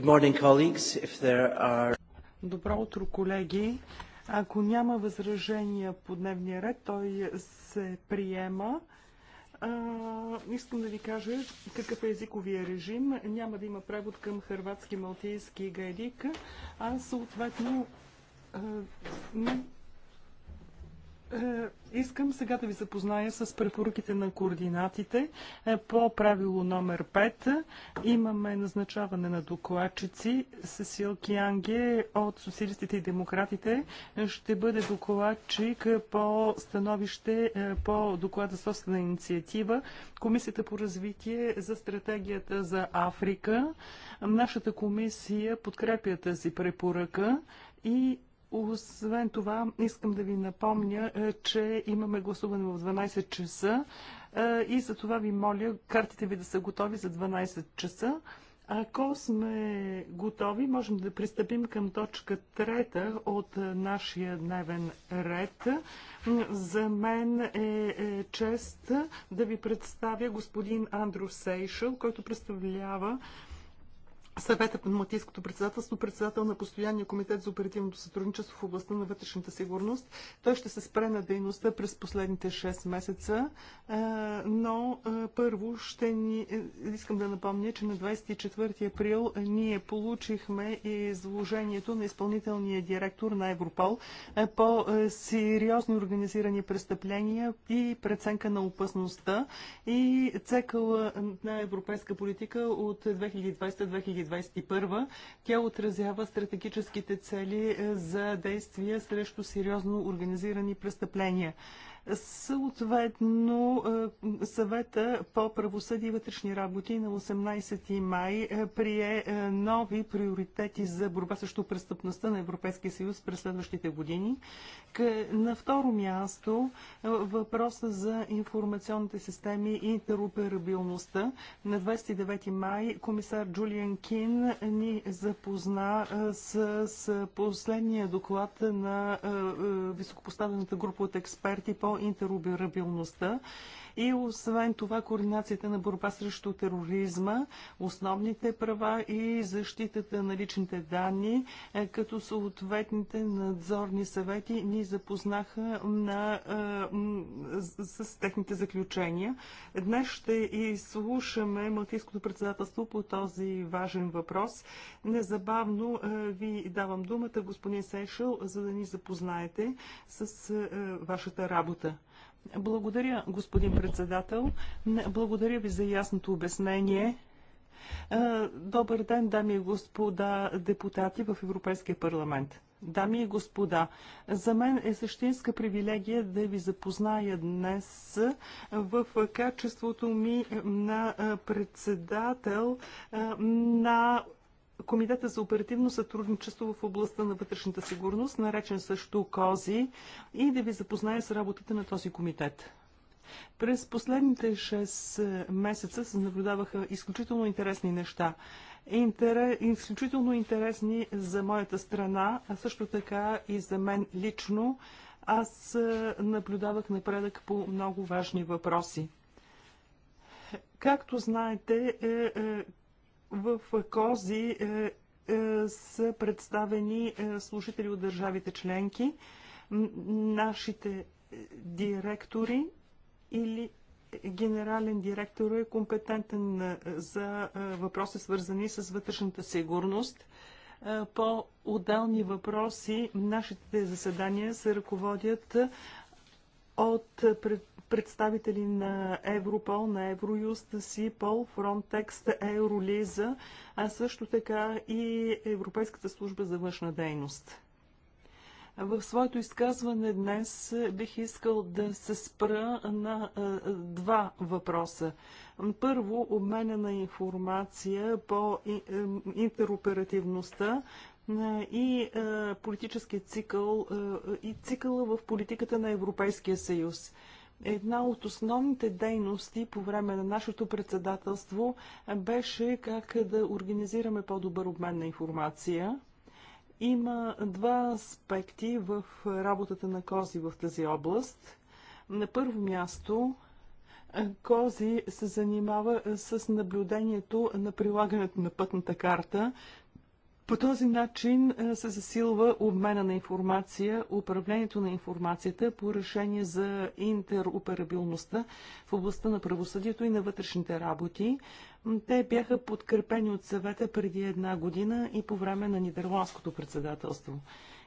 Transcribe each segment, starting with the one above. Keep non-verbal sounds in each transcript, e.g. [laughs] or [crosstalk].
Are... Добро утро, колеги. Ако няма възражения по дневния ред, той се приема. А, искам да ви кажа какъв е езиковия режим. Няма да има превод към хърватски, малтийски и гайдик, а съответно а, е, искам сега да ви запозная с препоръките на координатите. Е, по правило номер 5 имаме назначаване на докладчици. Сесил Кианге от Социалистите и Демократите ще бъде докладчик по становище е, по доклада собствена инициатива Комисията по развитие за стратегията за Африка. Нашата комисия подкрепя тази препоръка и освен това, искам да ви напомня, е, че имаме гласуване в 12 часа е, и за това ви моля картите ви да са готови за 12 часа. Ако сме готови, можем да пристъпим към точка трета от е, нашия дневен ред. За мен е чест да ви представя господин Андрю Сейшел, който представлява съвета под матийското председателство, председател на Постоянния комитет за оперативното сътрудничество в областта на вътрешната сигурност. Той ще се спре на дейността през последните 6 месеца, е, но е, първо ще ни... Е, искам да напомня, че на 24 април ние получихме изложението на изпълнителния директор на Европол по сериозни организирани престъпления и преценка на опасността и цекъл на европейска политика от 2020-2020 2021, тя отразява стратегическите цели е, за действия срещу сериозно организирани престъпления. Съответно, е, съвета по правосъдие и вътрешни работи на 18 май е, прие е, нови приоритети за борба срещу престъпността на Европейския съюз през следващите години. На второ място въпроса за информационните системи и интероперабилността. На 29 май комисар Джулиан Кин ни запозна с, с последния доклад на високопоставената група от експерти по интероперабилността и освен това, координацията на борба срещу тероризма, основните права и защитата на личните данни, е, като съответните надзорни съвети ни запознаха на, е, с, с техните заключения. Днес ще изслушаме Малтийското председателство по този важен въпрос. Незабавно е, ви давам думата, господин Сейшел, за да ни запознаете с вашата работа. Благодаря, господин председател. Благодаря ви за ясното обяснение. Добър ден, дами и господа депутати в Европейския парламент. Дами и господа, за мен е същинска привилегия да ви запозная днес в качеството ми на председател на Комитета за оперативно сътрудничество в областта на вътрешната сигурност, наречен също КОЗИ, и да ви запозная с работата на този комитет. През последните 6 е, месеца се наблюдаваха изключително интересни неща. Интер... изключително интересни за моята страна, а също така и за мен лично. Аз е, наблюдавах напредък по много важни въпроси. Както знаете, е, в Кози е, е, са представени е, служители от държавите членки, нашите директори или генерален директор е компетентен за въпроси свързани с вътрешната сигурност. По отделни въпроси нашите заседания се ръководят от пред представители на Европол, на Евроюст, СИПОЛ, Фронтекст, Евролиза, а също така и Европейската служба за външна дейност. В своето изказване днес бих искал да се спра на два въпроса. Първо, обмена на информация по е, интероперативността и политическия цикъл и цикъла в политиката на Европейския съюз. Една от основните дейности по време на нашето председателство беше как да организираме по-добър обмен на информация. Има два аспекти в работата на Кози в тази област. На първо място Кози се занимава с наблюдението на прилагането на пътната карта, по този начин е, се засилва обмена на информация, управлението на информацията по решение за интероперабилността в областта на правосъдието и на вътрешните работи. Те бяха подкрепени от съвета преди една година и по време на нидерландското председателство.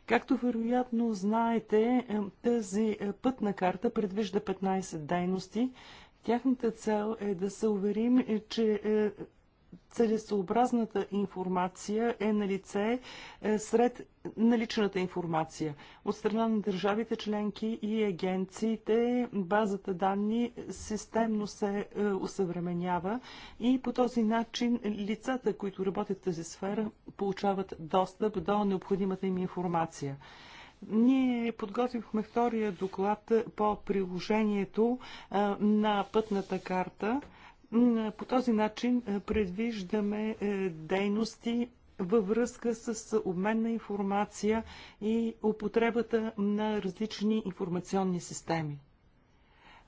Както вероятно знаете, е, тази е, пътна карта предвижда 15 дейности. Тяхната цел е да се уверим, че целесообразната информация е на лице е, сред наличната информация. От страна на държавите членки и агенциите базата данни системно се е, усъвременява и по този начин лицата, които работят в тази сфера, получават достъп до необходимата им информация. Ние подготвихме втория доклад по приложението е, на пътната карта. По този начин е, предвиждаме е, дейности във връзка с обмен на информация и употребата на различни информационни системи.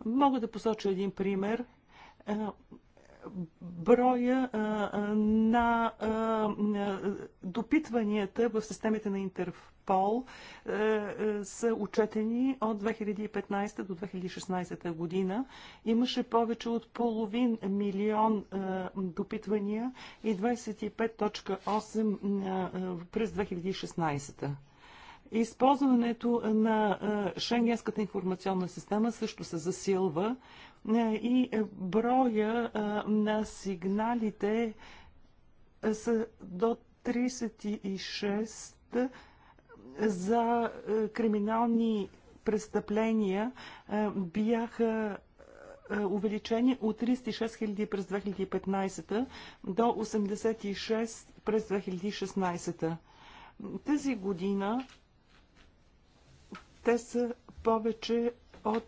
Мога да посоча един пример. Е, броя на допитванията в системите на Интерпол е, е, са отчетени от 2015 до 2016 година. Имаше повече от половин милион е, допитвания и 25.8 през 2016. Използването на Шенгенската информационна система също се засилва и броя на сигналите са до 36 за криминални престъпления бяха увеличени от 36 000 през 2015 до 86 през 2016. Тази година те са повече от...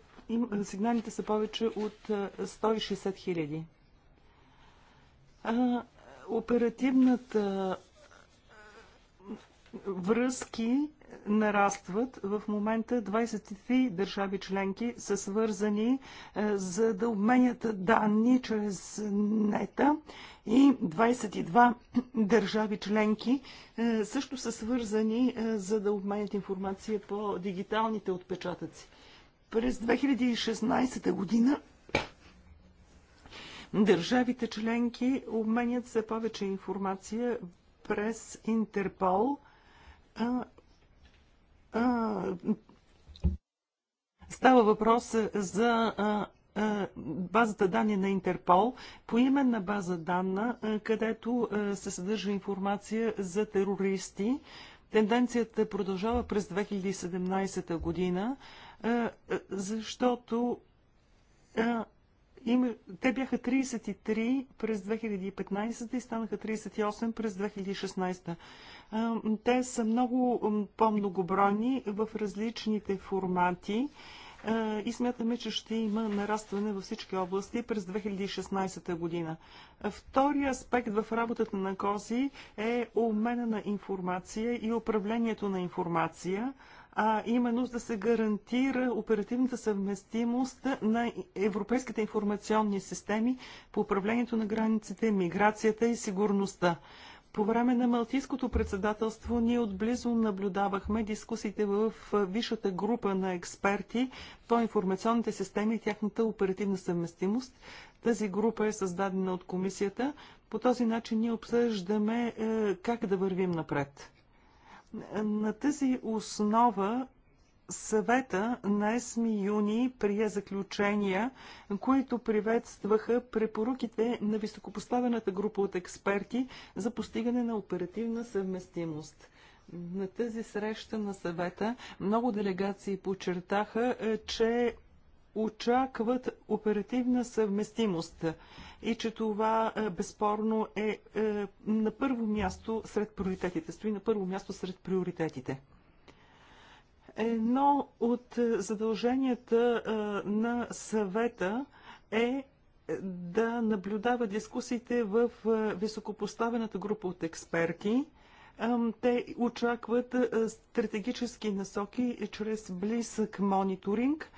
Сигналите са повече от 160 хиляди. Оперативната връзки нарастват. В момента 23 държави членки са свързани за да обменят данни чрез нета и 22 [clears throat] държави членки е, също са свързани е, за да обменят информация по дигиталните отпечатъци. През 2016 година [clears throat] държавите членки обменят все повече информация през Интерпол. става въпрос за а, е, базата данни на Интерпол, поименна база данна, е, където е, се съдържа информация за терористи. Тенденцията продължава през 2017 година, защото те бяха 33 през 2015 и станаха 38 през 2016. Те са много по-многобройни в различните формати и смятаме, че ще има нарастване във всички области през 2016 година. Втория аспект в работата на КОЗИ е обмена на информация и управлението на информация, а именно да се гарантира оперативната съвместимост на европейските информационни системи по управлението на границите, миграцията и сигурността. По време на Малтийското председателство ние отблизо наблюдавахме дискусиите в висшата група на експерти по информационните системи и тяхната оперативна съвместимост. Тази група е създадена от комисията. По този начин ние обсъждаме е, как да вървим напред. Е, на тази основа Съвета на 8 юни прие заключения, които приветстваха препоръките на високопоставената група от експерти за постигане на оперативна съвместимост. На тази среща на съвета много делегации подчертаха, е, че очакват оперативна съвместимост и че това е, безспорно е, е на първо място сред приоритетите. Стои на първо място сред приоритетите. Едно от е, задълженията е, на съвета е да наблюдава дискусиите в е, високопоставената група от експерти. Те очакват стратегически насоки чрез близък мониторинг,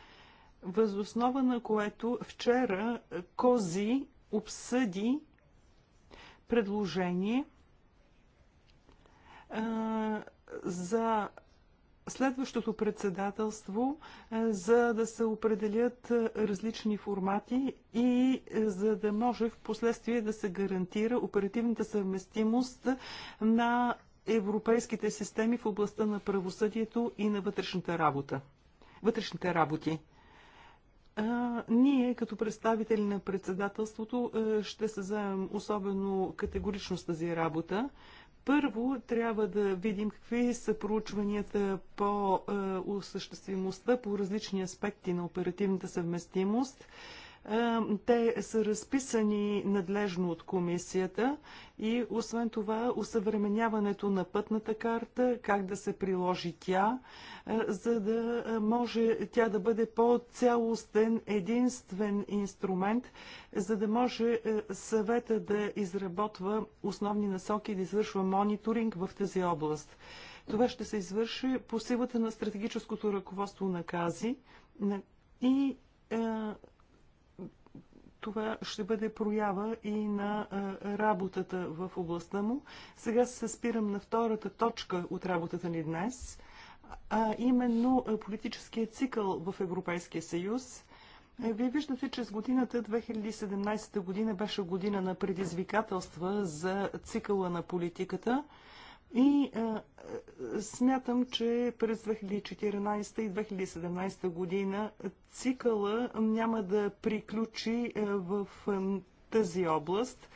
възоснова на което вчера Кози обсъди предложение за следващото председателство, е, за да се определят е, различни формати и е, за да може в последствие да се гарантира оперативната съвместимост на европейските системи в областта на правосъдието и на вътрешната работа. Вътрешните работи. ние, като представители на председателството, ще се заем особено категорично с тази работа. Първо трябва да видим какви са проучванията по е, осъществимостта по различни аспекти на оперативната съвместимост е, те са разписани надлежно от комисията и освен това усъвременяването на пътната карта, как да се приложи тя, е, за да може тя да бъде по-цялостен единствен инструмент, за да може е, съвета да изработва основни насоки и да извършва мониторинг в тази област. Това ще се извърши по силата на стратегическото ръководство на КАЗИ и това ще бъде проява и на работата в областта му. Сега се спирам на втората точка от работата ни днес, а именно политическия цикъл в Европейския съюз. Е, вие виждате, че с годината 2017 година беше година на предизвикателства за цикъла на политиката – и а, смятам, че през 2014 и 2017 година цикъла няма да приключи в тази област.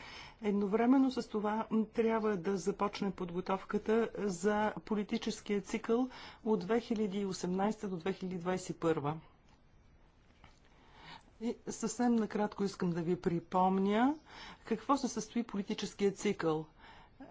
Едновременно с това трябва да започне подготовката за политическия цикъл от 2018 до 2021. И съвсем накратко искам да ви припомня какво се състои политическия цикъл –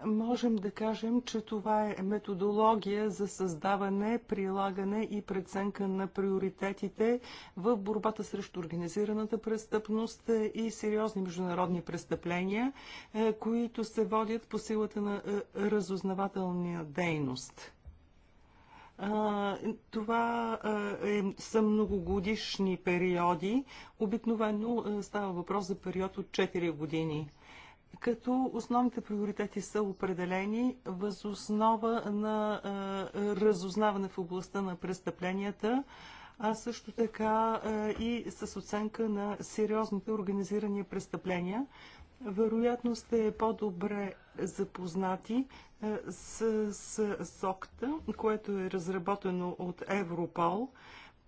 можем да кажем, че това е методология за създаване, прилагане и преценка на приоритетите в борбата срещу организираната престъпност и сериозни международни престъпления, е, които се водят по силата на е, разузнавателния дейност. Това е, са многогодишни периоди. Обикновено е, става въпрос за период от 4 години като основните приоритети са определени въз основа на разузнаване в областта на престъпленията, а също така и с оценка на сериозните организирани престъпления. Вероятно сте по-добре запознати с, с СОКТА, което е разработено от Европол.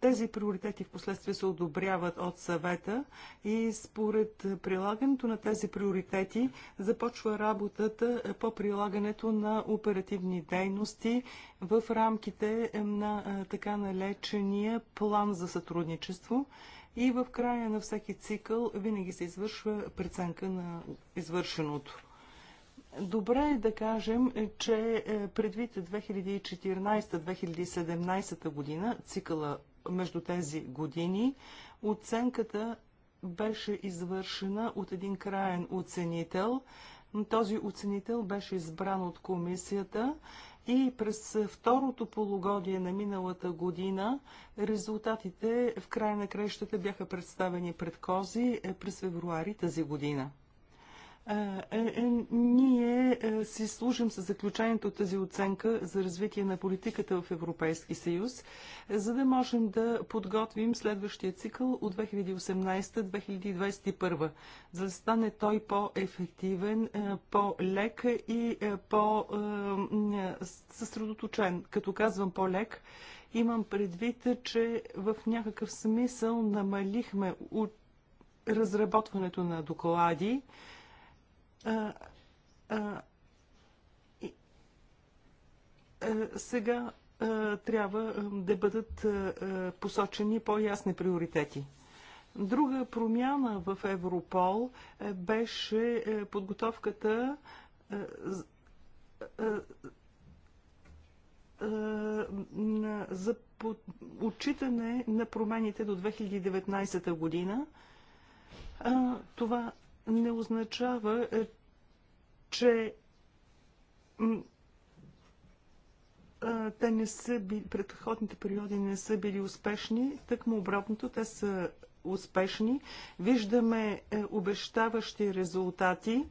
Тези приоритети в последствие се одобряват от съвета и според прилагането на тези приоритети започва работата по прилагането на оперативни дейности в рамките на така налечения план за сътрудничество и в края на всеки цикъл винаги се извършва преценка на извършеното. Добре е да кажем, че е, предвид 2014-2017 година, цикъла между тези години. Оценката беше извършена от един краен оценител. Този оценител беше избран от комисията и през второто полугодие на миналата година резултатите в края на крещата бяха представени пред Кози през февруари тази година. Е, е, ние е, си служим с заключението от тази оценка за развитие на политиката в Европейски съюз, за да можем да подготвим следващия цикъл от 2018-2021, за да стане той по-ефективен, по-лек и по-съсредоточен. Като казвам по-лек, имам предвид, че в някакъв смисъл намалихме от разработването на доклади, сега трябва да бъдат посочени по-ясни приоритети. Друга промяна в Европол е, беше е, подготовката е, за отчитане на промените до 2019 година. Това не означава, е, че е, те не са били, предходните периоди не са били успешни, тъкмо обратното, те са успешни. Виждаме е, обещаващи резултати,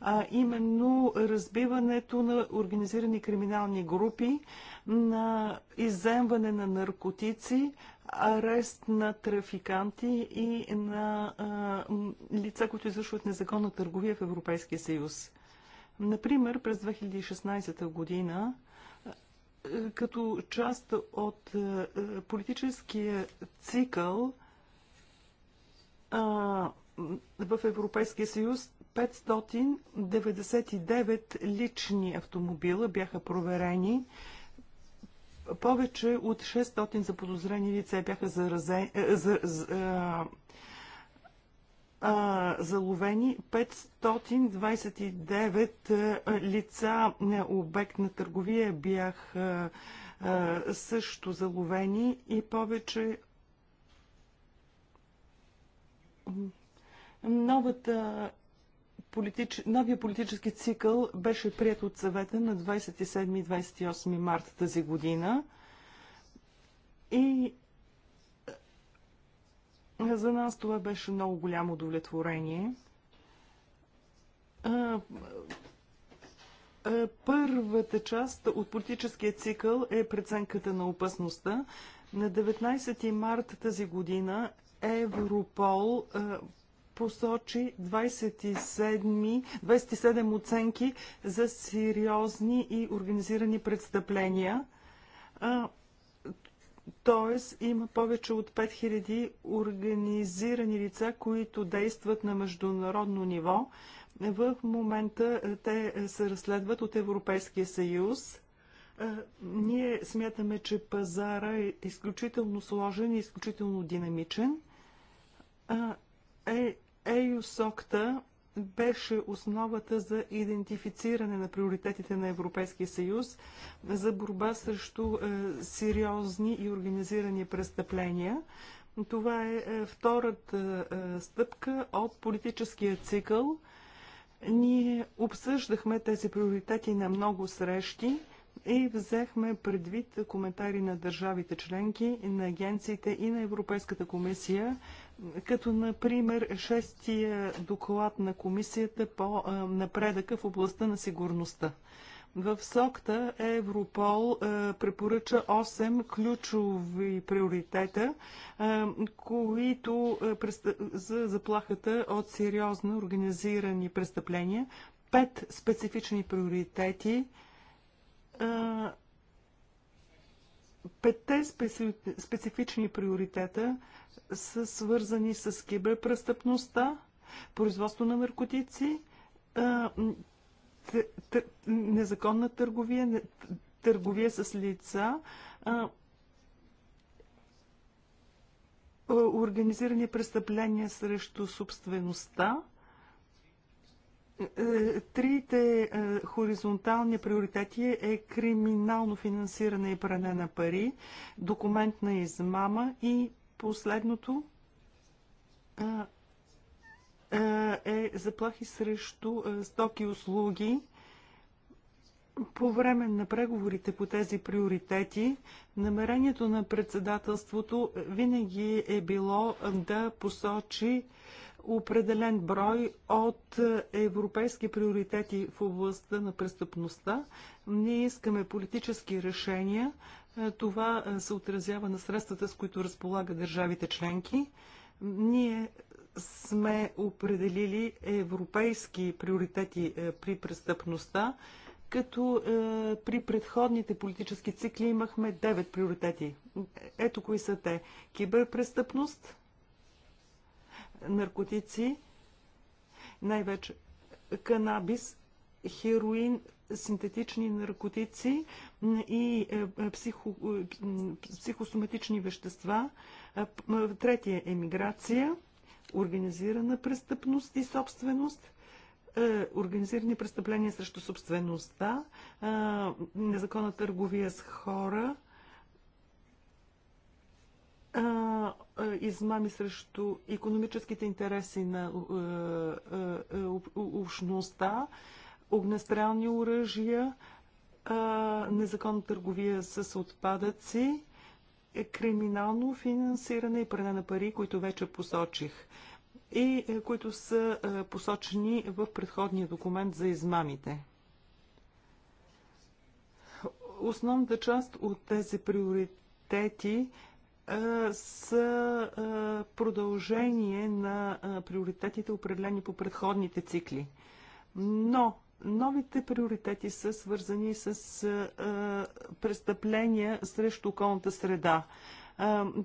а именно разбиването на организирани криминални групи, на иземване на наркотици, арест на трафиканти и на а, лица, които извършват незаконна търговия в Европейския съюз. Например, през 2016 година, като част от политическия цикъл а, в Европейския съюз, 599 лични автомобила бяха проверени повече от 600 заподозрени лица бяха заразени, е, за, за, а, е, а, заловени 529 е, лица обект на търговия бяха също заловени и повече новата политич... новия политически цикъл беше прият от съвета на 27 и 28 марта тази година. И е, за нас това беше много голямо удовлетворение. Е, е, първата част от политическия цикъл е преценката на опасността. На 19 марта тази година Европол посочи 27, 27 оценки за сериозни и организирани престъпления. Тоест има повече от 5000 организирани лица, които действат на международно ниво. В момента е, те е, се разследват от Европейския съюз. Ние смятаме, че пазара е изключително сложен и изключително динамичен. Е, ЕЮСОКТА беше основата за идентифициране на приоритетите на Европейския съюз за борба срещу е, сериозни и организирани престъпления. Това е, е втората е, стъпка от политическия цикъл. Ние обсъждахме тези приоритети на много срещи и взехме предвид коментари на държавите членки, на агенциите и на Европейската комисия като например шестия доклад на комисията по напредъка в областта на сигурността. В СОКТА Европол препоръча 8 ключови приоритета, които е, за заплахата от сериозно организирани престъпления, 5 специфични приоритети, петте специфични приоритета – са свързани с киберпрестъпността, производство на наркотици, незаконна търговия, търговия с лица, организирани престъпления срещу собствеността. Е, трите е, хоризонтални приоритети е криминално финансиране и пране на пари, документна измама и Последното е заплахи срещу стоки и услуги. По време на преговорите по тези приоритети, намерението на председателството винаги е било да посочи определен брой от европейски приоритети в областта на престъпността. Ние искаме политически решения, е, това е, се отразява на средствата, с които разполага държавите членки. Ние сме определили европейски приоритети е, при престъпността, като при предходните политически цикли имахме 9 приоритети. Ето кои са те. Киберпрестъпност, наркотици, най-вече канабис, хероин, синтетични наркотици и е, е, психо, е, психосоматични вещества. Третия е миграция, организирана престъпност и собственост организирани престъпления срещу собствеността, незаконна търговия с хора, измами срещу економическите интереси на общността, огнестрелни оръжия, незаконна търговия с отпадъци, е криминално финансиране и пране на пари, които вече посочих и е, които са е, посочени в предходния документ за измамите. Основната част от тези приоритети са продължение на приоритетите, определени по предходните цикли. Но Новите приоритети са свързани с престъпления срещу околната среда.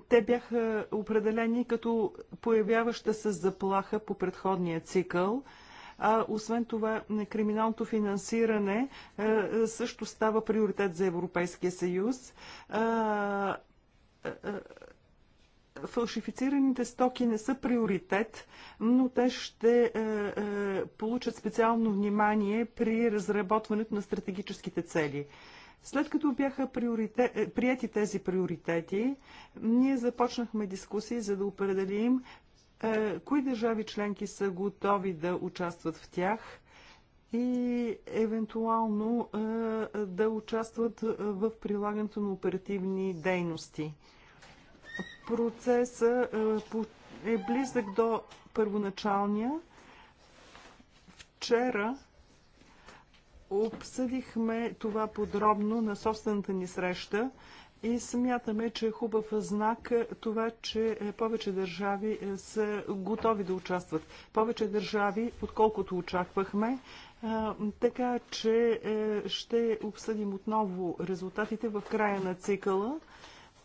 Те бяха определени като появяваща се заплаха по предходния цикъл. А освен това, криминалното финансиране също става приоритет за Европейския съюз фалшифицираните стоки не са приоритет, но те ще е, е, получат специално внимание при разработването на стратегическите цели. След като бяха приорите... Е, прияти тези приоритети, ние започнахме дискусии, за да определим е, кои държави членки са готови да участват в тях и евентуално е, да участват в прилагането на оперативни дейности процеса е, е близък до първоначалния. Вчера обсъдихме това подробно на собствената ни среща и смятаме, че е хубав знак това, че е, повече държави е, са готови да участват. Повече държави, отколкото очаквахме. Така че ще обсъдим отново резултатите в края на цикъла.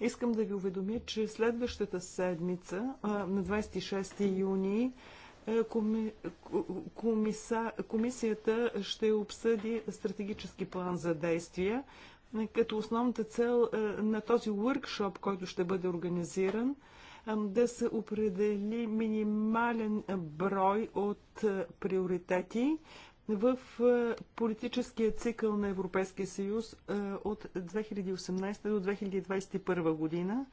Искам да ви уведомя, че следващата седмица, на 26 юни, комисията ще обсъди стратегически план за действия, като основната цел на този въркшоп, който ще бъде организиран, да се определи минимален брой от приоритети, в е, политическия цикъл на Европейския съюз е, от 2018 до 2021 година.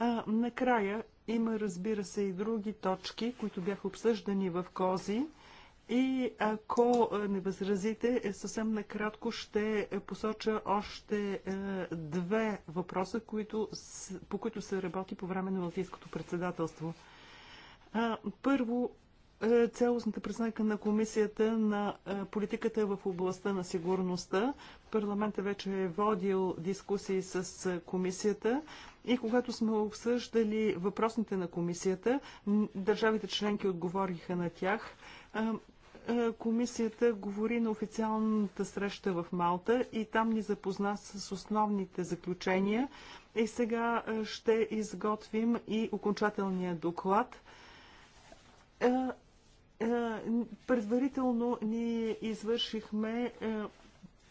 Е, накрая има, разбира се, и други точки, които бяха обсъждани в Кози. И ако не възразите, съвсем накратко ще посоча още две въпроса, които, по които се работи по време на Латинското председателство. Първо, е, цялостната признака на комисията на е, политиката в областта на сигурността. Парламентът вече е водил дискусии с е, комисията и когато сме обсъждали въпросните на комисията, държавите членки отговориха на тях. Комисията говори на официалната среща в Малта и там ни запозна с основните заключения. И сега ще изготвим и окончателния доклад. Е, предварително ние извършихме е,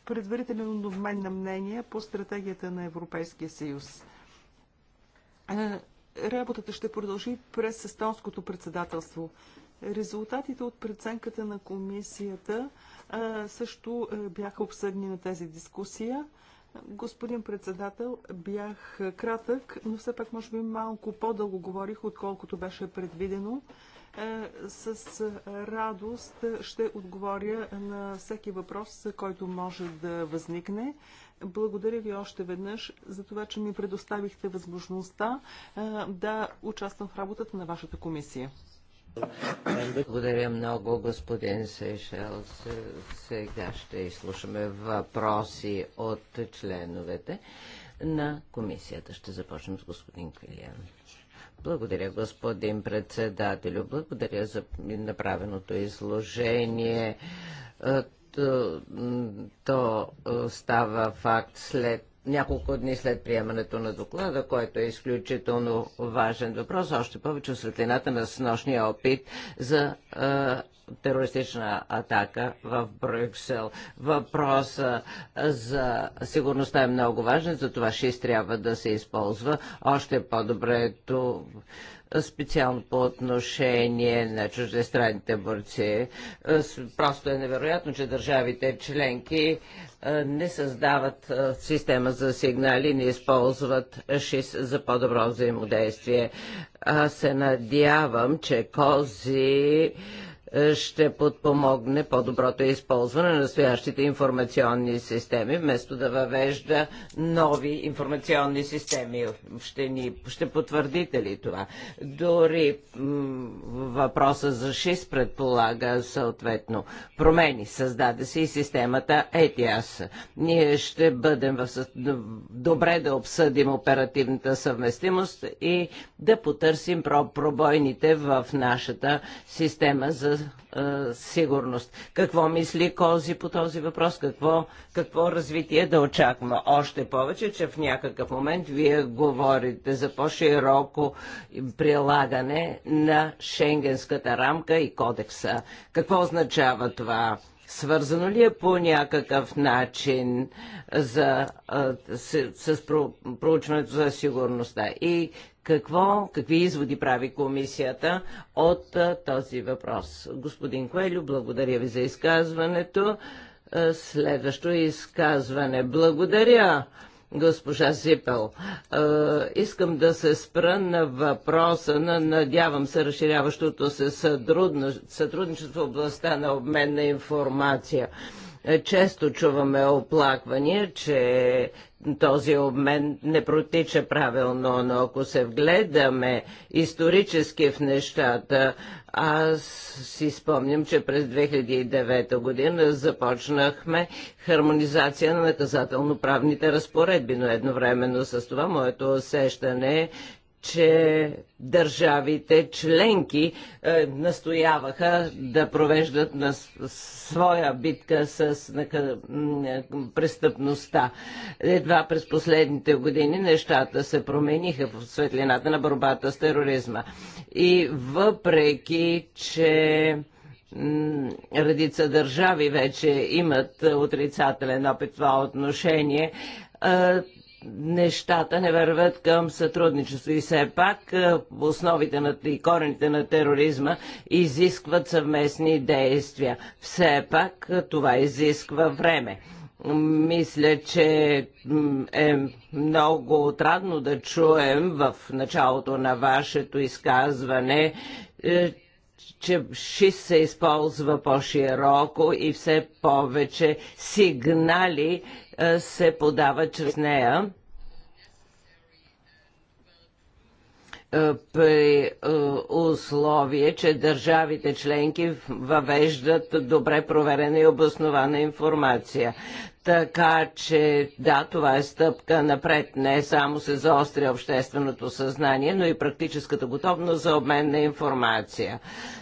предварителен обмен на мнения по стратегията на Европейския съюз. Е, работата ще продължи през естонското председателство. Резултатите от преценката на комисията също бяха обсъдни на тази дискусия. Господин председател, бях кратък, но все пак може би малко по-дълго говорих, отколкото беше предвидено. Е, с е, радост ще отговоря на всеки въпрос, който може да възникне. Благодаря ви още веднъж за това, че ми предоставихте възможността е, да участвам в работата на вашата комисия. Благодаря много, господин Сейшел. Сега ще изслушаме въпроси от членовете на комисията. Ще започнем с господин Квилиан. Благодаря, господин председателю. Благодаря за направеното изложение. Е, то е, става факт след няколко дни след приемането на доклада, който е изключително важен въпрос, още повече светлината на сношния опит за е, терористична атака в Брюксел. Въпроса за сигурността е много важен, затова ШИС трябва да се използва още по-добре. Е специално по отношение на чуждестранните борци. Е, просто е невероятно, че държавите членки е, не създават е, система за сигнали, не използват ШИС за по-добро взаимодействие. Аз се надявам, че Кози е, ще подпомогне по-доброто използване на настоящите информационни системи, вместо да въвежда нови информационни системи. Ще, ни, ще потвърдите ли това? Дори въпроса за ШИС предполага съответно промени. Създаде се и системата ETIAS. Ние ще бъдем в, добре да обсъдим оперативната съвместимост и да потърсим пробойните в нашата система за а, сигурност. Какво мисли Кози по този въпрос? Какво, какво развитие да очаква? Още повече, че в някакъв момент вие говорите за по-широко прилагане на шенгенската рамка и кодекса. Какво означава това? Свързано ли е по някакъв начин за, а, с, с проучването за сигурността? И какво, какви изводи прави комисията от този въпрос? Господин Коелю, благодаря ви за изказването. Следващо изказване. Благодаря госпожа Зипел. искам да се спра на въпроса на, надявам се, разширяващото се сътрудничество в областта на обмен на информация. Често чуваме оплаквания, че този обмен не протича правилно, но ако се вгледаме исторически в нещата, аз си спомням, че през 2009 година започнахме хармонизация на наказателно-правните разпоредби, но едновременно с това моето усещане е, че държавите членки е, настояваха да провеждат на своя битка с на, е, престъпността. Едва през последните години нещата се промениха в светлината на борбата с тероризма. И въпреки, че редица държави вече имат отрицателен опит в това отношение, е, нещата не върват към сътрудничество. И все пак е, основите на, и корените на тероризма изискват съвместни действия. Все пак е, това изисква време. Мисля, че е много отрадно да чуем в началото на вашето изказване, е, че ШИС се използва по-широко и все повече сигнали се подава чрез нея. при условие, че държавите членки въвеждат добре проверена и обоснована информация. Така че да, това е стъпка напред. Не само се заостря общественото съзнание, но и практическата готовност за обмен на информация.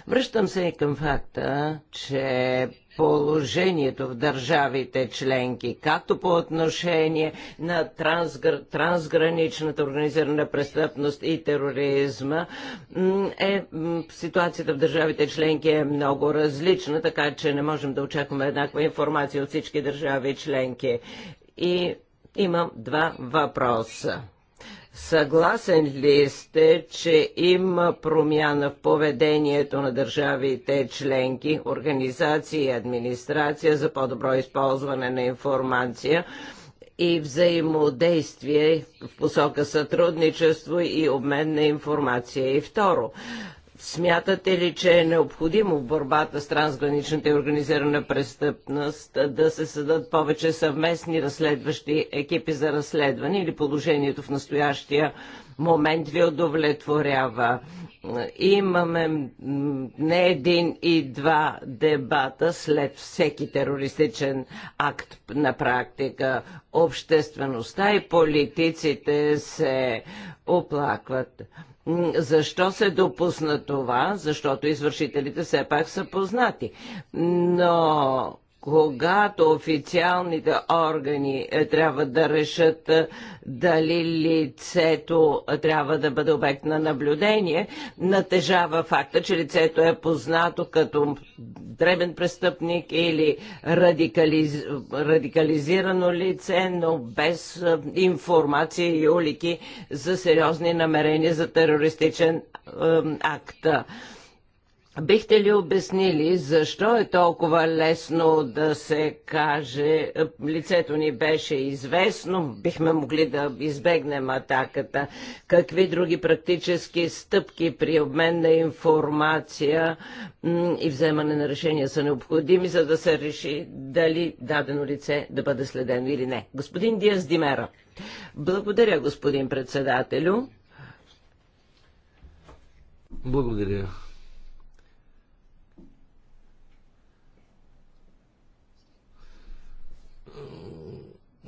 Връщам се и към факта, че положението в държавите членки, както по отношение на трансгр... трансграничната организирана престъпност и тероризма, е, ситуацията в държавите членки е много различна, така че не можем да очакваме еднаква информация от всички държави членки. И имам два въпроса. Съгласен ли сте, че има промяна в поведението на държавите членки, организации и администрация за по-добро използване на информация и взаимодействие в посока сътрудничество и обмен на информация? И второ, Смятате ли, че е необходимо в борбата с трансграничната и организирана престъпност да се създадат повече съвместни разследващи екипи за разследване или положението в настоящия момент ви удовлетворява? Имаме не един и два дебата след всеки терористичен акт на практика. Обществеността и политиците се оплакват. Защо се допусна това? Защото извършителите все пак са познати. Но когато официалните органи е, трябва да решат е, дали лицето е, трябва да бъде обект на наблюдение, натежава факта, че лицето е познато като дребен престъпник или радикализ... радикализирано лице, но без информация и улики за сериозни намерения за терористичен акт. Бихте ли обяснили защо е толкова лесно да се каже, е, лицето ни беше известно, бихме могли да избегнем атаката? Какви други практически стъпки при обмен на информация и вземане на решения са необходими, за да се реши дали дадено лице да бъде следено или не? Господин Диас Димера. Благодаря, господин председателю. Благодаря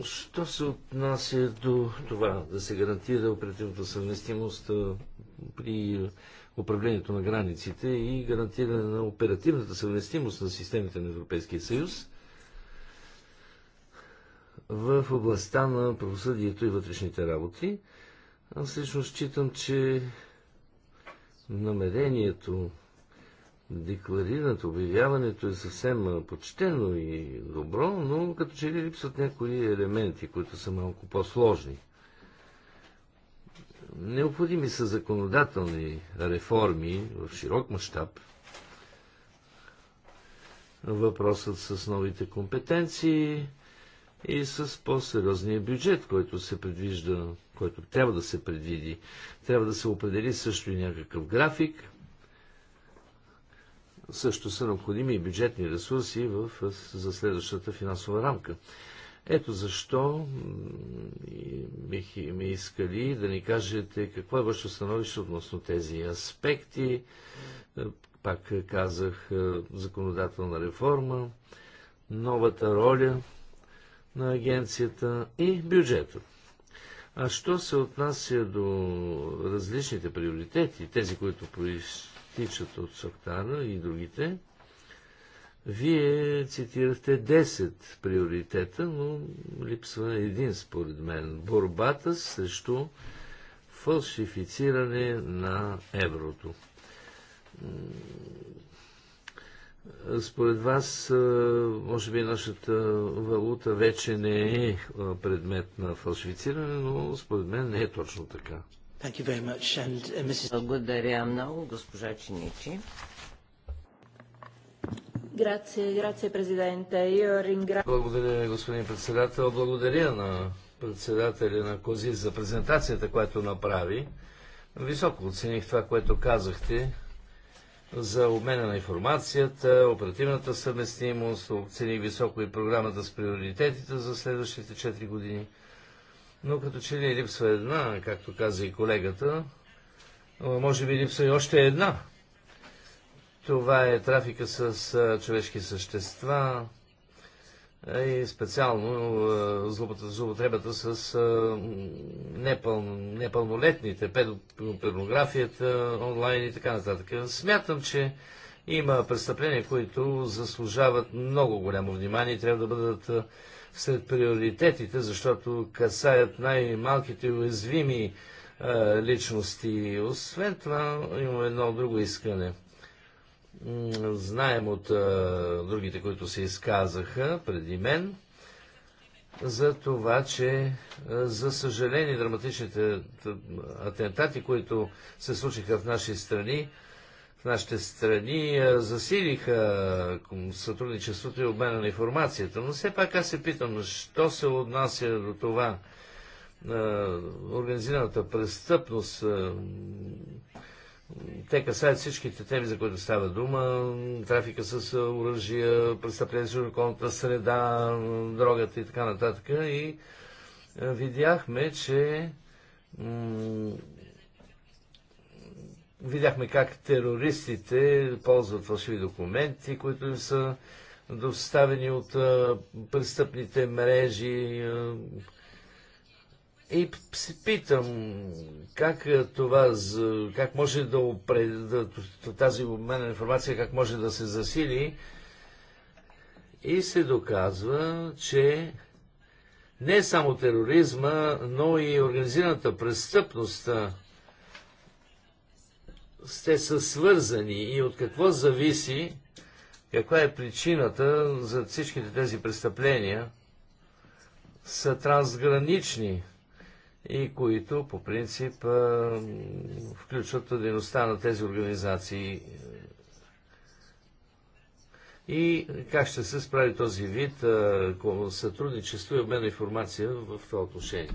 Що се отнася до това да се гарантира оперативната съвместимост при управлението на границите и гарантиране на оперативната съвместимост на системите на Европейския съюз в областта на правосъдието и вътрешните работи. Аз лично считам, че намерението Декларират, обявяването е съвсем почтено и добро, но като че ли липсват някои елементи, които са малко по-сложни. Необходими са законодателни реформи в широк мащаб. Въпросът с новите компетенции и с по-сериозния бюджет, който се предвижда, който трябва да се предвиди. Трябва да се определи също и някакъв график – също са необходими и бюджетни ресурси в, за следващата финансова рамка. Ето защо бих ми искали да ни кажете какво е вашето становище относно тези аспекти. Е, пак казах, е, законодателна реформа, новата роля на агенцията и бюджета. А що се отнася до различните приоритети, тези, които произ тичат от Сактара и другите. Вие цитирахте 10 приоритета, но липсва един според мен. Борбата срещу фалшифициране на еврото. Според вас, може би нашата валута вече не е предмет на фалшифициране, но според мен не е точно така. Thank you very much. And, uh, Mrs... Благодаря много, госпожа Чиничи. Благодаря, господин председател. Благодаря на председателя на Кози за презентацията, която направи. Високо оцених това, което казахте за обмена на информацията, оперативната съвместимост, оцених високо и програмата с приоритетите за следващите 4 години – но като че ли липсва една, както каза и колегата, може би липсва и още една. Това е трафика с човешки същества и специално злоупотребата с непъл... непълнолетните, педопорнографията, онлайн и така нататък. Смятам, че има престъпления, които заслужават много голямо внимание и трябва да бъдат сред приоритетите, защото касаят най-малките уязвими личности. Освен това, имам едно друго искане. Знаем от другите, които се изказаха преди мен, за това, че за съжаление драматичните атентати, които се случиха в наши страни, в нашите страни засилиха сътрудничеството и обмена на информацията. Но все пак аз се питам, що се отнася до това организираната престъпност, те касаят всичките теми, за които става дума. Трафика с оръжия, престъпление с околната среда, дрогата и така нататък. И видяхме, че Видяхме как терористите ползват фалшиви документи, които им са доставени от а, престъпните мрежи. А, и се питам как това, как може да, да тази обмена информация, как може да се засили. И се доказва, че не само тероризма, но и организираната престъпност те са свързани и от какво зависи, каква е причината за всичките тези престъпления, са трансгранични и които по принцип включват дейността на тези организации. И как ще се справи този вид сътрудничество и обмен на информация в това отношение?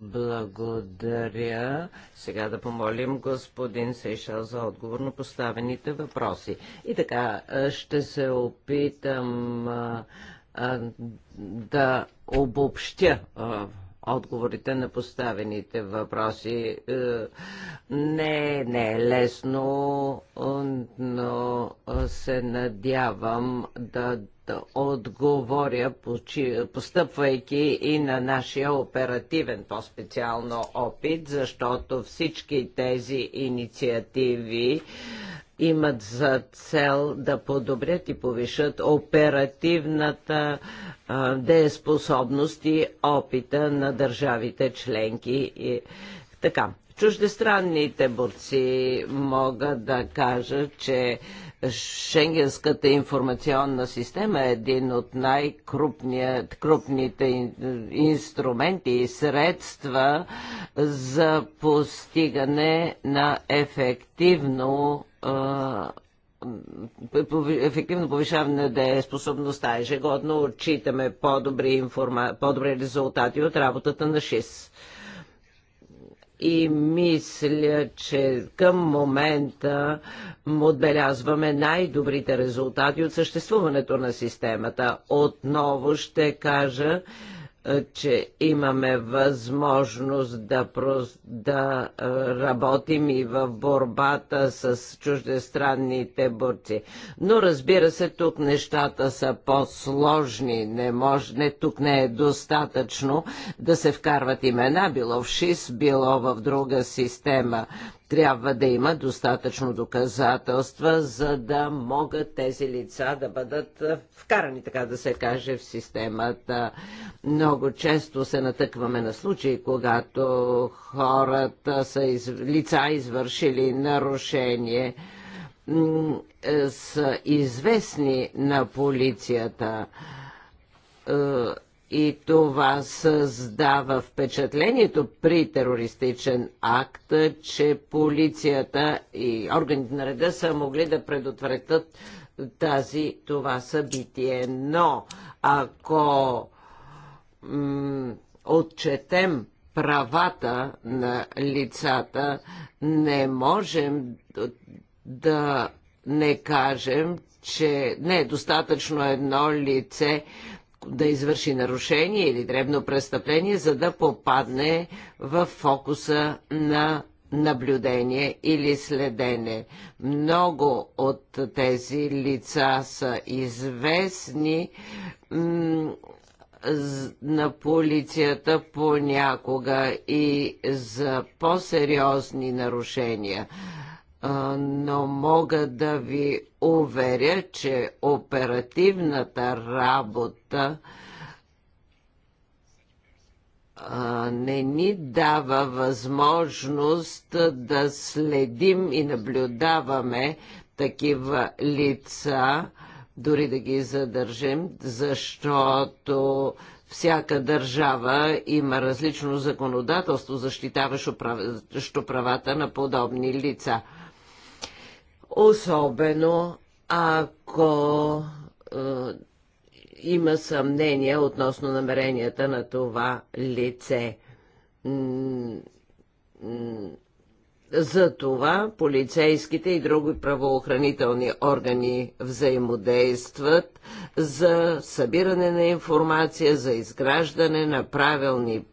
Благодаря. Сега да помолим господин Сейшал за отговор на поставените въпроси. И така, ще се опитам да обобщя отговорите на поставените въпроси. Е, не, не е лесно, но се надявам да отговоря, постъпвайки и на нашия оперативен по-специално опит, защото всички тези инициативи имат за цел да подобрят и повишат оперативната дееспособност и опита на държавите членки. И, така, чуждестранните борци могат да кажат, че Шенгенската информационна система е един от най-крупните инструменти и средства за постигане на ефективно ефективно повишаване на способността. Ежегодно отчитаме по-добри, информа... по-добри резултати от работата на ШИС и мисля, че към момента отбелязваме най-добрите резултати от съществуването на системата. Отново ще кажа, че имаме възможност да, прос... да работим и в борбата с чуждестранните борци. Но разбира се, тук нещата са по-сложни. Не може, не, тук не е достатъчно да се вкарват имена, било в ШИС, било в друга система. Трябва да има достатъчно доказателства, за да могат тези лица да бъдат е, вкарани, така да се каже, в системата. Много често се натъкваме на случаи, когато хората са из... лица извършили нарушение е, са известни на полицията е, и това създава впечатлението при терористичен акт, че полицията и органите на реда са могли да предотвратят тази, това събитие. Но ако отчетем правата на лицата, не можем да не кажем, че не е достатъчно едно лице да извърши нарушение или дребно престъпление, за да попадне в фокуса на наблюдение или следене. Много от тези лица са известни на полицията понякога и за по-сериозни нарушения но мога да ви уверя, че оперативната работа не ни дава възможност да следим и наблюдаваме такива лица, дори да ги задържим, защото всяка държава има различно законодателство, защитаващо правата на подобни лица особено ако е, има съмнение относно намеренията на това лице. За това полицейските и други правоохранителни органи взаимодействат за събиране на информация, за изграждане на правилни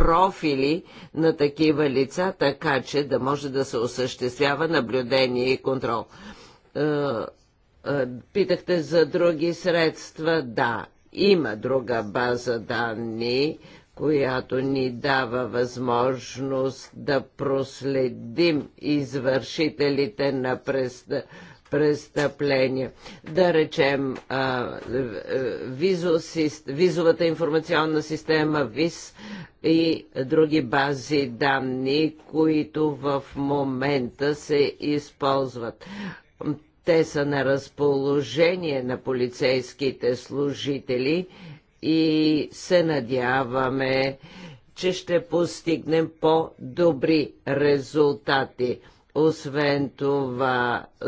профили на такива лица, така че да може да се осъществява наблюдение и контрол. Е, е, питахте за други средства? Да, има друга база данни, която ни дава възможност да проследим извършителите на престъпления престъпления. Да речем, е, е, визовата информационна система ВИС и други бази данни, които в момента се използват. Те са на разположение на полицейските служители и се надяваме, че ще постигнем по-добри резултати. Освен това, е,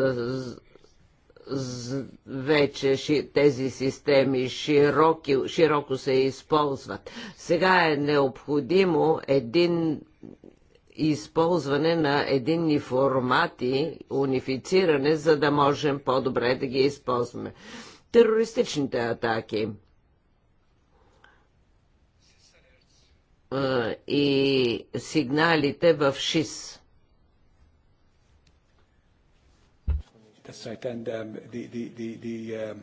вече тези системи широки, широко се използват. Сега е необходимо един използване на единни формати, унифициране, за да можем по-добре да ги използваме. Терористичните атаки е, и сигналите в ШИС That's right. And um, the, the, the, the um,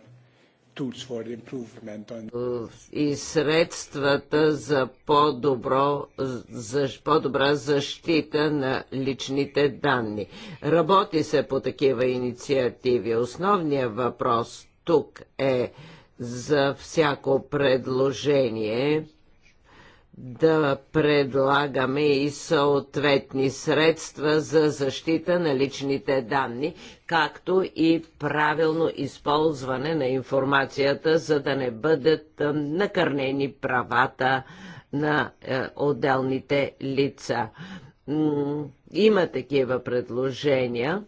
е, и средствата за по-добро, за по-добра защита на личните данни. Работи се по такива инициативи. Основният въпрос тук е за всяко предложение – да предлагаме и съответни средства за защита на личните данни, както и правилно използване на информацията, за да не бъдат накърнени правата на е, отделните лица. Има такива предложения.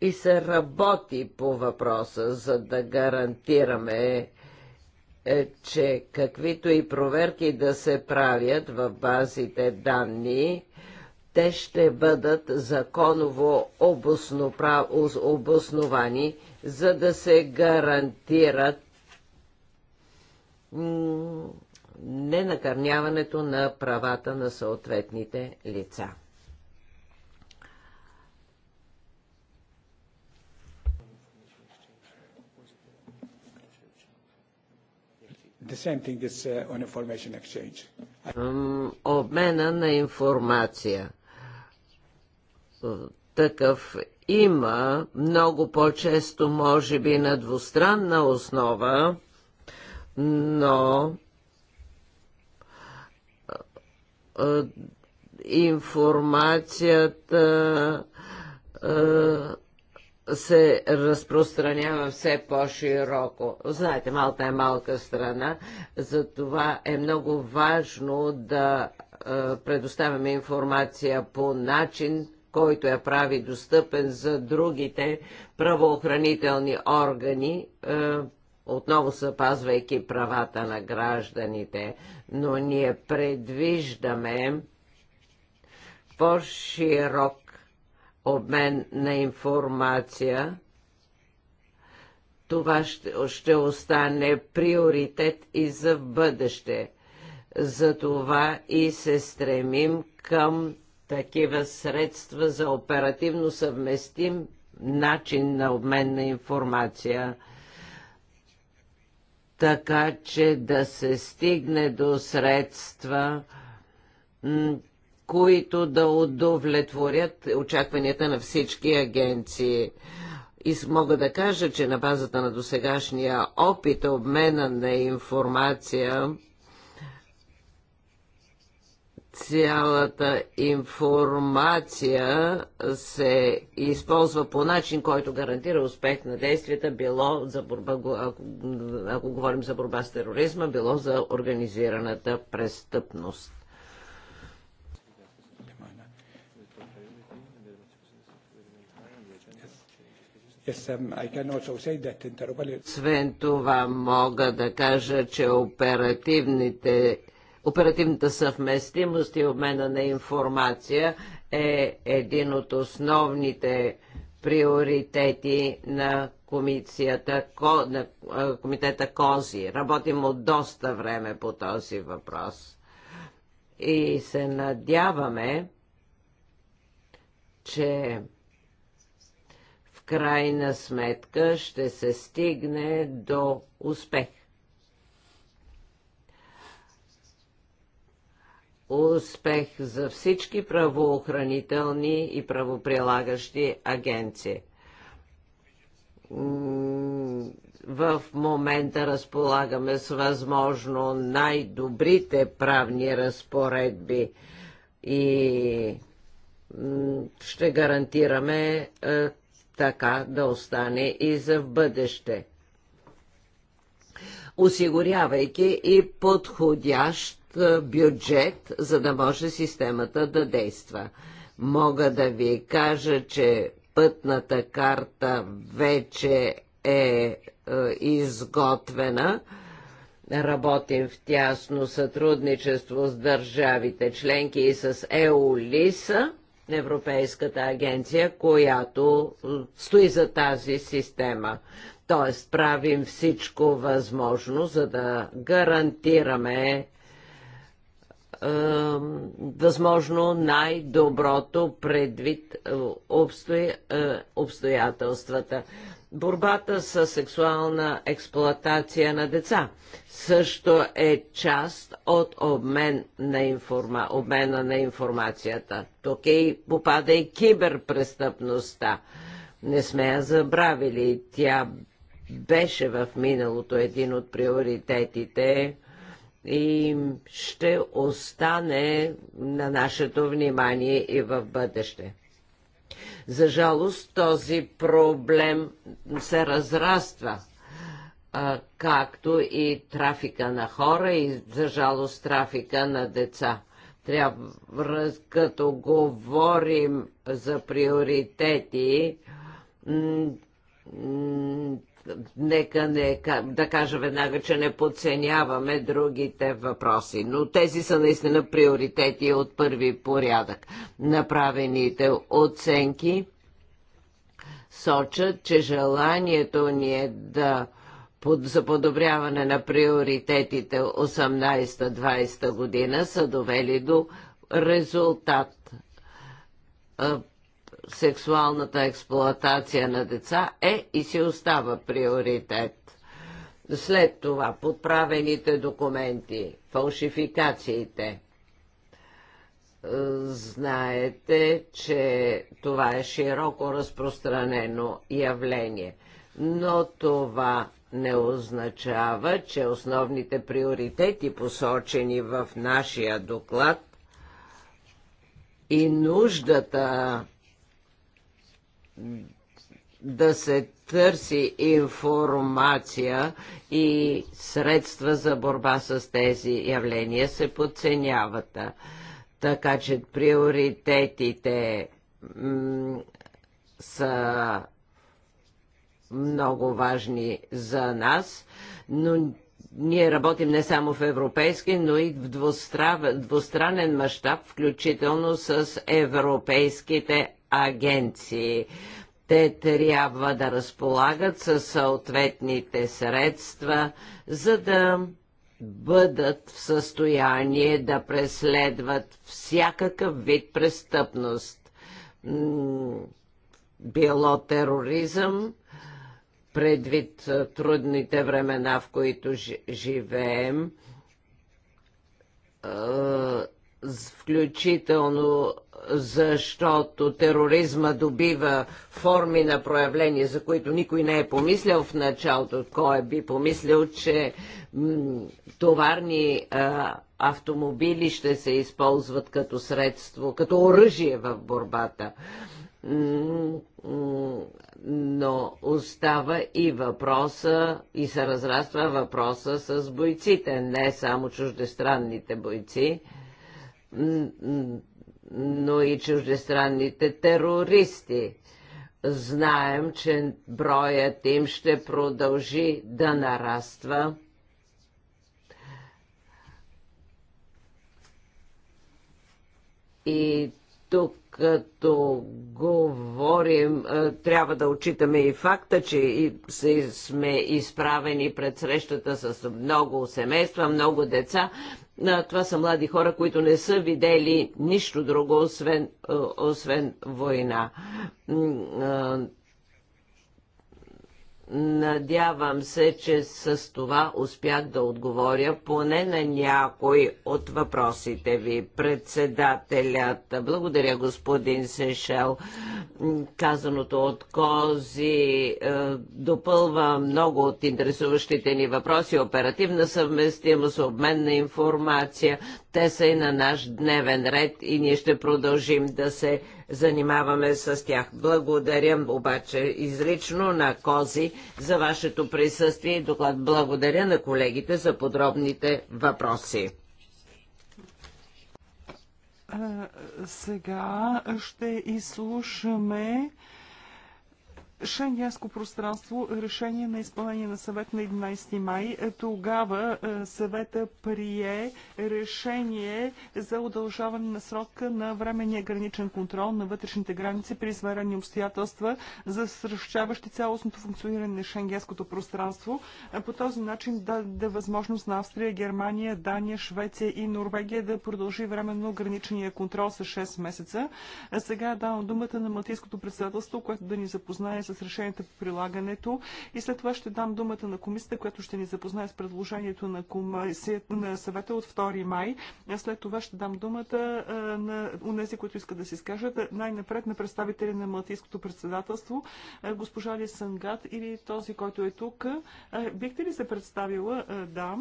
и се работи по въпроса, за да гарантираме е, че каквито и проверки да се правят в базите данни, те ще бъдат законово обосновани, за да се гарантират ненакърняването на правата на съответните лица. The same thing is uh, on information exchange. Обмена на информация. Е, такъв има много по-често, може би, на двустранна основа, но е, е, информацията се разпространява все по-широко. Знаете, Малта е малка страна, затова е много важно да е, предоставяме информация по начин, който я прави достъпен за другите правоохранителни органи, е, отново съпазвайки правата на гражданите. Но ние предвиждаме по-широк обмен на информация. Това ще, ще остане приоритет и за бъдеще. Затова и се стремим към такива средства за оперативно съвместим начин на обмен на информация, така че да се стигне до средства, които да удовлетворят очакванията на всички агенции. И мога да кажа, че на базата на досегашния опит, обмена на информация, цялата информация се използва по начин, който гарантира успех на действията, било за борба, ако, ако говорим за борба с тероризма, било за организираната престъпност. Um, Освен това мога да кажа, че оперативните Оперативната съвместимост и обмена на информация е един от основните приоритети на комисията, на комитета КОЗИ. Работим от доста време по този въпрос. И се надяваме, че крайна сметка ще се стигне до успех. Успех за всички правоохранителни и правоприлагащи агенции в момента разполагаме с възможно най-добрите правни разпоредби и ще гарантираме е, така да остане и за в бъдеще осигурявайки и подходящ бюджет, за да може системата да действа. Мога да ви кажа, че пътната карта вече е, е изготвена. Работим в тясно сътрудничество с държавите членки и с ЕОЛИСА Европейската агенция, която стои за тази система. Тоест, правим всичко възможно, за да гарантираме възможно най-доброто предвид е, е, обстоятелствата. Борбата с сексуална експлоатация на деца също е част от обмен на информа, обмена на информацията. Тук е и попада и киберпрестъпността. Не сме я забравили. Тя беше в миналото един от приоритетите и ще остане на нашето внимание и в бъдеще. За жалост този проблем се разраства както и трафика на хора и, за жалост, трафика на деца. Трябва, като говорим за приоритети, Нека не, да кажа веднага, че не подценяваме другите въпроси, но тези са наистина приоритети от първи порядък. Направените оценки сочат, че желанието ни е да под, за подобряване на приоритетите 18-20 година са довели до резултат сексуалната експлоатация на деца е и си остава приоритет. След това подправените документи, фалшификациите. Е, знаете, че това е широко разпространено явление, но това не означава, че основните приоритети, посочени в нашия доклад и нуждата да се търси информация и средства за борба с тези явления се подценяват. Така че приоритетите са много важни за нас, но ние работим не само в европейски, но и в двустранен мащаб, включително с европейските агенции. Те трябва да разполагат със съответните средства, за да бъдат в състояние да преследват всякакъв вид престъпност. Било тероризъм, предвид трудните времена, в които живеем, включително защото тероризма добива форми на проявление, за които никой не е помислял в началото. Кой би помислил, че товарни а, автомобили ще се използват като средство, като оръжие в борбата. Но остава и въпроса, и се разраства въпроса с бойците, не само чуждестранните бойци но и чуждестранните терористи. Знаем, че броят им ще продължи да нараства. И тук като говорим, е, трябва да отчитаме и факта, че сме изправени пред срещата с много семейства, много деца. Е, това са млади хора, които не са видели нищо друго, освен, е, освен война. Надявам се, че с това успях да отговоря поне на някой от въпросите ви. Председателят, благодаря господин Сешел, казаното от Кози е, допълва много от интересуващите ни въпроси, оперативна съвместимост, обмен на информация. Те са и на наш дневен ред и ние ще продължим да се занимаваме с тях. Благодаря обаче изрично на Кози за вашето присъствие и доклад. Благодаря на колегите за подробните въпроси. Сега ще изслушаме Шенгенско пространство, решение на изпълнение на съвет на 11 май. Е, тогава е, съвета прие решение за удължаване на срока на временния граничен контрол на вътрешните граници при изварени обстоятелства, застращаващи цялостното функциониране на Шенгенското пространство. Е, по този начин даде възможност на Австрия, Германия, Дания, Швеция и Норвегия да продължи временно граничния контрол с 6 месеца. Сега давам думата на Малтийското председателство, което да ни запознае с решенията по прилагането и след това ще дам думата на комисията, която ще ни запознае с предложението на, комисията, на съвета от 2 май. А след това ще дам думата на унези, които искат да се изкажат. Най-напред на представители на Малтийското председателство, госпожа Ли Сангат или този, който е тук. Бихте ли се представила? Да.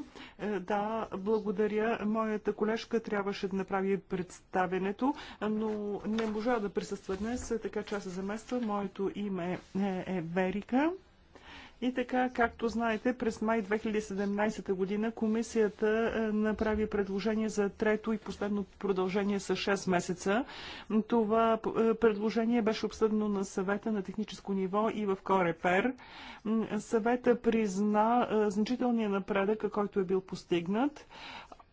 Да, благодаря. Моята колежка трябваше да направи представенето, но не можа да присъства днес, така че аз се замества. Моето име е Берика. Е и така, както знаете, през май 2017 година комисията е, направи предложение за трето и последно продължение с 6 месеца. Това е, предложение беше обсъдено на съвета на техническо ниво и в Корепер. Съвета призна значителния напредък, който е бил постигнат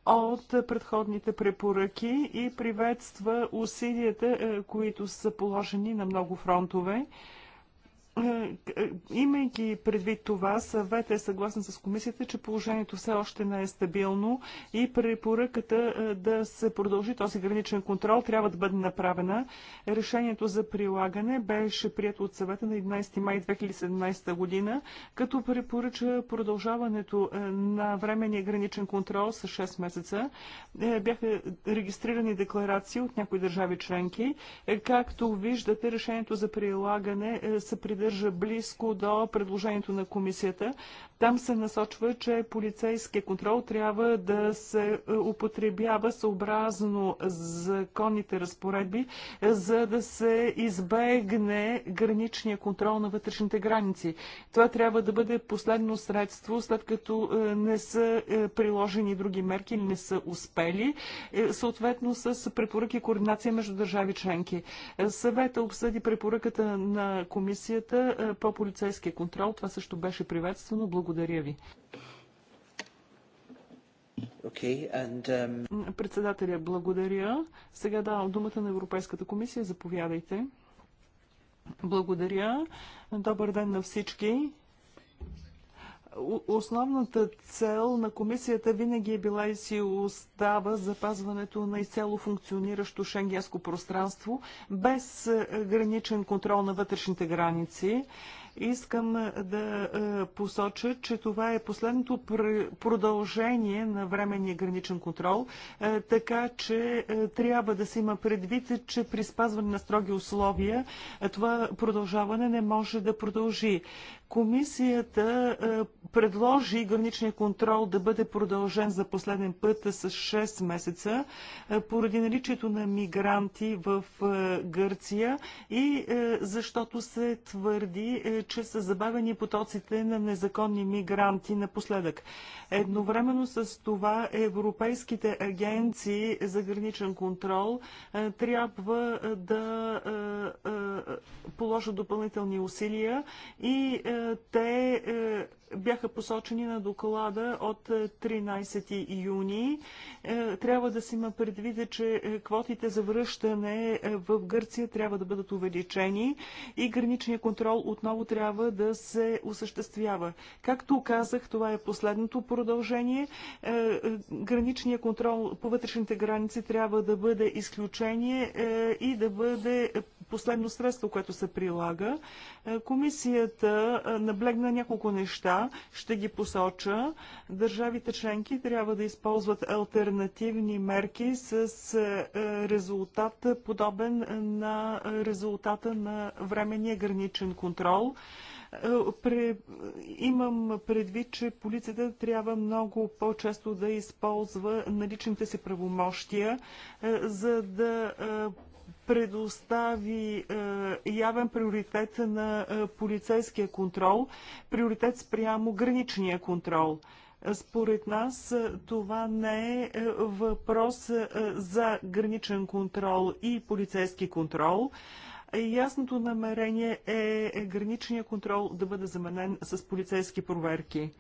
от предходните препоръки и приветства усилията, които са положени на много фронтове. Имайки предвид това, съвет е съгласен с комисията, че положението все още не е стабилно и препоръката е, да се продължи този граничен контрол трябва да бъде направена. Решението за прилагане беше прието от съвета на 11 май 2017 година, като препоръча продължаването е, на временния граничен контрол с 6 месеца. Е, бяха регистрирани декларации от някои държави членки. Както виждате, решението за прилагане се придържа придържа близко до предложението на комисията. Там се насочва, че полицейския контрол трябва да се е, употребява съобразно законните разпоредби, за да се избегне граничния контрол на вътрешните граници. Това трябва да бъде последно средство, след като е, не са е, приложени други мерки или не са успели, съответно с препоръки и координация между държави членки. Съвета обсъди препоръката на комисията по полицейския контрол. Това също беше приветствено. Благодаря благодаря ви. Okay, and, um... Председателя, благодаря. Сега давам думата на Европейската комисия. Заповядайте. Благодаря. Добър ден на всички. Основната цел на комисията винаги е била и си остава запазването на изцяло функциониращо шенгенско пространство без е, граничен контрол на вътрешните граници. Искам е, да е, посоча, че това е последното продължение на временния граничен контрол, е, така че трябва да се има предвид, че при спазване на строги условия това продължаване не може да продължи. Комисията предложи граничния контрол да бъде продължен за последен път с 6 месеца поради наличието на мигранти в Гърция и защото се твърди, че са забавени потоците на незаконни мигранти напоследък. Едновременно с това европейските агенции за граничен контрол е, трябва е, да е, положат допълнителни усилия и те бяха посочени на доклада от 13 е, юни. Е, трябва да се има предвид, че е, квотите за връщане в Гърция трябва да бъдат увеличени и граничния контрол отново трябва да се осъществява. Както казах, това е последното продължение. Граничния контрол по вътрешните граници трябва да бъде изключение и да бъде последно средство, което се прилага. Комисията наблегна няколко неща ще ги посоча. Държавите членки трябва да използват альтернативни мерки с е, резултат подобен на резултата на временния граничен контрол. Е, имам предвид, че полицията трябва много по-често да използва наличните си правомощия, е, за да предостави е, явен приоритет на е, полицейския контрол, приоритет спрямо граничния контрол. Според нас е, това не е въпрос за граничен контрол и полицейски контрол. Ясното намерение е граничния контрол да бъде заменен с полицейски проверки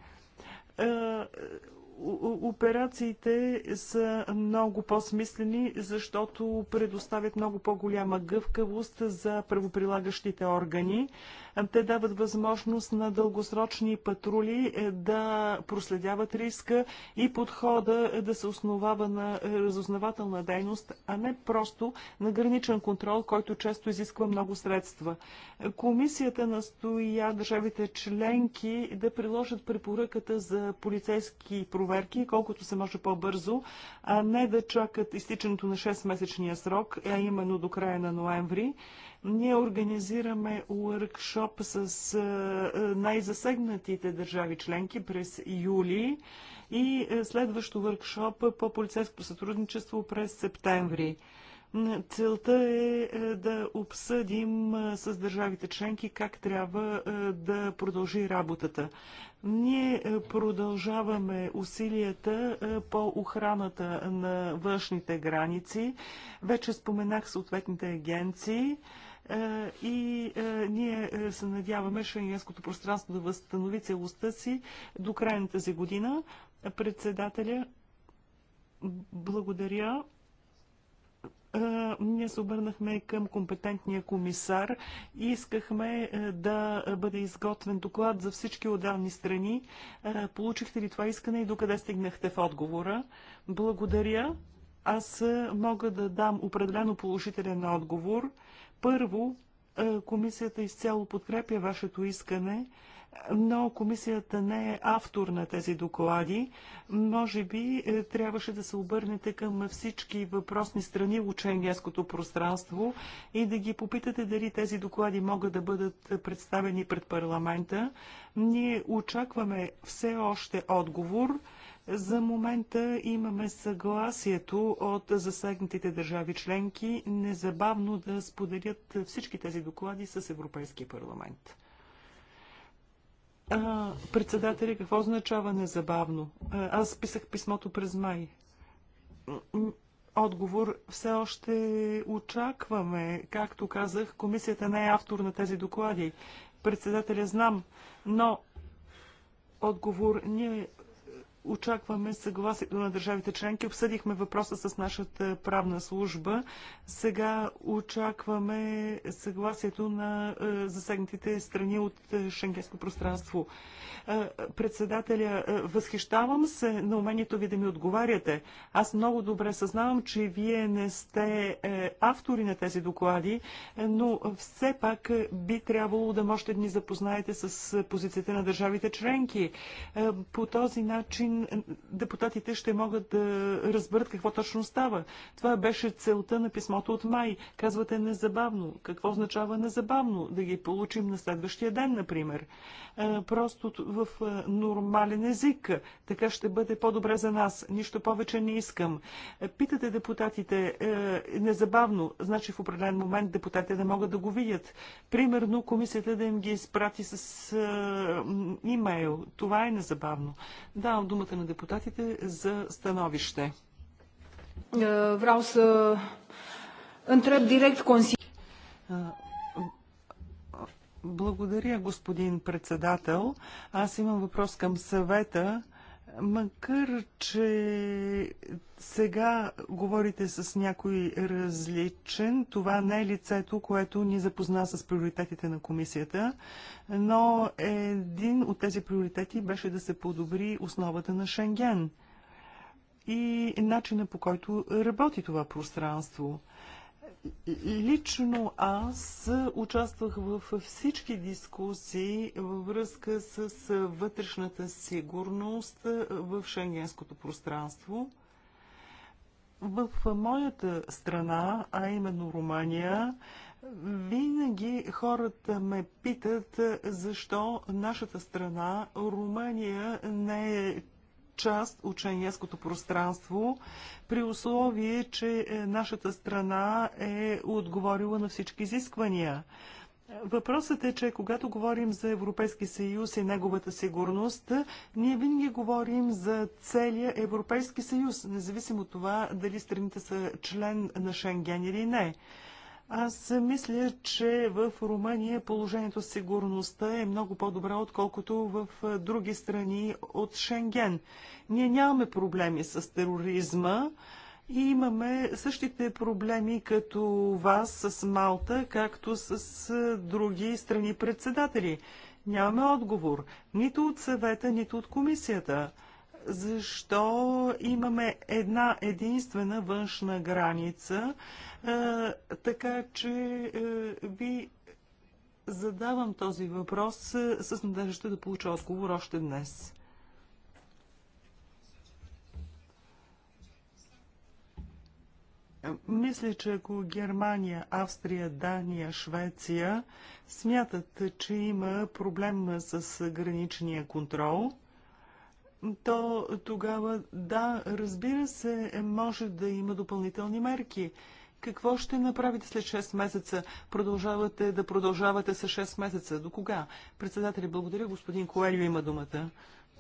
операциите са много по-смислени, защото предоставят много по-голяма гъвкавост за правоприлагащите органи. Те дават възможност на дългосрочни патрули е, да проследяват риска и подхода да се основава на разузнавателна дейност, а не просто на граничен контрол, който често изисква много средства. Комисията настоя държавите членки да приложат препоръката за полицейски проверки проверки колкото се може по-бързо, а не да чакат изтичането на 6-месечния срок, а именно до края на ноември. Ние организираме уркшоп с най-засегнатите държави членки през юли и следващо уркшоп по полицейско сътрудничество през септември. Целта е, е да обсъдим е, с държавите членки как трябва е, да продължи работата. Ние продължаваме усилията по охраната на външните граници. Вече споменах съответните агенции и ние се надяваме шенгенското пространство да възстанови целостта си до края на тази година. Председателя, благодаря ние се обърнахме към компетентния комисар и искахме да бъде изготвен доклад за всички отделни страни. Получихте ли това искане и докъде стигнахте в отговора? Благодаря. Аз мога да дам определено положителен отговор. Първо, комисията изцяло подкрепя вашето искане но комисията не е автор на тези доклади. Може би е, трябваше да се обърнете към всички въпросни страни в ученгенското пространство и да ги попитате дали тези доклади могат да бъдат представени пред парламента. Ние очакваме все още отговор. За момента имаме съгласието от засегнатите държави членки незабавно да споделят всички тези доклади с Европейския парламент. А, председателя, какво означава незабавно? Аз писах писмото през май. Отговор все още очакваме. Както казах, комисията не е автор на тези доклади. Председателя знам, но отговор ние Очакваме съгласието на държавите членки. Обсъдихме въпроса с нашата правна служба. Сега очакваме съгласието на е, засегнатите страни от е, шенгенско пространство. Е, председателя, възхищавам се на умението ви да ми отговаряте. Аз много добре съзнавам, че вие не сте автори на тези доклади, но все пак би трябвало да можете да ни запознаете с позицията на държавите членки. По този начин депутатите ще могат да разберат какво точно става. Това беше целта на писмото от май. Казвате незабавно. Какво означава незабавно? Да ги получим на следващия ден, например. Просто в нормален език. Така ще бъде по-добре за нас. Нищо повече не искам. Питате депутатите незабавно. Значи в определен момент депутатите да могат да го видят. Примерно комисията да им ги изпрати с имейл. Това е незабавно. Да, дума думата на депутатите за становище. Е, Vreau să întreb direct Consiliul. Благодаря, господин председател. Аз имам въпрос към съвета Макар, че сега говорите с някой различен, това не е лицето, което ни запозна с приоритетите на комисията, но един от тези приоритети беше да се подобри основата на Шенген и начина по който работи това пространство – Лично аз участвах в всички дискусии във връзка с вътрешната сигурност в шенгенското пространство. В моята страна, а именно Румъния, винаги хората ме питат защо нашата страна, Румъния, не е част от шенгенското пространство, при условие, че е, нашата страна е отговорила на всички изисквания. Въпросът е, че когато говорим за Европейски съюз и неговата сигурност, ние винаги говорим за целия Европейски съюз, независимо от това дали страните са член на Шенген или не. Аз мисля, че в Румъния положението с сигурността е много по добра отколкото в други страни от Шенген. Ние нямаме проблеми с тероризма и имаме същите проблеми като вас с Малта, както с други страни председатели. Нямаме отговор нито от съвета, нито от комисията защо имаме една единствена външна граница, е, така че е, ви задавам този въпрос е, с надежда да получа отговор още днес. Мисля, че ако Германия, Австрия, Дания, Швеция смятат, че има проблем с граничния контрол, то тогава да, разбира се, може да има допълнителни мерки. Какво ще направите след 6 месеца? Продължавате да продължавате с 6 месеца. До кога? Председатели, благодаря. Господин Коелю има думата.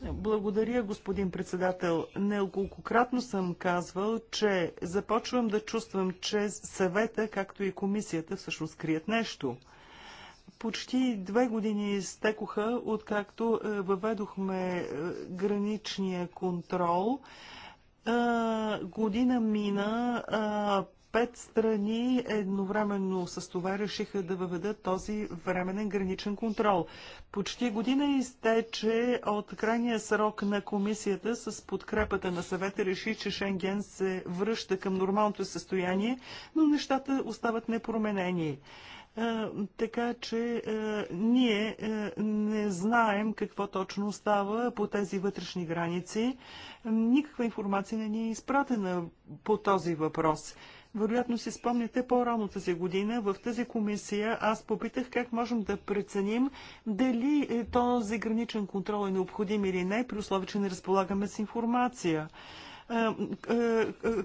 Благодаря, господин председател. Неколкократно съм казвал, че започвам да чувствам, че съвета, както и комисията, всъщност крият нещо – почти две години изтекоха, откакто е, въведохме е, граничния контрол. Е, година мина, пет страни едновременно с това решиха да въведат този временен граничен контрол. Почти година изтече от крайния срок на комисията с подкрепата на съвета реши, че Шенген се връща към нормалното състояние, но нещата остават непроменени така че ние не знаем какво точно става по тези вътрешни граници. Никаква информация не ни е изпратена по този въпрос. Вероятно си спомняте по-рано тази година в тази комисия аз попитах как можем да преценим дали е, този граничен контрол е необходим или не, при условие, че не разполагаме с информация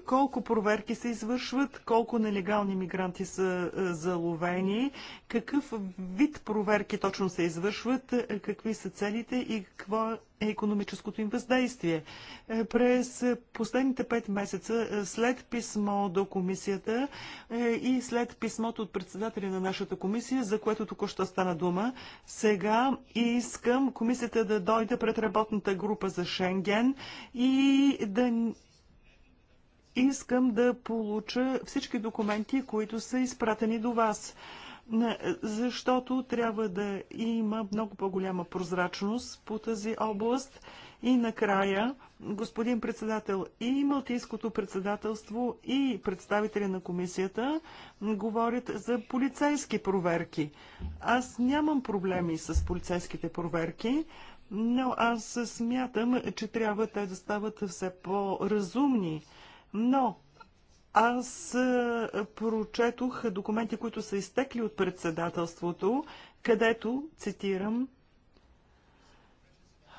колко проверки се извършват, колко нелегални мигранти са заловени, какъв вид проверки точно се извършват, какви са целите и какво економическото им въздействие. Е, през последните пет месеца, е, след писмо до комисията е, и след писмото от председателя на нашата комисия, за което току-що стана дума, сега искам комисията да дойде пред работната група за Шенген и да искам да получа всички документи, които са изпратени до вас. Не защото трябва да има много по-голяма прозрачност по тази област. И накрая, господин председател, и Малтийското председателство, и представители на комисията говорят за полицейски проверки. Аз нямам проблеми с полицейските проверки, но аз смятам, че трябва те да стават все по-разумни. Но аз е, прочетох документи, които са изтекли от председателството, където, цитирам,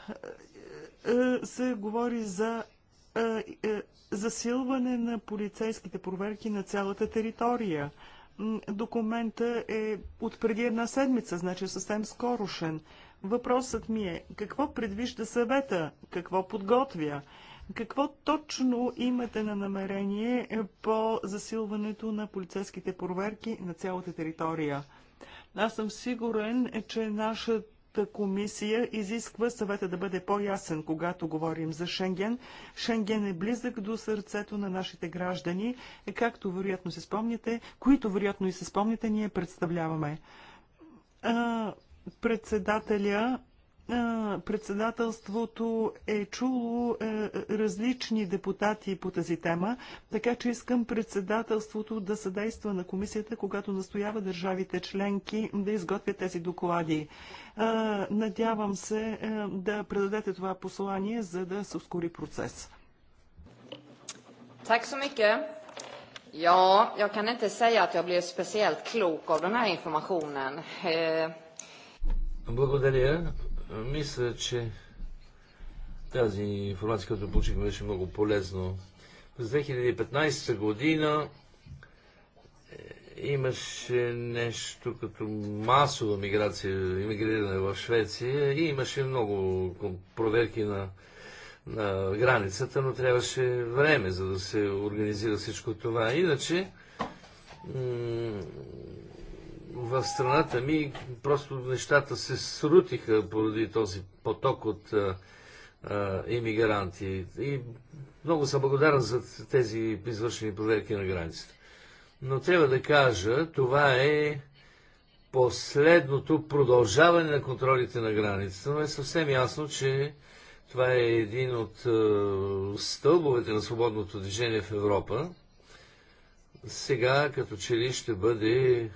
е, е, се говори за засилване на полицейските проверки на цялата територия. Документа е от преди една седмица, значи съвсем скорошен. Въпросът ми е, какво предвижда съвета, какво подготвя? Какво точно имате на намерение по засилването на полицейските проверки на цялата територия? Аз съм сигурен, че нашата комисия изисква съвета да бъде по-ясен, когато говорим за Шенген. Шенген е близък до сърцето на нашите граждани, както вероятно се спомняте, които вероятно и се спомняте, ние представляваме. А, председателя Председателството е чуло е, различни депутати по тази тема, така че искам председателството да съдейства на комисията, когато настоява държавите членки да изготвят тези доклади. Надявам се е, да предадете това послание, за да се ускори процес. Tack så mycket. Ja, jag kan inte säga att jag blev speciellt klok av den här informationen. Eh, Благодаря. Мисля, че тази информация, която получихме, беше много полезно. През 2015 година е, имаше нещо като масова миграция, иммигриране в Швеция и имаше много проверки на, на границата, но трябваше време, за да се организира всичко това. Иначе в страната ми просто нещата се срутиха поради този поток от иммигранти. И много съм благодарен за тези извършени проверки на границата. Но трябва да кажа, това е последното продължаване на контролите на границата, но е съвсем ясно, че това е един от стълбовете на свободното движение в Европа. Сега като че ли ще бъде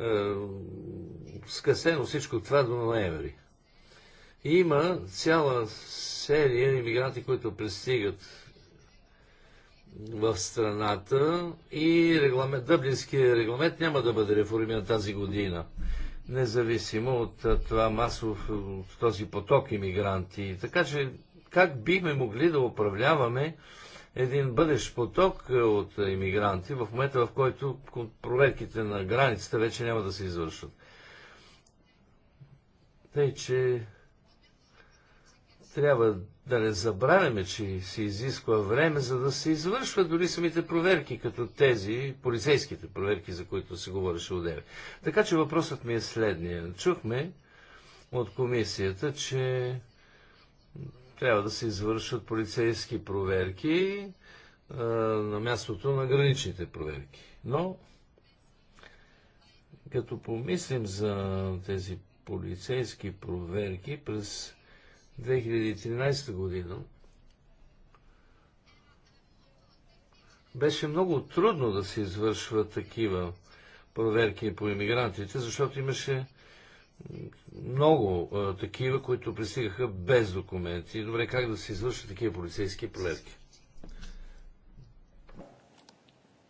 е, скъсено всичко това до ноември. И има цяла серия иммигранти, които пристигат в страната и регламент, Дъблинския регламент няма да бъде реформиран тази година. Независимо от това масов, от този поток иммигранти. Така че как бихме могли да управляваме един бъдещ поток е, от е, иммигранти в момента, в който проверките на границата вече няма да се извършват. Тъй, че трябва да не забравяме, че се изисква време, за да се извършват дори самите проверки, като тези, полицейските проверки, за които се говореше отдеве. Така че въпросът ми е следния. Чухме от комисията, че трябва да се извършват полицейски проверки а, на мястото на граничните проверки. Но, като помислим за тези полицейски проверки през 2013 година, беше много трудно да се извършва такива проверки по иммигрантите, защото имаше много а, такива, които пристигаха без документи. Добре, как да се извършат такива полицейски проверки?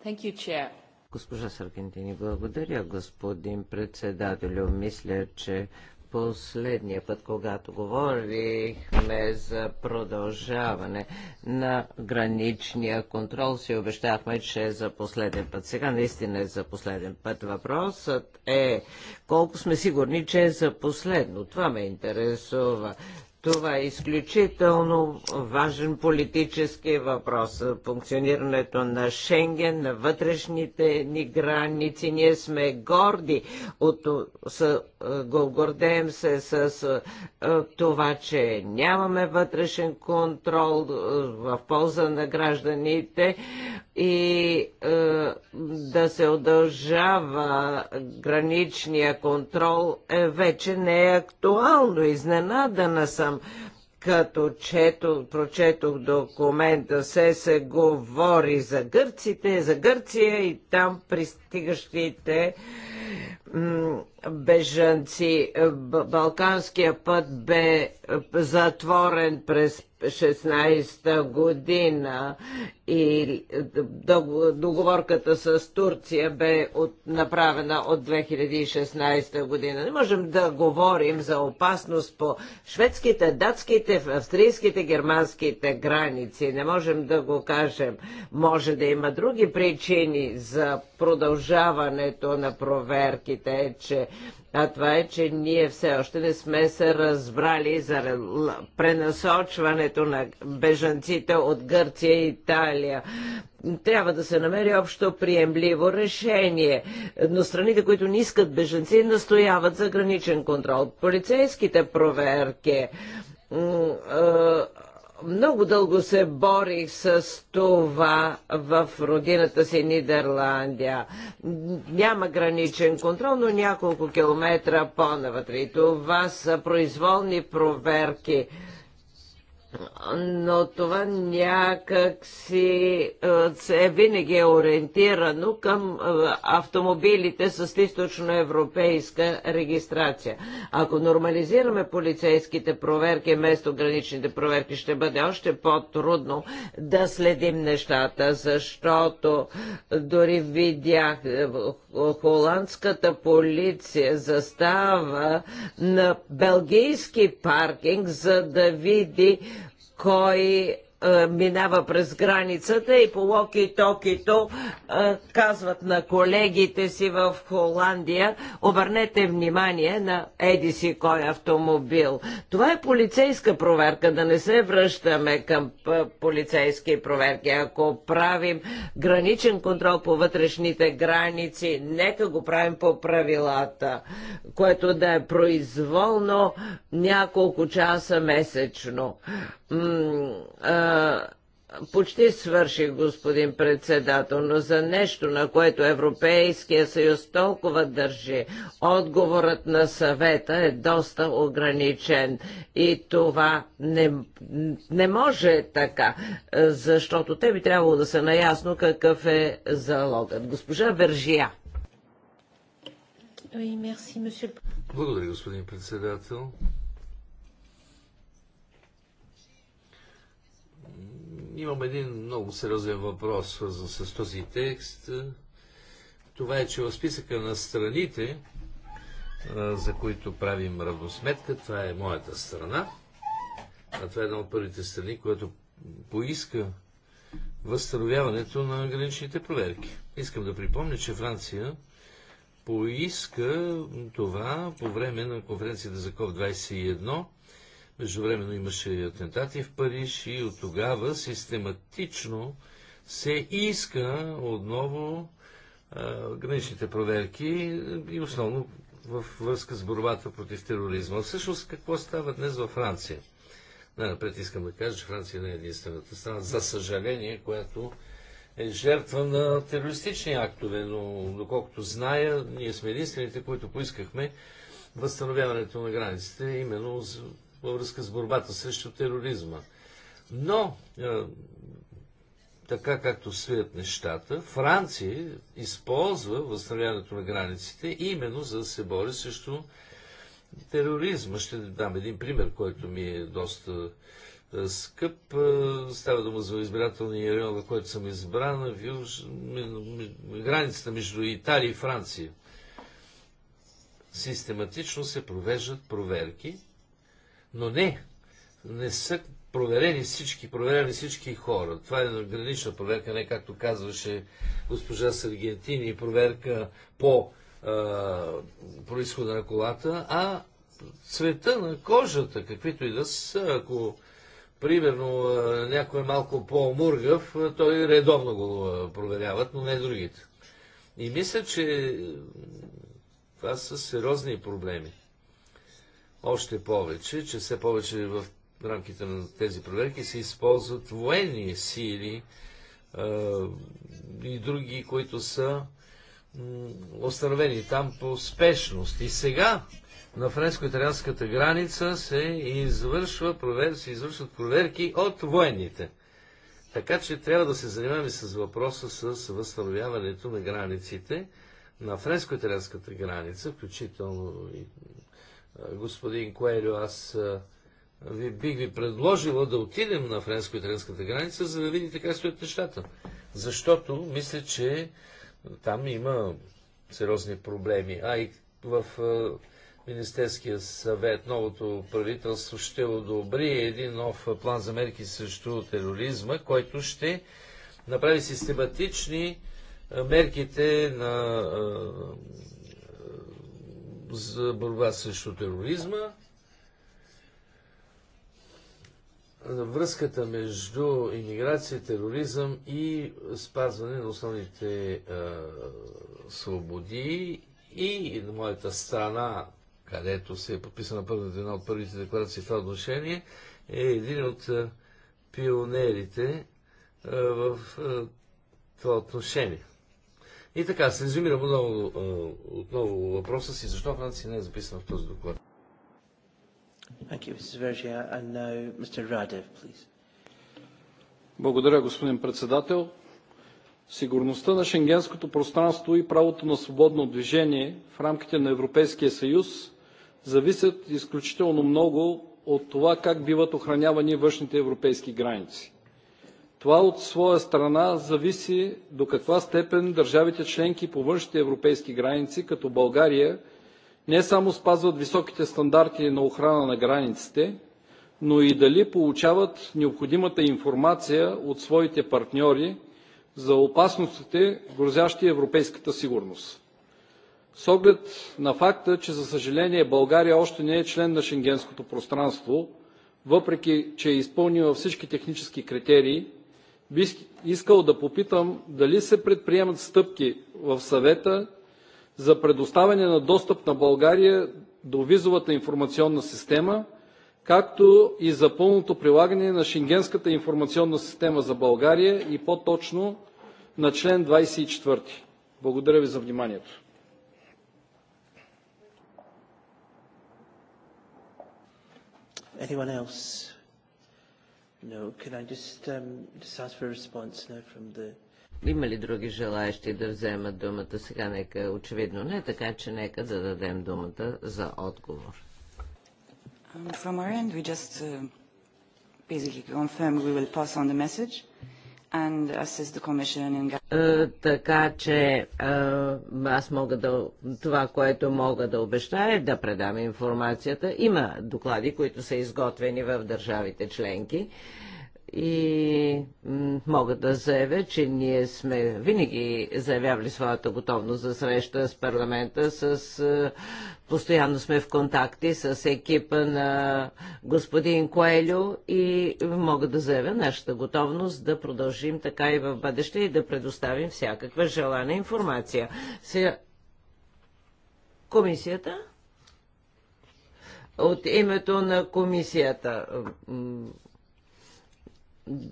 Thank you, Chair. Госпожа Саркентини, благодаря, господин председателю. Мисля, че Последния път, когато говорихме за продължаване на граничния контрол, си обещахме, че е за последен път. Сега наистина е за последен път. Въпросът е колко сме сигурни, че е за последно. Това ме интересува. Това е изключително важен политически въпрос. Функционирането на Шенген, на вътрешните ни граници. Ние сме горди, от, с, е, го гордеем се с, с е, това, че нямаме вътрешен контрол е, в полза на гражданите и да се удължава граничния контрол е, вече не е актуално. Изненадана съм съм като чето, прочетох документа, се се говори за гърците, за Гърция и там пристигащите бежанци. Балканския път бе е, затворен през 16-та година и е, договорката с Турция бе от, направена от 2016 година. Не можем да говорим за опасност по шведските, датските, австрийските, германските граници. Не можем да го кажем. Може да има други причини за продължаването на проверките, че а това е, че ние все още не сме се разбрали за пренасочването на бежанците от Гърция и Италия. Трябва да се намери общо приемливо решение, но страните, които не искат бежанци, настояват за граничен контрол. Полицейските проверки много дълго се борих с това в родината си Нидерландия. Няма граничен контрол, но няколко километра по-навътре. И това са произволни проверки но това някак си е, е винаги е ориентирано към е, автомобилите с източноевропейска регистрация. Ако нормализираме полицейските проверки, вместо граничните проверки, ще бъде още по-трудно да следим нещата, защото дори видях е, холандската полиция застава на белгийски паркинг, за да види кой минава през границата и по локи-токито казват на колегите си в Холандия, обърнете внимание на еди си кой автомобил. Това е полицейска проверка, да не се връщаме към полицейски проверки. Ако правим граничен контрол по вътрешните граници, нека го правим по правилата, което да е произволно няколко часа месечно почти свърши, господин председател, но за нещо, на което Европейския съюз толкова държи, отговорът на съвета е доста ограничен. И това не, не може така, защото те би трябвало да са наясно какъв е залогът. Госпожа Вержия. Благодаря, господин председател. Имам един много сериозен въпрос, свързан с този текст. Това е, че в списъка на страните, за които правим равносметка, това е моята страна. А това е една от първите страни, която поиска възстановяването на граничните проверки. Искам да припомня, че Франция поиска това по време на конференцията за КОВ-21 Междувременно имаше атентати в Париж и от тогава систематично се иска отново а, граничните проверки и основно в връзка с борбата против тероризма. Всъщност какво става днес във Франция? Най-напред искам да кажа, че Франция не е единствената страна, за съжаление, която е жертва на терористични актове, но доколкото зная, ние сме единствените, които поискахме възстановяването на границите, именно във връзка с борбата срещу тероризма. Но, е, така както стоят нещата, Франция използва възстановяването на границите именно за да се бори срещу тероризма. Ще дам един пример, който ми е доста е, скъп. Е, става дума за избирателния район, на който съм избрана, в юж... границата между Италия и Франция. Систематично се провеждат проверки но не, не са проверени всички, проверени всички хора. Това е гранична проверка, не както казваше госпожа Саргентини, проверка по а, происхода на колата, а цвета на кожата, каквито и да са, ако примерно някой е малко по-мургав, той редовно го проверяват, но не другите. И мисля, че това са сериозни проблеми. Още повече, че все повече в рамките на тези проверки се използват военни сили и други, които са установени там по спешност. И сега на френско-италианската граница се, извършва провер... се извършват проверки от военните. Така че трябва да се занимаваме с въпроса с възстановяването на границите на френско-италианската граница, включително и господин Коелю, аз ви, бих ви предложила да отидем на френско-италианската граница, за да видите как стоят нещата. Защото мисля, че там има сериозни проблеми. А и в Министерския съвет новото правителство ще одобри един нов план за мерки срещу тероризма, който ще направи систематични мерките на за борба срещу тероризма. Връзката между иммиграция, тероризъм и спазване на основните а, свободи и на моята страна, където се е подписана първата една от първите декларации в това отношение, е един от пионерите в това отношение. И така, се резюмира отново, отново въпроса си, защо Франция не е записана в този доклад. Благодаря, господин председател. Сигурността на шенгенското пространство и правото на свободно движение в рамките на Европейския съюз зависят изключително много от това как биват охранявани външните европейски граници. Това от своя страна зависи до каква степен държавите членки по външните европейски граници, като България, не само спазват високите стандарти на охрана на границите, но и дали получават необходимата информация от своите партньори за опасностите, грозящи европейската сигурност. С оглед на факта, че за съжаление България още не е член на Шенгенското пространство, въпреки че е изпълнила всички технически критерии, бих искал да попитам дали се предприемат стъпки в Съвета за предоставяне на достъп на България до визовата информационна система, както и за пълното прилагане на Шенгенската информационна система за България и по-точно на чл. 24. Благодаря Ви за вниманието. Anyone else? No, can I just, um, just ask for a response now from the... Има ли други желаящи да вземат думата? Сега нека очевидно не, така че нека да дадем думата за отговор. From our end, we just uh, basically confirm we will pass on the message. Uh, е, така че е, аз мога да. Това, което мога да обещая е да предам информацията. Има доклади, които са изготвени в държавите членки и мога да заявя, че ние сме винаги заявявали своята готовност за среща с парламента, с, е, постоянно сме в контакти с екипа на господин Коелю и мога да заявя нашата готовност да продължим така и в бъдеще и да предоставим всякаква желана информация. Сега... Комисията? От името на комисията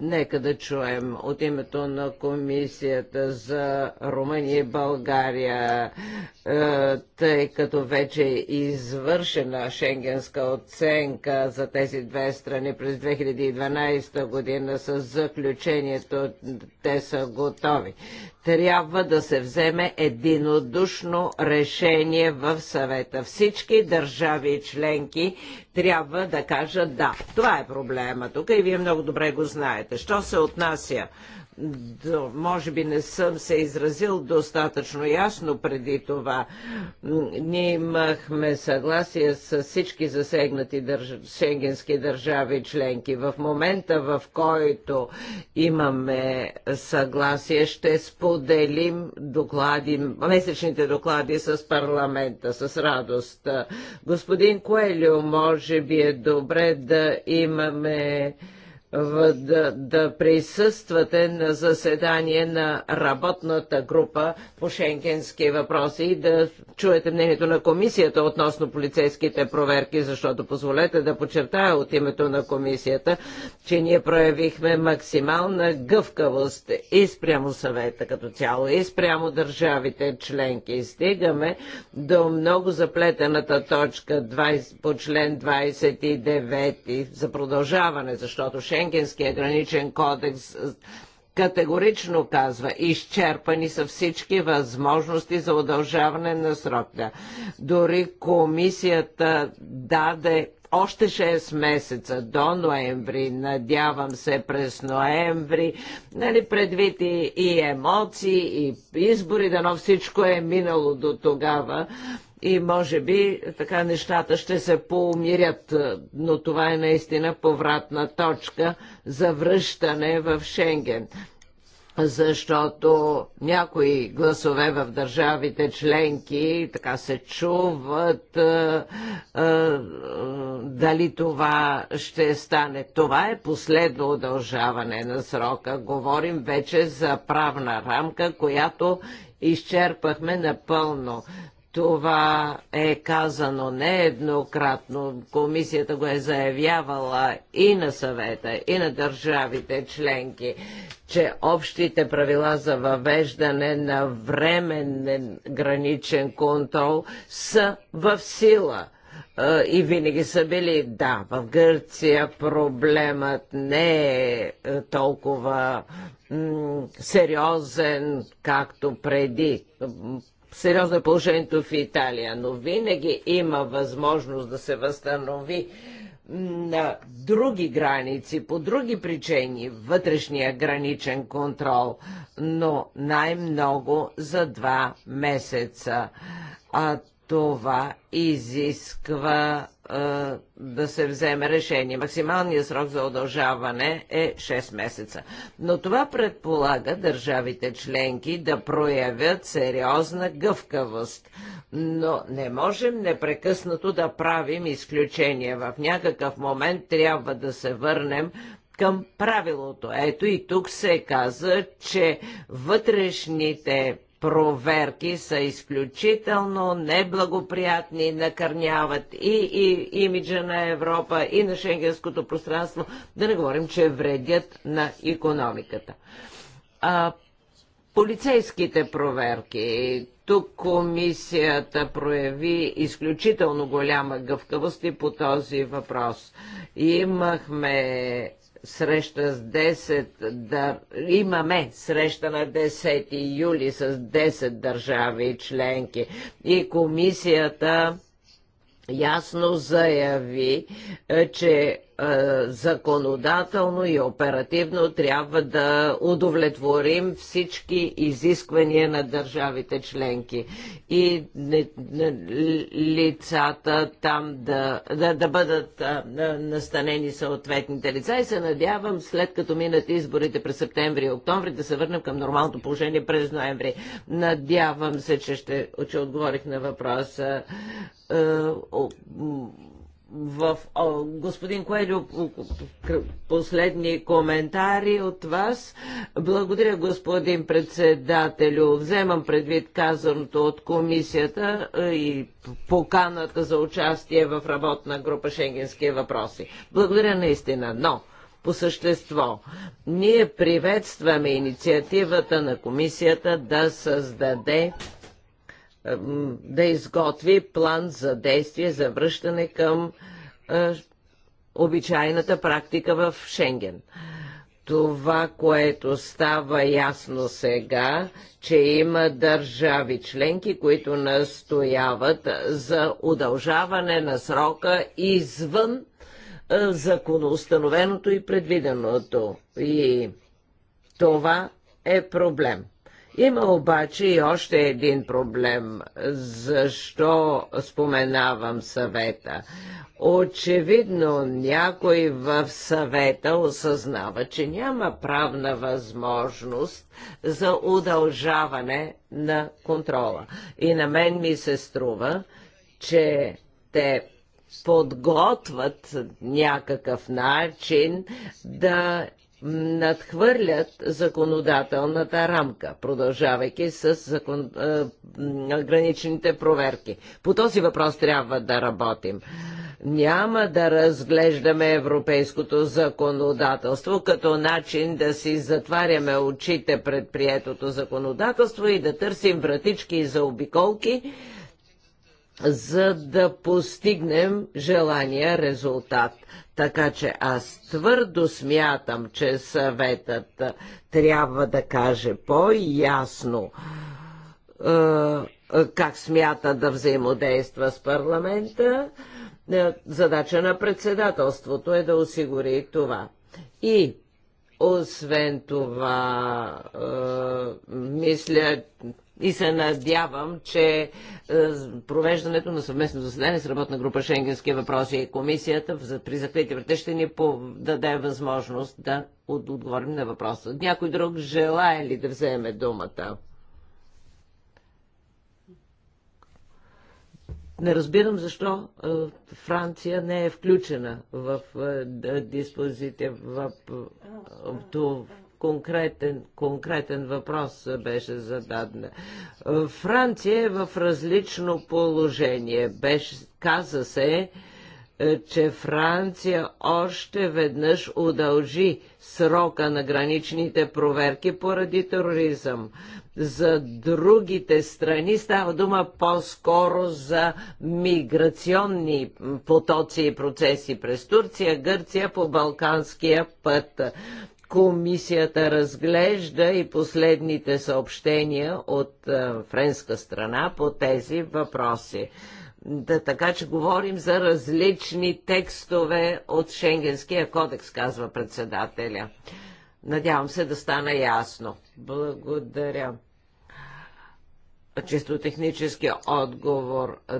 Нека да чуем от името на комисията за Румъния и България, е, тъй като вече е извършена шенгенска оценка за тези две страни през 2012 година с заключението, те са готови трябва да се вземе единодушно решение в съвета. Всички държави и членки трябва да кажат да. Това е проблема тук и вие много добре го знаете. Що се отнася може би не съм се изразил достатъчно ясно преди това. Ние имахме съгласие с всички засегнати държ... шенгенски държави членки. В момента, в който имаме съгласие, ще споделим доклади, месечните доклади с парламента, с радост. Господин Коелю, може би е добре да имаме да, да присъствате на заседание на работната група по шенгенски въпроси и да чуете мнението на комисията относно полицейските проверки, защото позволете да подчертая от името на комисията, че ние проявихме максимална гъвкавост и спрямо съвета като цяло, и спрямо държавите членки. Стигаме до много заплетената точка 20, по член 29 за продължаване, защото Шенген Шенгенския граничен кодекс е, категорично казва, изчерпани са всички възможности за удължаване на срока. Дори комисията даде още 6 месеца до ноември, надявам се през ноември, нали, предвид и, и емоции, и избори, дано всичко е минало до тогава, и може би така нещата ще се поумирят, е, но това е наистина повратна точка за връщане в Шенген защото някои гласове в държавите членки така се чуват а, е, а, е, дали това ще стане. Това е последно удължаване на срока. Говорим вече за правна рамка, която изчерпахме напълно. Това е казано нееднократно. Комисията го е заявявала и на съвета, и на държавите членки, че общите правила за въвеждане на временен граничен контрол са в сила е, и винаги са били. Да, в Гърция проблемът не е, е толкова сериозен, както преди сериозно е положението в Италия, но винаги има възможност да се възстанови на други граници, по други причини, вътрешния граничен контрол, но най-много за два месеца. А това изисква е, да се вземе решение. Максималният срок за удължаване е 6 месеца. Но това предполага държавите членки да проявят сериозна гъвкавост. Но не можем непрекъснато да правим изключения. В някакъв момент трябва да се върнем към правилото. Ето и тук се каза, че вътрешните проверки са изключително неблагоприятни, накърняват и, и имиджа на Европа, и на шенгенското пространство, да не говорим, че вредят на економиката. А, полицейските проверки. Тук комисията прояви изключително голяма гъвкавост и по този въпрос. Имахме среща с 10, дър... имаме среща на 10 юли с 10 държави членки и комисията ясно заяви, е, че е, законодателно и оперативно трябва да удовлетворим всички изисквания на държавите членки и лицата там да, да, да бъдат е, настанени съответните лица и се надявам след като минат изборите през септември и октомври да се върнем към нормалното положение през ноември. Надявам се, че, ще, че отговорих на въпроса е, в о, господин Коелю последни коментари от вас. Благодаря, господин председателю. Вземам предвид казаното от комисията и поканата за участие в работна група Шенгенския въпроси. Благодаря наистина, но по същество. Ние приветстваме инициативата на комисията да създаде е, да изготви план за действие за връщане към е, обичайната практика в Шенген. Това, което става ясно сега, че има държави членки, които настояват за удължаване на срока извън е, законоустановеното и предвиденото. И това е проблем. Има обаче и още един проблем. Защо споменавам съвета? Очевидно някой в съвета осъзнава, че няма правна възможност за удължаване на контрола. И на мен ми се струва, че те подготвят някакъв начин да надхвърлят законодателната рамка, продължавайки с закон... граничните проверки. По този въпрос трябва да работим. Няма да разглеждаме европейското законодателство като начин да си затваряме очите пред приетото законодателство и да търсим вратички и обиколки, за да постигнем желания резултат. Така че аз твърдо смятам, че съветът трябва да каже по-ясно как смята да взаимодейства с парламента. Задача на председателството е да осигури това. И освен това, мисля, и се надявам, че е, провеждането на съвместно заседание с работна група Шенгенски въпроси и комисията при закрити врата ще ни даде възможност да отговорим на въпроса. Някой друг желая ли да вземе думата? Не разбирам защо е, Франция не е включена в е, диспозите в, конкретен, конкретен въпрос беше зададен. Франция е в различно положение. Беше, каза се, е, че Франция още веднъж удължи срока на граничните проверки поради тероризъм. За другите страни става дума по-скоро за миграционни потоци и процеси през Турция, Гърция по Балканския път. Комисията разглежда и последните съобщения от е, френска страна по тези въпроси. Да, така че говорим за различни текстове от Шенгенския кодекс, казва председателя. Надявам се да стана ясно. Благодаря. Чисто технически отговор. Е,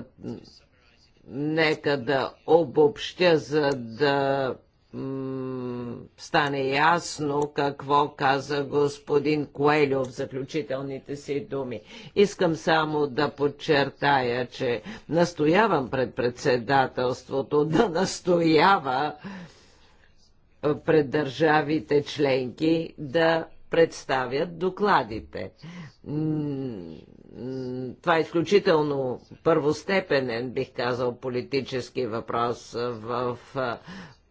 нека да обобщя, за да стане ясно какво каза господин Коелю в заключителните си думи. Искам само да подчертая, че настоявам пред председателството да настоява пред държавите членки да представят докладите. Това е изключително първостепенен, бих казал, политически въпрос в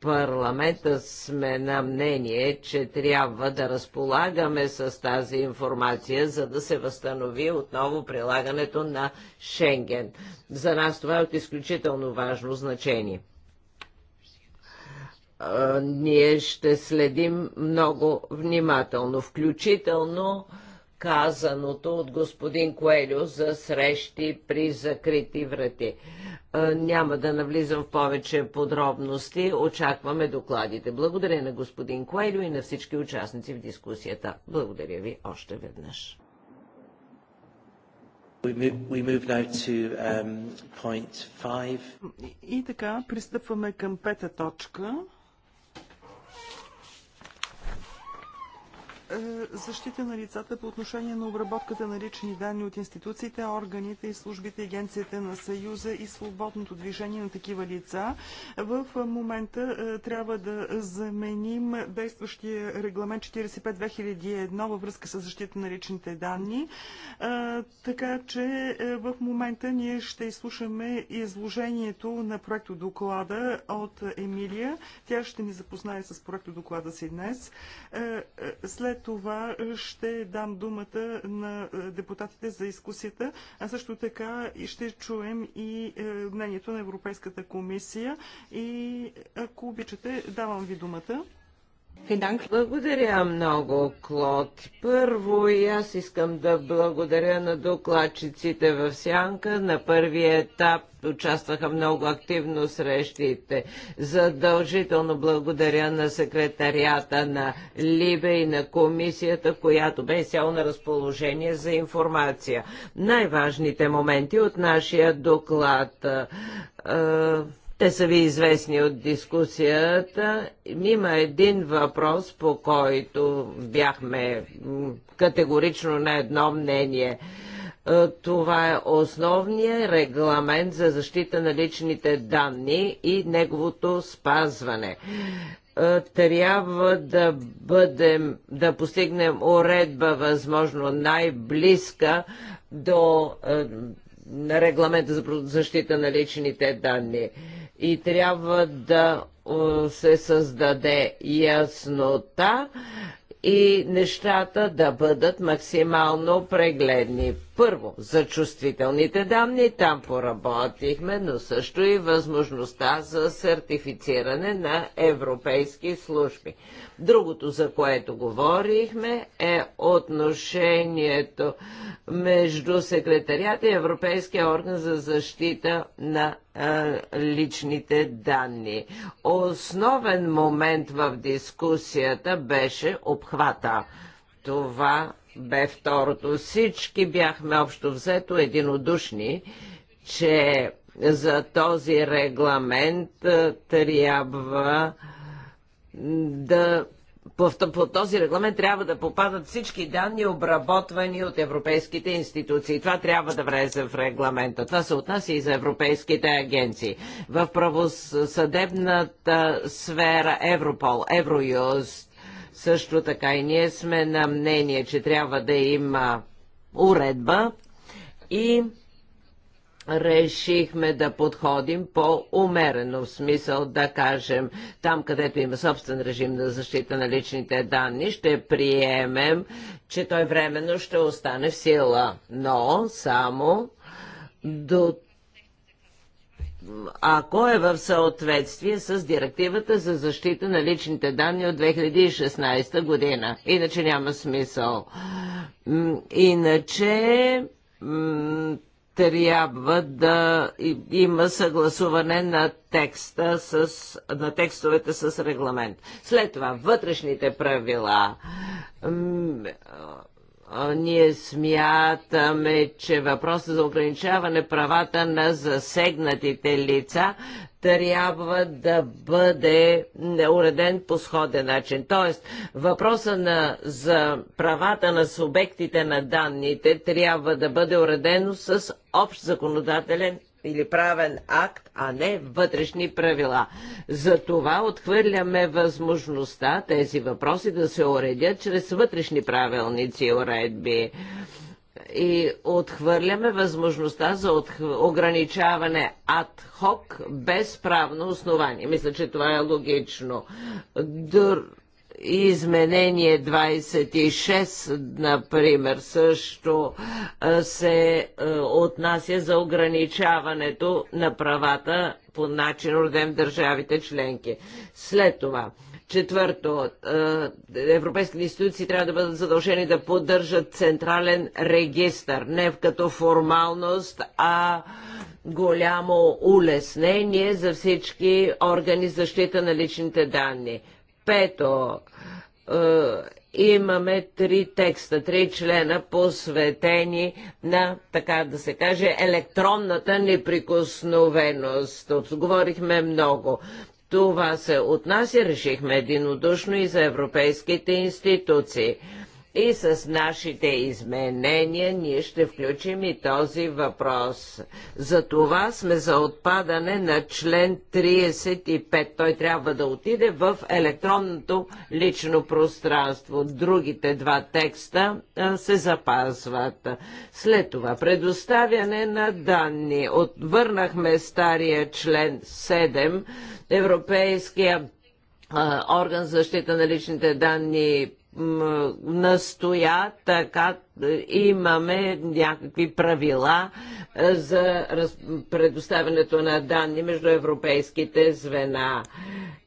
парламента сме на мнение, че трябва да разполагаме с тази информация, за да се възстанови отново прилагането на Шенген. За нас това е от изключително важно значение ние ще следим много внимателно, включително казаното от господин Коелю за срещи при закрити врати. Няма да навлизам в повече подробности. Очакваме докладите. Благодаря на господин Коелю и на всички участници в дискусията. Благодаря ви още веднъж. И така, пристъпваме към пета точка. Е, защита на лицата по отношение на обработката на лични данни от институциите, органите и службите, агенцията на Съюза и свободното движение на такива лица. В момента е, трябва да заменим действащия регламент 45-2001 във връзка с защита на личните данни. Е, така че в момента ние ще изслушаме изложението на проекто доклада от Емилия. Тя ще ни запознае с проекто доклада си днес. След след това е, ще дам думата на е, депутатите за изкусията, а също така ще чуем и е, мнението на Европейската комисия. И ако обичате, давам ви думата. Благодаря много, Клод. Първо и аз искам да благодаря на докладчиците в Сянка. На първия етап участваха много активно срещите. Задължително благодаря на секретарията на Либе и на комисията, която бе сяло на разположение за информация. Най-важните моменти от нашия доклад е, те са ви известни от дискусията. Има един въпрос, по който бяхме категорично на едно мнение. Е, това е основният регламент за защита на личните данни и неговото спазване е, трябва да бъдем, да постигнем уредба възможно най-близка до е, на регламента за защита на личните данни и трябва да е, се създаде яснота и нещата да бъдат максимално прегледни. Първо, за чувствителните данни там поработихме, но също и възможността за сертифициране на европейски служби. Другото, за което говорихме, е отношението между секретарията и Европейския орган за защита на личните данни. Основен момент в дискусията беше обхвата. Това бе второто. Всички бяхме общо взето единодушни, че за този регламент трябва да по, този регламент трябва да попадат всички данни, обработвани от европейските институции. Това трябва да влезе в регламента. Това се отнася и за европейските агенции. В правосъдебната сфера Европол, Евроюст, също така и ние сме на мнение, че трябва да има уредба и решихме да подходим по-умерено, в смисъл да кажем, там където има собствен режим на защита на личните данни, ще приемем, че той временно ще остане в сила, но само до ако е в съответствие с директивата за защита на личните данни от 2016 година. Иначе няма смисъл. Иначе трябва да има съгласуване на, текста с, на текстовете с регламент. След това вътрешните правила ние смятаме, че въпросът за ограничаване правата на засегнатите лица трябва да бъде уреден по сходен начин. Тоест, въпроса на, за правата на субектите на данните трябва да бъде уредено с общ законодателен или правен акт, а не вътрешни правила. Затова отхвърляме възможността тези въпроси да се уредят чрез вътрешни правилници и уредби и отхвърляме възможността за отх... ограничаване ад хок без правно основание. Мисля, че това е логично. Дър изменение 26, например, също се отнася за ограничаването на правата по начин роден в държавите членки. След това, четвърто, европейските институции трябва да бъдат задължени да поддържат централен регистр, не като формалност, а голямо улеснение за всички органи защита на личните данни. Пето, е, имаме три текста, три члена посветени на, така да се каже, електронната неприкосновеност. Отговорихме много. Това се отнася, решихме единодушно и за европейските институции. И с нашите изменения ние ще включим и този въпрос. За това сме за отпадане на член 35. Той трябва да отиде в електронното лично пространство. Другите два текста се запазват. След това предоставяне на данни. Отвърнахме стария член 7. Европейския орган за защита на личните данни настоя така е, имаме някакви правила е, за предоставянето на данни между европейските звена.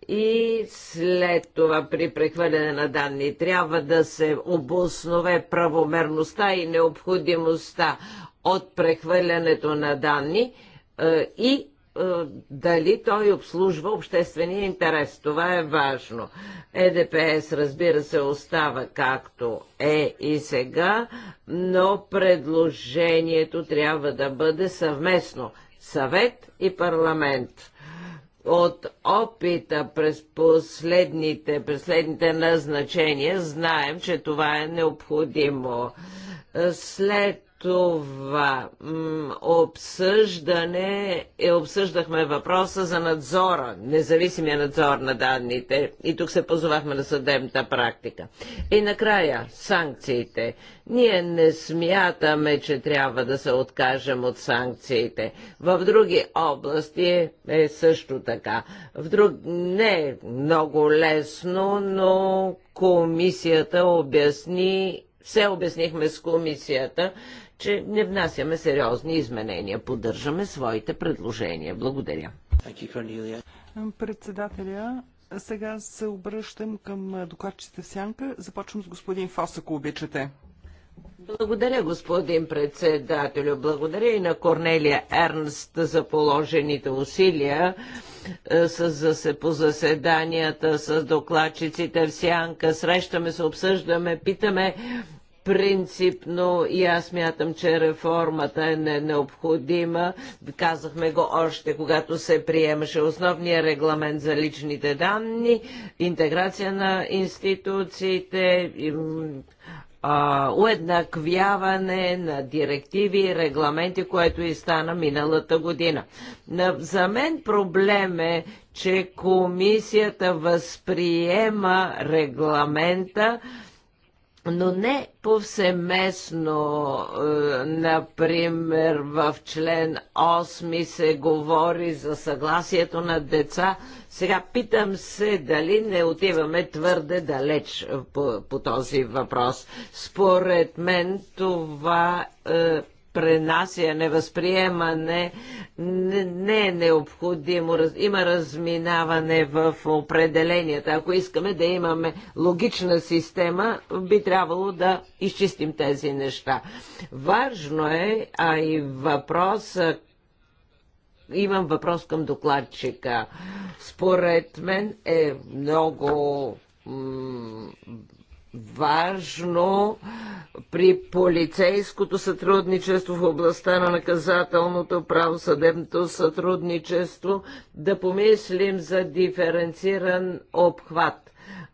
И след това при прехвърляне на данни трябва да се обоснове правомерността и необходимостта от прехвърлянето на данни е, и е, дали той обслужва обществения интерес. Това е важно. ЕДПС, разбира се, остава както е и сега, но предложението трябва да бъде съвместно. Съвет и парламент от опита през последните, през последните назначения знаем, че това е необходимо. След това обсъждане е, обсъждахме въпроса за надзора, независимия надзор на данните и тук се позовахме на съдебната практика. И накрая санкциите. Ние не смятаме, че трябва да се откажем от санкциите. В други области е, е също така. В друг... Не е много лесно, но комисията обясни все обяснихме с комисията, че не внасяме сериозни изменения. Поддържаме своите предложения. Благодаря. Председателя, сега се обръщам към докладчите в сянка. Започвам с господин Фос, ако обичате. Благодаря, господин председателю. Благодаря и на Корнелия Ернст за положените усилия е, по заседанията с докладчиците в Сянка. Срещаме се, обсъждаме, питаме Принципно и аз мятам, че реформата е не необходима. Казахме го още, когато се приемаше основния регламент за личните данни, интеграция на институциите, уеднаквяване на директиви и регламенти, което и стана миналата година. За мен проблем е, че комисията възприема регламента, но не повсеместно. Е, например, в член 8 се говори за съгласието на деца. Сега питам се дали не отиваме твърде далеч е, по, по този въпрос. Според мен това е, пренасяне, възприемане не, е необходимо. има разминаване в определенията. Ако искаме да имаме логична система, би трябвало да изчистим тези неща. Важно е, а и въпрос имам въпрос към докладчика. Според мен е много важно при полицейското сътрудничество в областта на наказателното правосъдебното сътрудничество да помислим за диференциран обхват.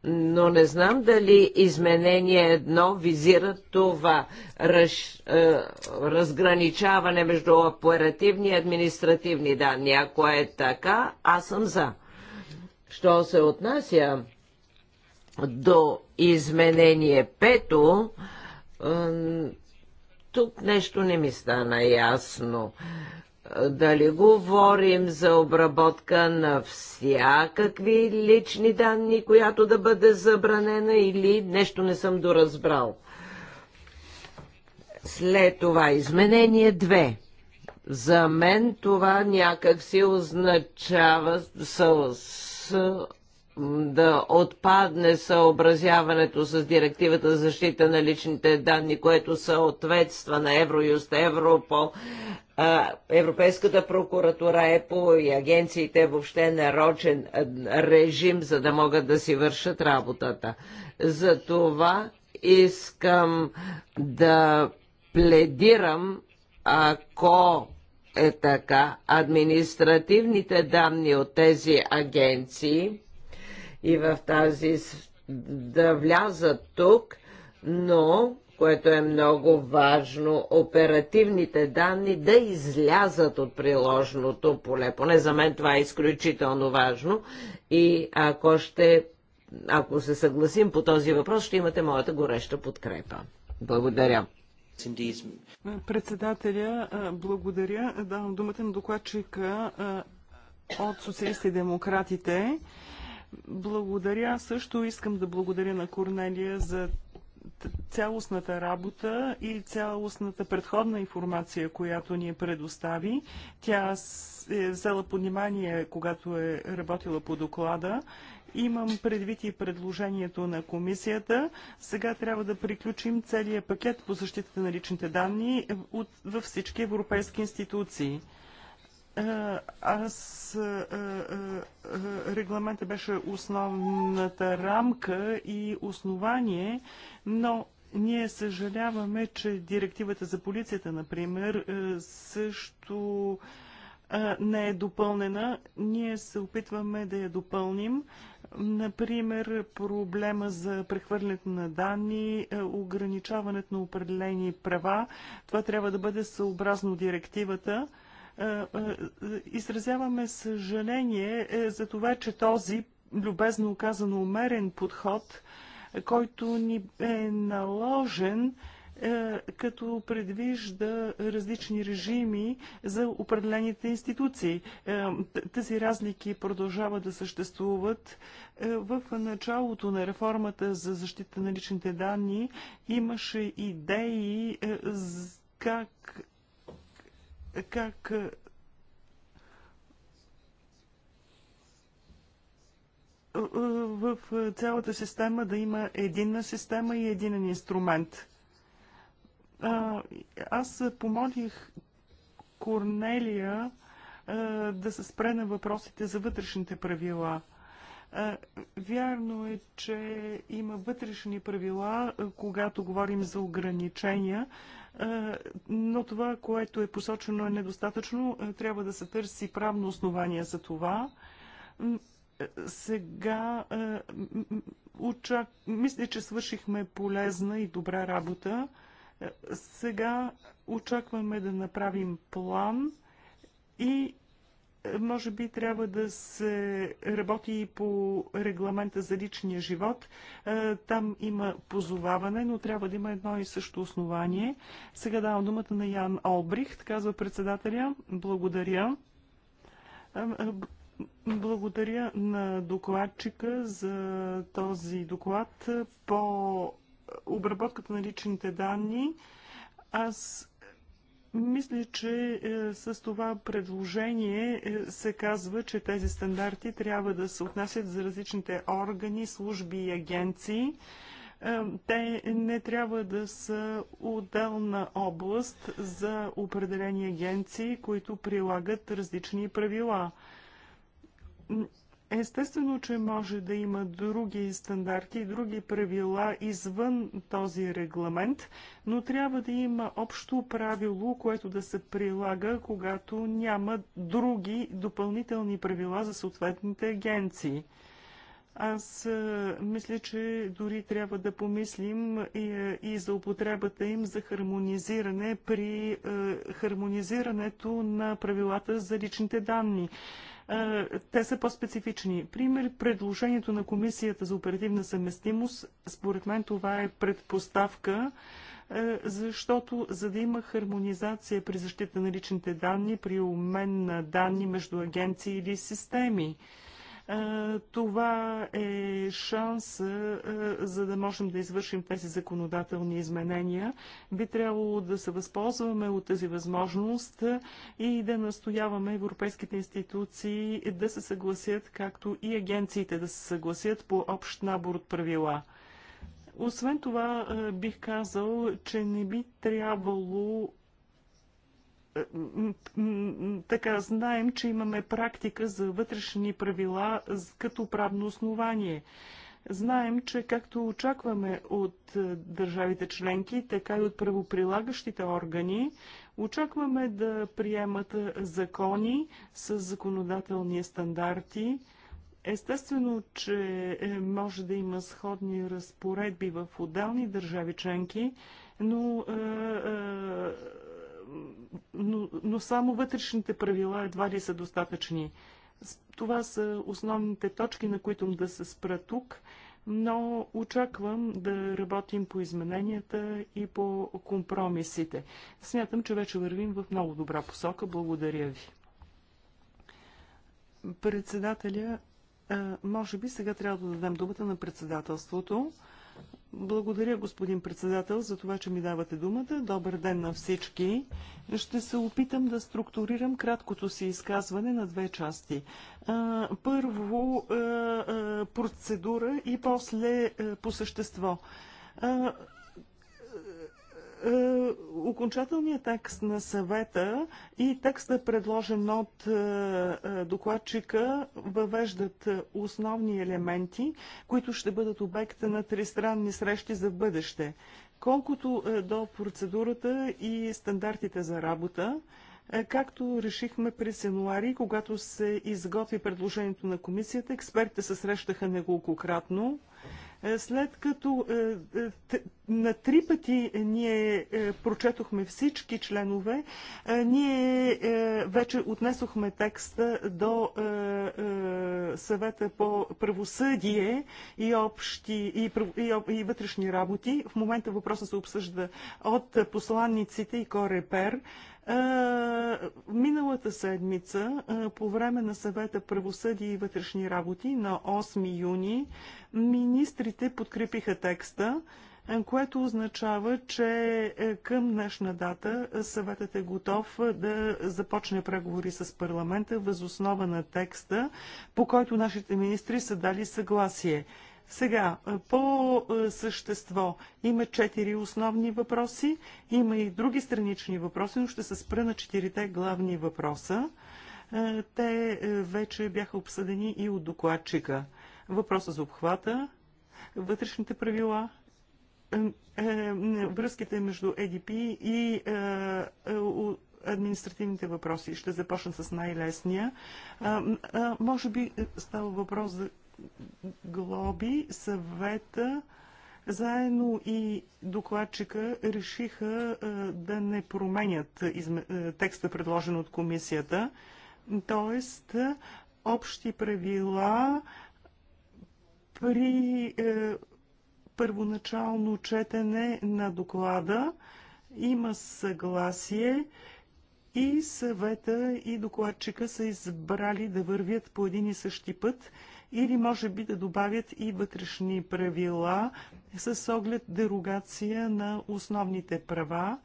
Но не знам дали изменение едно визира това раз, е, разграничаване между оперативни и административни данни. Ако е така, аз съм за. Що се отнася до изменение пето, е, тук нещо не ми стана ясно. Е, дали говорим за обработка на всякакви лични данни, която да бъде забранена или нещо не съм доразбрал. След това изменение 2. За мен това някак си означава с, с да отпадне съобразяването с директивата за защита на личните данни, което съответства на Евроюст, Европол, Европейската прокуратура, ЕПО и агенциите въобще нарочен режим, за да могат да си вършат работата. За това искам да пледирам, ако е така, административните данни от тези агенции и в тази да влязат тук, но което е много важно, оперативните данни да излязат от приложното поле. Поне за мен това е изключително важно и ако ще, ако се съгласим по този въпрос, ще имате моята гореща подкрепа. Благодаря. Председателя, благодаря. Давам думата на докладчика от социалистите и демократите. Благодаря. Също искам да благодаря на Корнелия за цялостната работа и цялостната предходна информация, която ни е предостави. Тя е взела понимание, когато е работила по доклада. Имам предвид и предложението на комисията. Сега трябва да приключим целият пакет по защитата на личните данни от, във всички европейски институции. Е, аз е, е, регламента беше основната рамка и основание, но ние съжаляваме, че директивата за полицията, например, също не е допълнена. Ние се опитваме да я допълним. Например, проблема за прехвърлянето на данни, ограничаването на определени права. Това трябва да бъде съобразно директивата. Е, е, изразяваме съжаление е, за това, че този любезно казано умерен подход, който ни е наложен, като предвижда различни режими за определените институции. Тези разлики продължават да съществуват. В началото на реформата за защита на личните данни имаше идеи как как в цялата система да има единна система и единен инструмент. Аз помолих Корнелия да се спре на въпросите за вътрешните правила – Вярно е, че има вътрешни правила, когато говорим за ограничения, но това, което е посочено е недостатъчно. Трябва да се търси правно основание за това. Сега очак... мисля, че свършихме полезна и добра работа. Сега очакваме да направим план и може би трябва да се работи и по регламента за личния живот. Е, там има позоваване, но трябва да има едно и също основание. Сега давам думата на Ян Олбрихт, казва председателя. Благодаря. Е, е, благодаря на докладчика за този доклад по обработката на личните данни. Аз мисля, че е, с това предложение е, се казва, че тези стандарти трябва да се отнасят за различните органи, служби и агенции. Е, те не трябва да са отделна област за определени агенции, които прилагат различни правила Естествено, че може да има други стандарти други правила извън този регламент, но трябва да има общо правило, което да се прилага, когато няма други допълнителни правила за съответните агенции. Аз мисля, че дори трябва да помислим и, и за употребата им за хармонизиране при е, хармонизирането на правилата за личните данни. Е, те са по-специфични. Пример, предложението на Комисията за оперативна съвместимост, според мен това е предпоставка, е, защото за да има хармонизация при защита на личните данни, при обмен на данни между агенции или системи, е, това е шанс, е, за да можем да извършим тези законодателни изменения. Би трябвало да се възползваме от тази възможност е, и да настояваме европейските институции да се съгласят, както и агенциите да се съгласят по общ набор от правила. Освен това, бих казал, че не би трябвало така знаем, че имаме практика за вътрешни правила като правно основание. Знаем, че както очакваме от е, държавите членки, така и от правоприлагащите органи, очакваме да приемат е, закони с законодателни стандарти. Естествено, че е, може да има сходни разпоредби в отделни държави членки, но е, е, но, но само вътрешните правила едва ли са достатъчни. Това са основните точки, на които да се спра тук, но очаквам да работим по измененията и по компромисите. Смятам, че вече вървим в много добра посока. Благодаря ви. Председателя, може би сега трябва да дадем думата на председателството. Благодаря, господин председател, за това, че ми давате думата. Добър ден на всички. Ще се опитам да структурирам краткото си изказване на две части. Първо процедура и после по същество. Е, окончателният текст на съвета и текста предложен от е, е, докладчика въвеждат основни елементи, които ще бъдат обекта на тристранни срещи за бъдеще. Колкото до процедурата и стандартите за работа, Както решихме през януари, когато се изготви предложението на комисията, експертите се срещаха неколкократно. Е, след като е, е, на три пъти ние прочетохме всички членове, ние вече отнесохме текста до съвета по правосъдие и общи и, вътрешни работи. В момента въпросът се обсъжда от посланниците и Корепер. Пер Миналата седмица, по време на съвета правосъдие и вътрешни работи на 8 юни, министрите подкрепиха текста, което означава, че е, към днешна дата съветът е готов да започне преговори с парламента възоснова на текста, по който нашите министри са дали съгласие. Сега, по същество има четири основни въпроси, има и други странични въпроси, но ще се спра на четирите главни въпроса. Те вече бяха обсъдени и от докладчика. Въпроса за обхвата, вътрешните правила, връзките между ЕДП и административните въпроси. Ще започна с най-лесния. Може би става въпрос за глоби, съвета, заедно и докладчика решиха да не променят текста, предложен от комисията, т.е. общи правила при е, първоначално четене на доклада има съгласие и съвета и докладчика са избрали да вървят по един и същи път – или може би да добавят и вътрешни правила с оглед дерогация на основните права.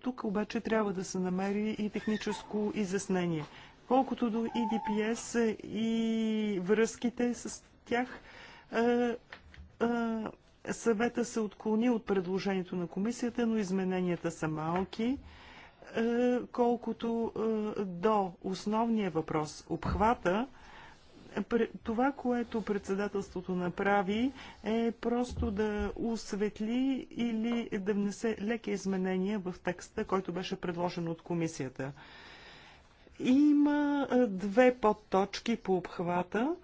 Тук обаче трябва да се намери и техническо изяснение. Колкото до EDPS и връзките с тях, е, е, съвета се отклони от предложението на комисията, но измененията са малки. Е, колкото до основния въпрос, обхвата, това, което председателството направи, е просто да осветли или да внесе леки изменения в текста, който беше предложен от комисията. Има две подточки по обхвата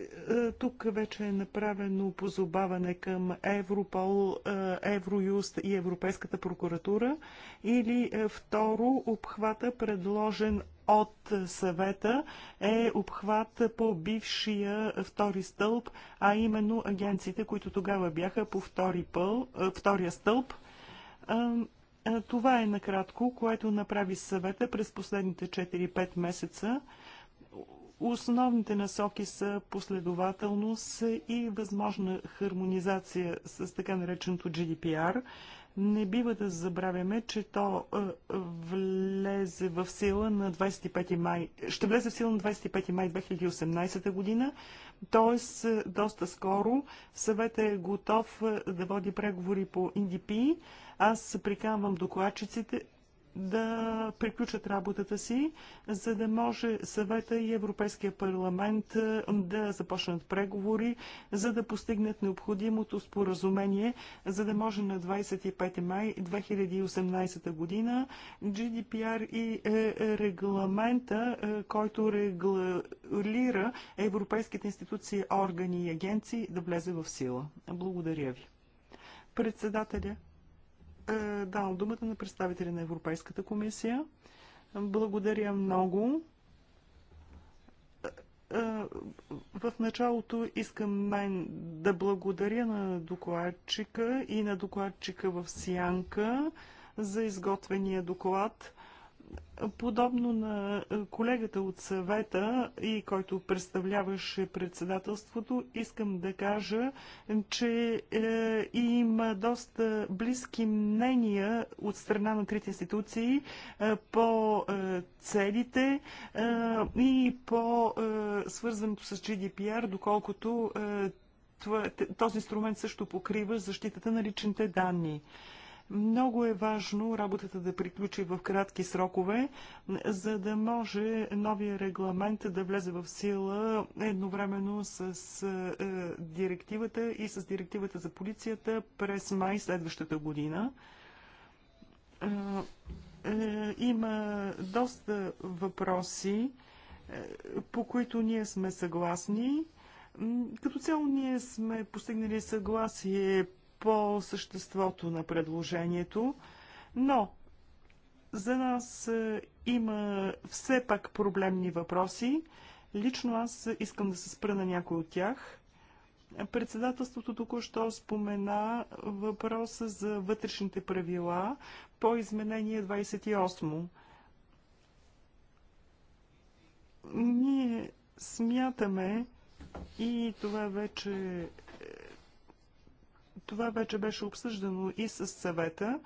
е, е, тук вече е направено позобаване към Европол, е, Евроюст и Европейската прокуратура. Или второ, обхвата предложен от съвета е обхват по бившия втори стълб, а именно агенциите, които тогава бяха по втори пъл, втория стълб. Това е накратко, което направи съвета през последните 4-5 месеца. Основните насоки са последователност и възможна хармонизация с така нареченото GDPR. Не бива да забравяме, че то е, влезе в сила на 25 май, ще влезе в сила на 25 май 2018 година, т.е. доста скоро съветът е готов е, да води преговори по НДП. Аз приканвам докладчиците, да приключат работата си, за да може съвета и Европейския парламент е, да започнат преговори, за да постигнат необходимото споразумение, за да може на 25 май 2018 година GDPR и е, е, регламента, който регулира европейските институции, органи и агенции да влезе в сила. Благодаря ви. Председателя е, давам думата на представители на Европейската комисия. Благодаря много. Е, е, в началото искам най- да благодаря на докладчика и на докладчика в Сянка за изготвения доклад подобно на е, колегата от съвета и който представляваше председателството, искам да кажа, че е, има доста близки мнения от страна на трите институции е, по е, целите е, и по е, свързването с GDPR, доколкото е, този инструмент също покрива защитата на личните данни. Много е важно работата да приключи в кратки срокове, за да може новия регламент да влезе в сила едновременно с е, директивата и с директивата за полицията през май следващата година е, е, има доста въпроси, по които ние сме съгласни. Като цяло ние сме постигнали съгласие по съществото на предложението, но за нас е, има все пак проблемни въпроси. Лично аз искам да се спра на някой от тях. Председателството току-що спомена въпроса за вътрешните правила по изменение 28. Ние смятаме, и това вече това вече беше обсъждано и с съвета.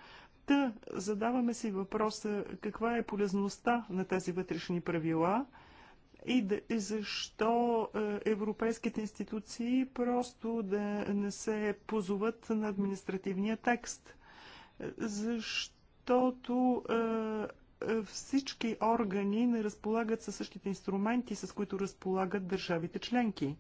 Та задаваме си въпроса каква е полезността на тези вътрешни правила и, да, и защо е, европейските институции просто да не се позоват на административния текст. Защото е, е, всички органи не разполагат със същите инструменти, с които разполагат държавите членки.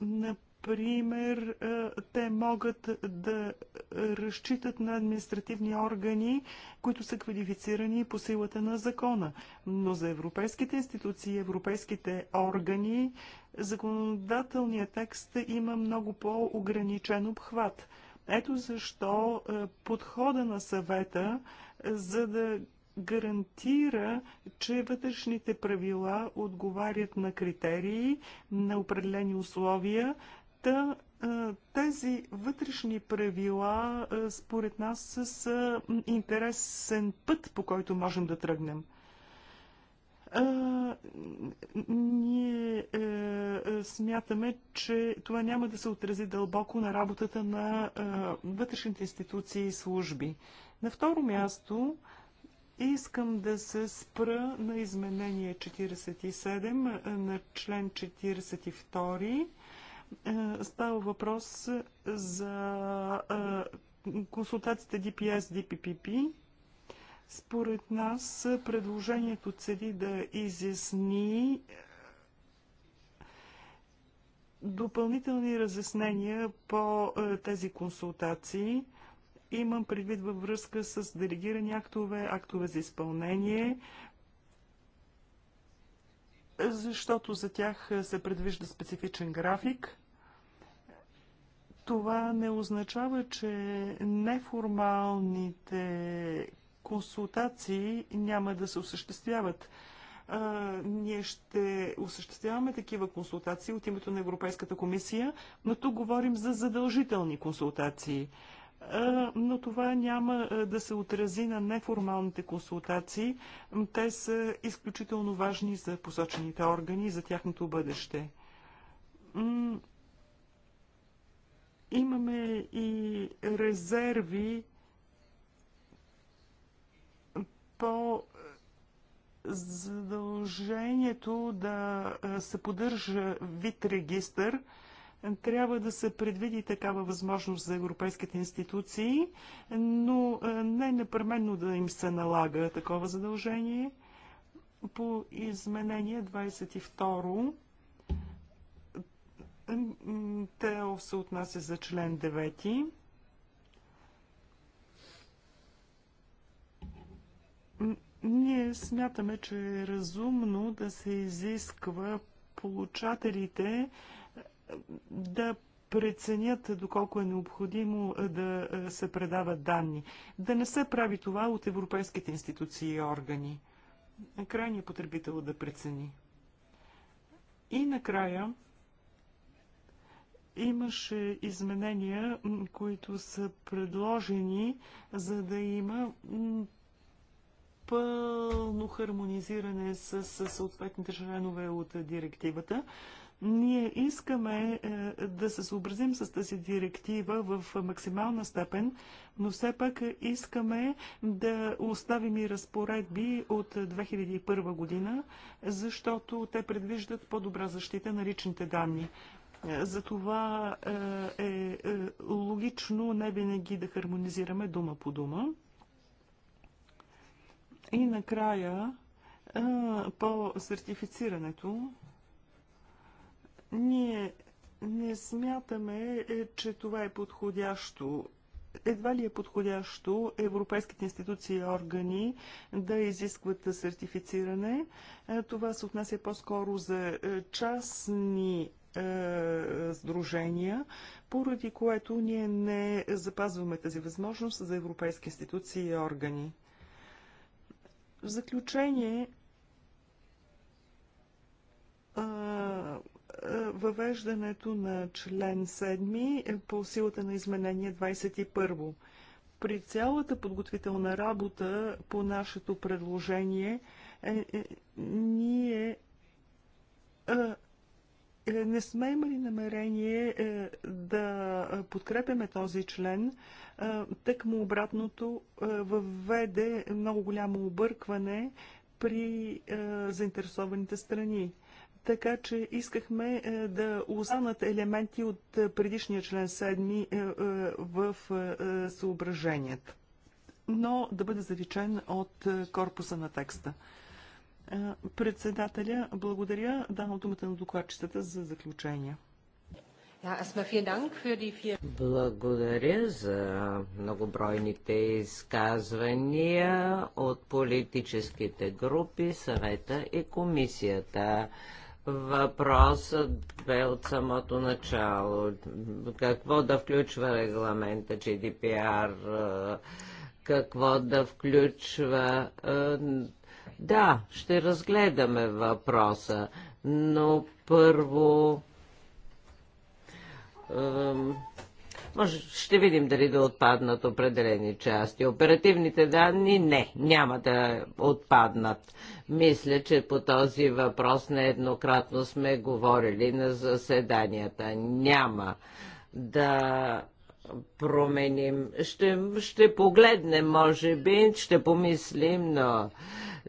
На например, е, те могат да разчитат на административни органи, които са квалифицирани по силата на закона. Но за европейските институции, европейските органи, законодателният текст има много по-ограничен обхват. Ето защо е, подхода на съвета, за да гарантира, че вътрешните правила отговарят на критерии, на определени условия, Та, тези вътрешни правила, според нас, са интересен път, по който можем да тръгнем. А, ние е, е, смятаме, че това няма да се отрази дълбоко на работата на е, вътрешните институции и служби. На второ място искам да се спра на изменение 47 на член 42 е, става въпрос за е, консултациите DPS-DPPP. Според нас предложението цели да изясни е, допълнителни разяснения по тези консултации. Имам предвид във връзка с делегирани актове, актове за изпълнение, защото за тях се предвижда специфичен график. Това не означава, че неформалните консултации няма да се осъществяват. А, ние ще осъществяваме такива консултации от името на Европейската комисия, но тук говорим за задължителни консултации. А, но това няма да се отрази на неформалните консултации. Те са изключително важни за посочените органи и за тяхното бъдеще. Имаме и резерви по задължението да се поддържа вид регистър, трябва да се предвиди такава възможност за европейските институции, но е, не непременно да им се налага такова задължение. По изменение 22 Тео се отнася за член 9. Ние смятаме, че е разумно да се изисква получателите е, да преценят доколко е необходимо е, да е, се предават данни. Да не се прави това от европейските институции и органи. Крайният потребител да прецени. И накрая Имаше изменения, които са предложени, за да има пълно хармонизиране с, съответните членове от директивата. Ние искаме е, да се съобразим с тази директива в максимална степен, но все пак искаме да оставим и разпоредби от 2001 година, защото те предвиждат по-добра защита на личните данни. За това е, е, е логично не винаги да хармонизираме дума по дума. И накрая е, по сертифицирането ние не смятаме, че това е подходящо. Едва ли е подходящо европейските институции и органи да изискват сертифициране. Това се отнася по-скоро за частни е, сдружения, поради което ние не запазваме тази възможност за европейски институции и органи. В заключение, е, е, въвеждането на член 7 по силата на изменение 21. При цялата подготвителна работа по нашето предложение, ние е, не сме имали намерение е, да подкрепяме този член. Е, тък му обратното въведе много голямо объркване при заинтересованите страни. Така че искахме да останат елементи от предишния член 7 в съображението, но да бъде заличен от корпуса на текста. Председателя, благодаря. Давам думата на докладчетата за заключения. Благодаря за многобройните изказвания от политическите групи, съвета и комисията. Въпросът бе от самото начало. Какво да включва регламента GDPR? Какво да включва е, да, ще разгледаме въпроса, но първо... може, ще видим дали да отпаднат определени части. Оперативните данни не, няма да отпаднат. Мисля, че по този въпрос нееднократно сме говорили на заседанията. Няма да променим. Ще, ще погледнем, може би, ще помислим, но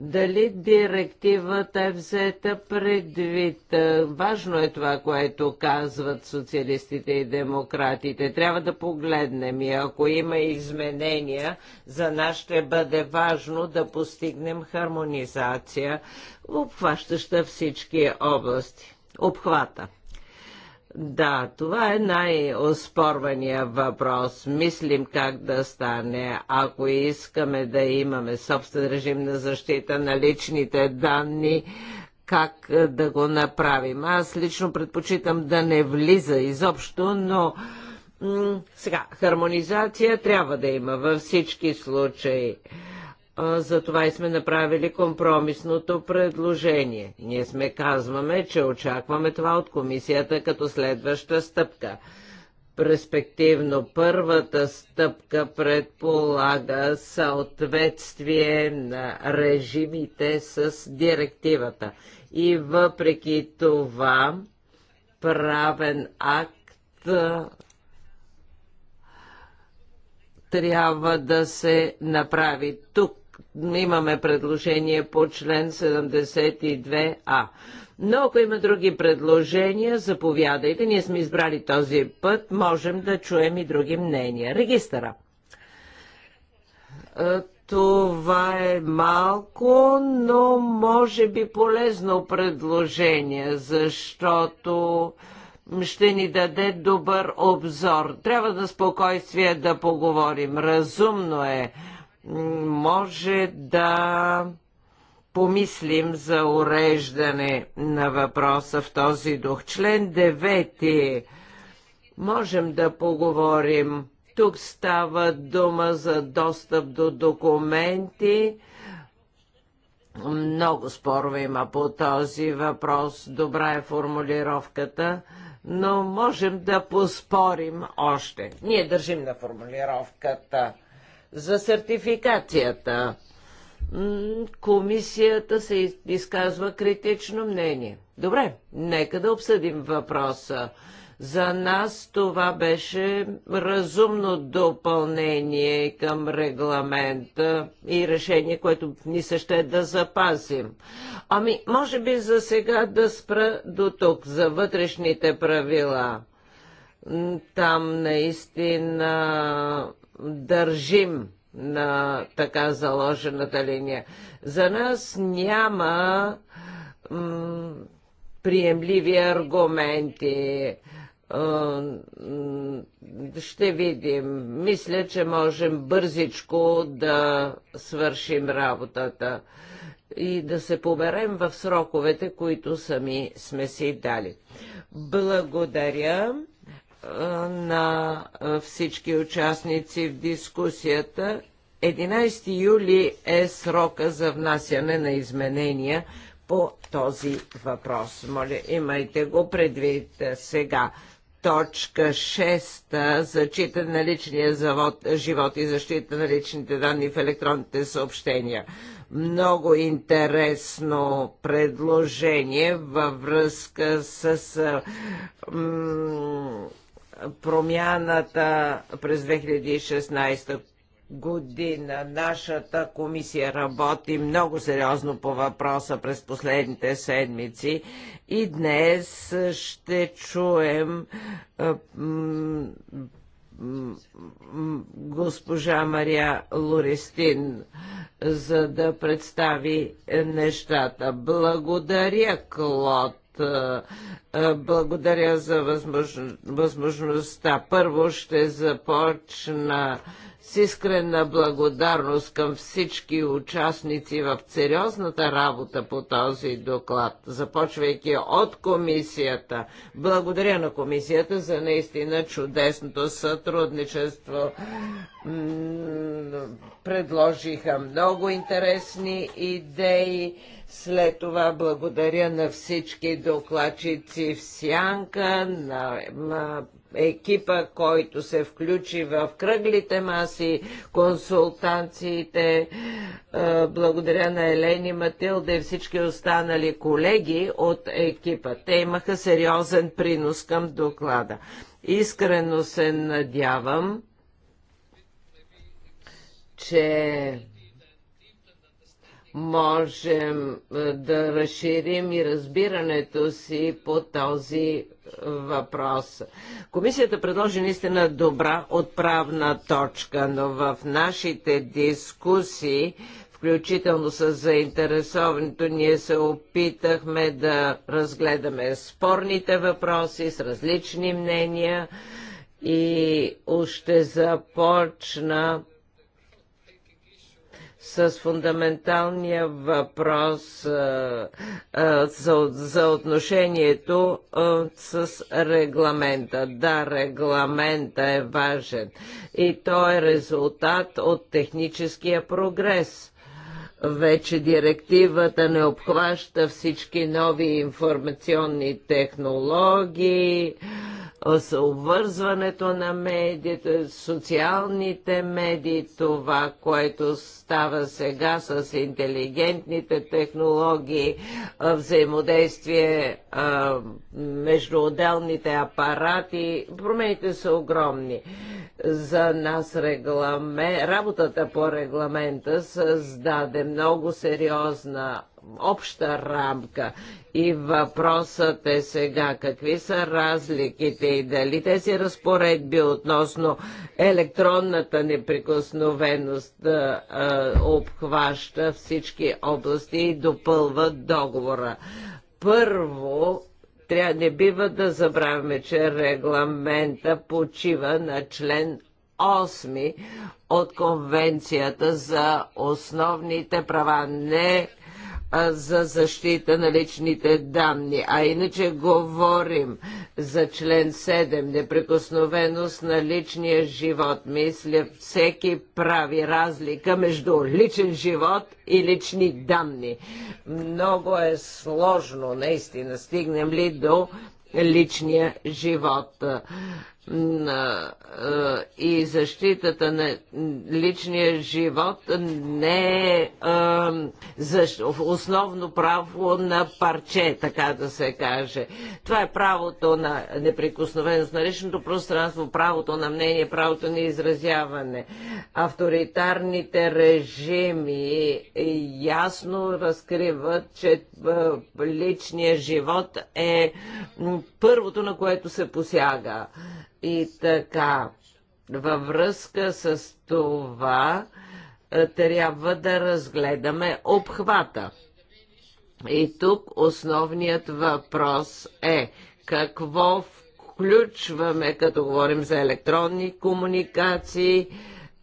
дали директивата е взета предвид? Е, важно е това, което казват социалистите и демократите. Трябва да погледнем и ако има изменения, за нас ще бъде важно да постигнем хармонизация, обхващаща всички области. Обхвата. Да, това е най-оспорвания въпрос. Мислим как да стане, ако искаме да имаме собствен режим на защита на личните данни, как е, да го направим. Аз лично предпочитам да не влиза изобщо, но сега, хармонизация трябва да има във всички случаи затова и сме направили компромисното предложение. Ние сме казваме, че очакваме това от комисията като следваща стъпка. Преспективно, първата стъпка предполага съответствие на режимите с директивата. И въпреки това правен акт трябва да се направи тук имаме предложение по член 72А. Но ако има други предложения, заповядайте. Ние сме избрали този път. Можем да чуем и други мнения. Регистъра. Е, това е малко, но може би полезно предложение, защото ще ни даде добър обзор. Трябва да спокойствие да поговорим. Разумно е може да помислим за уреждане на въпроса в този дух. Член 9. Можем да поговорим. Тук става дума за достъп до документи. Много спорове има по този въпрос. Добра е формулировката, но можем да поспорим още. Ние държим на формулировката за сертификацията. Комисията се изказва критично мнение. Добре, нека да обсъдим въпроса. За нас това беше разумно допълнение към регламента и решение, което ни се ще да запазим. Ами, може би за сега да спра до тук за вътрешните правила. Там наистина държим на така заложената линия. За нас няма приемливи аргументи. Ще видим. Мисля, че можем бързичко да свършим работата и да се поберем в сроковете, които сами сме си дали. Благодаря на всички участници в дискусията. 11 юли е срока за внасяне на изменения по този въпрос. Моля, имайте го предвид сега. Точка 6. Зачита на личния завод, живот и защита на личните данни в електронните съобщения. Много интересно предложение във връзка с промяната през 2016 година. Нашата комисия работи много сериозно по въпроса през последните седмици и днес ще чуем госпожа Мария Лорестин, за да представи нещата. Благодаря, Клод е, е, благодаря за възможността. Първо ще започна с искрена благодарност към всички участници в сериозната работа по този доклад, започвайки от комисията. Благодаря на комисията за наистина чудесното сътрудничество. Предложиха много интересни идеи. След това благодаря на всички докладчици в Сянка, на, на екипа, който се включи в кръглите маси, консултанциите. Е, благодаря на Елени Матилда и всички останали колеги от екипа. Те имаха сериозен принос към доклада. Искрено се надявам, че можем е, да разширим и разбирането си по този е, въпрос. Комисията предложи наистина добра отправна точка, но в нашите дискусии включително с заинтересованото, ние се опитахме да разгледаме спорните въпроси с различни мнения и още започна с фундаменталния въпрос а, а, за, за отношението а, с регламента. Да, регламента е важен и той е резултат от техническия прогрес. Вече директивата не обхваща всички нови информационни технологии, а, обвързването на медиите, социалните медии, това, което става сега с интелигентните технологии, взаимодействие между отделните апарати. Промените са огромни. За нас регламе... работата по регламента създаде много сериозна обща рамка и въпросът е сега какви са разликите и дали тези разпоредби относно електронната неприкосновеност а, обхваща всички области и допълват договора. Първо, трябва, не бива да забравяме, че регламента почива на член 8 от Конвенцията за основните права. Не за защита на личните данни. А иначе говорим за член 7, неприкосновеност на личния живот. Мисля, всеки прави разлика между личен живот и лични данни. Много е сложно, наистина, стигнем ли до личния живот. Е, и защитата на личния живот не е, е основно право на парче, така да се каже. Това е правото на неприкосновеност на личното пространство, правото на мнение, правото на изразяване. Авторитарните режими ясно разкриват, че е, личният живот е първото, на което се посяга. И така, във връзка с това е, трябва да разгледаме обхвата. И тук основният въпрос е какво включваме, като говорим за електронни комуникации,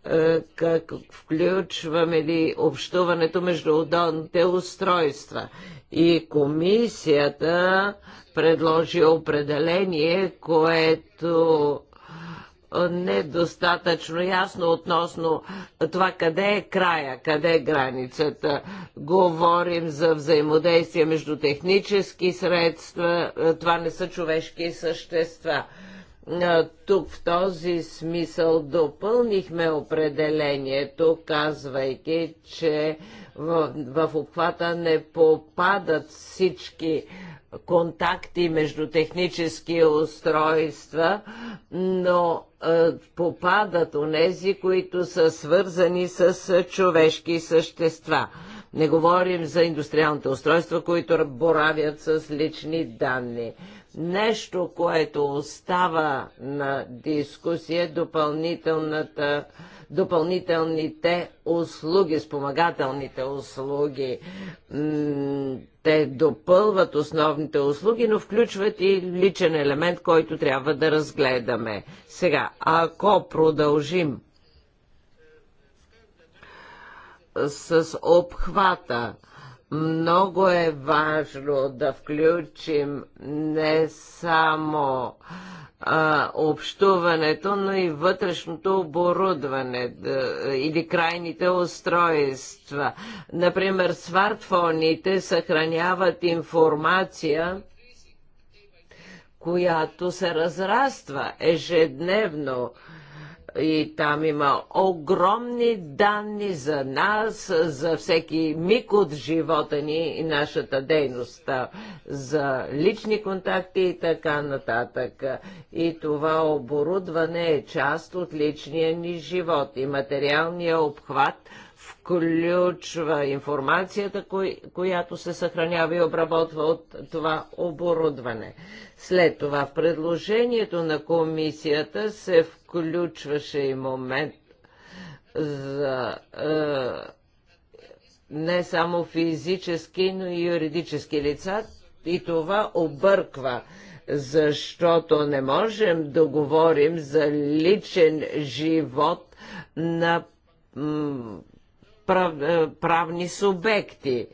е, как включваме ли общуването между отделните устройства и комисията предложи определение, което недостатъчно ясно относно това къде е края, къде е границата. Говорим за взаимодействие между технически средства, това не са човешки същества. Тук в този смисъл допълнихме определението, казвайки, че в, в обхвата не попадат всички контакти между технически устройства, но е, попадат онези, които са свързани с човешки същества. Не говорим за индустриалните устройства, които боравят с лични данни. Нещо, което остава на дискусия, допълнителната, допълнителните услуги, спомагателните услуги. Те допълват основните услуги, но включват и личен елемент, който трябва да разгледаме. Сега, ако продължим с обхвата, много е важно да включим не само а, общуването, но и вътрешното оборудване да, или крайните устройства. Например, смартфоните съхраняват информация, която се разраства ежедневно и там има огромни данни за нас, за всеки миг от живота ни и нашата дейност, за лични контакти и така нататък. И това оборудване е част от личния ни живот и материалния обхват – включва информацията, кой, която се съхранява и обработва от това оборудване. След това в предложението на комисията се включваше и момент за е, не само физически, но и юридически лица и това обърква защото не можем да говорим за личен живот на прав, е, правни субекти.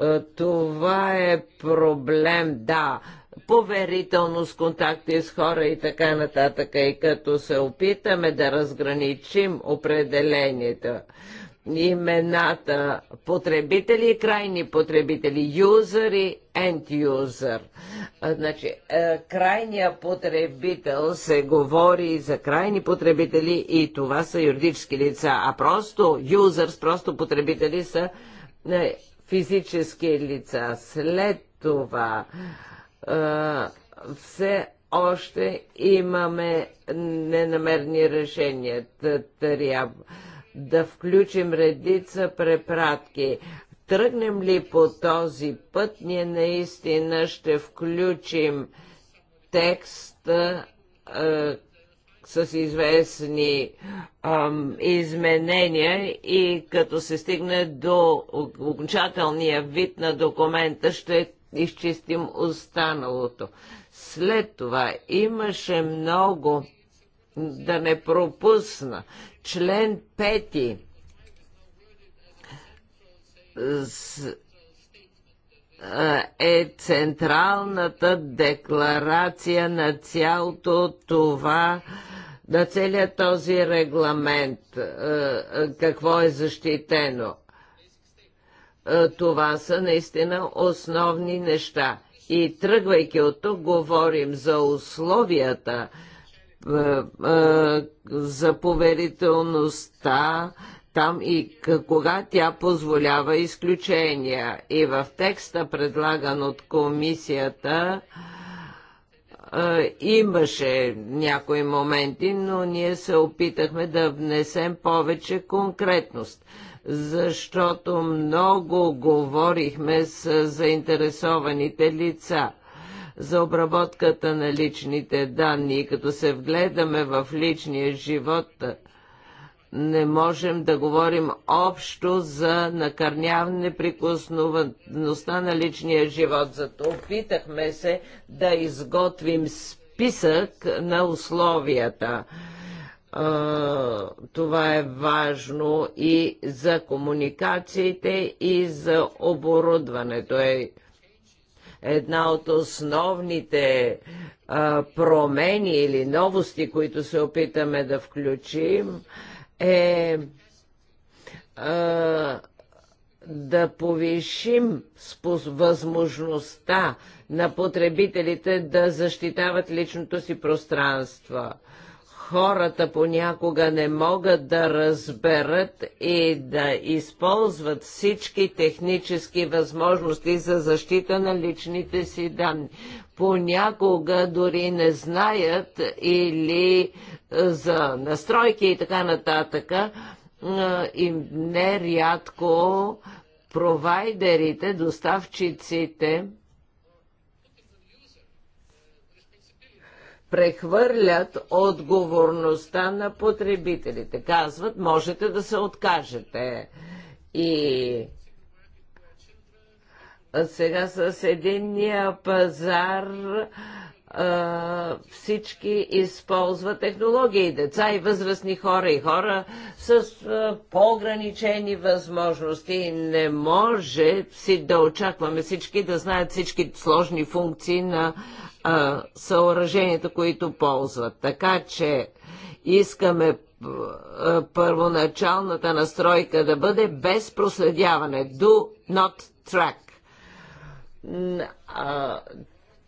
Е, това е проблем, да, поверителност, контакти с хора и така нататък. И като се опитаме да разграничим определението, имената потребители и крайни потребители, юзър и end user. Значи, е, крайният потребител се говори за крайни потребители и това са юридически лица, а просто юзърс, просто потребители са е, физически лица. След това е, все още имаме ненамерни решения. Трябва да включим редица препратки. Тръгнем ли по този път, ние наистина ще включим текст с известни е, изменения и като се стигне до окончателния вид на документа, ще изчистим останалото. След това имаше много да не пропусна. Член 5 с, е централната декларация на цялото това на целият този регламент, какво е защитено. Това са наистина основни неща. И тръгвайки от тук, говорим за условията е, е, за поверителността, там и кога тя позволява изключения. И в текста, предлаган от комисията, е, имаше някои моменти, но ние се опитахме да внесем повече конкретност защото много говорихме с заинтересованите лица за обработката на личните данни. И като се вгледаме в личния живот, не можем да говорим общо за накърняване неприкосновеността на личния живот. Зато опитахме се да изготвим списък на условията това е важно и за комуникациите, и за оборудването. Е, Една от основните а, промени или новости, които се опитаме да включим, е а, да повишим възможността на потребителите да защитават личното си пространство хората понякога не могат да разберат и да използват всички технически възможности за защита на личните си данни. Понякога дори не знаят или е, за настройки и така нататък. Е, и нерядко провайдерите, доставчиците, прехвърлят отговорността на потребителите. Казват, можете да се откажете. И сега с единния пазар всички използват технологии, и деца, и възрастни хора, и хора с по-ограничени възможности. Не може си да очакваме всички да знаят всички сложни функции на съоръженията, които ползват. Така че искаме първоначалната настройка да бъде без проследяване. Do not track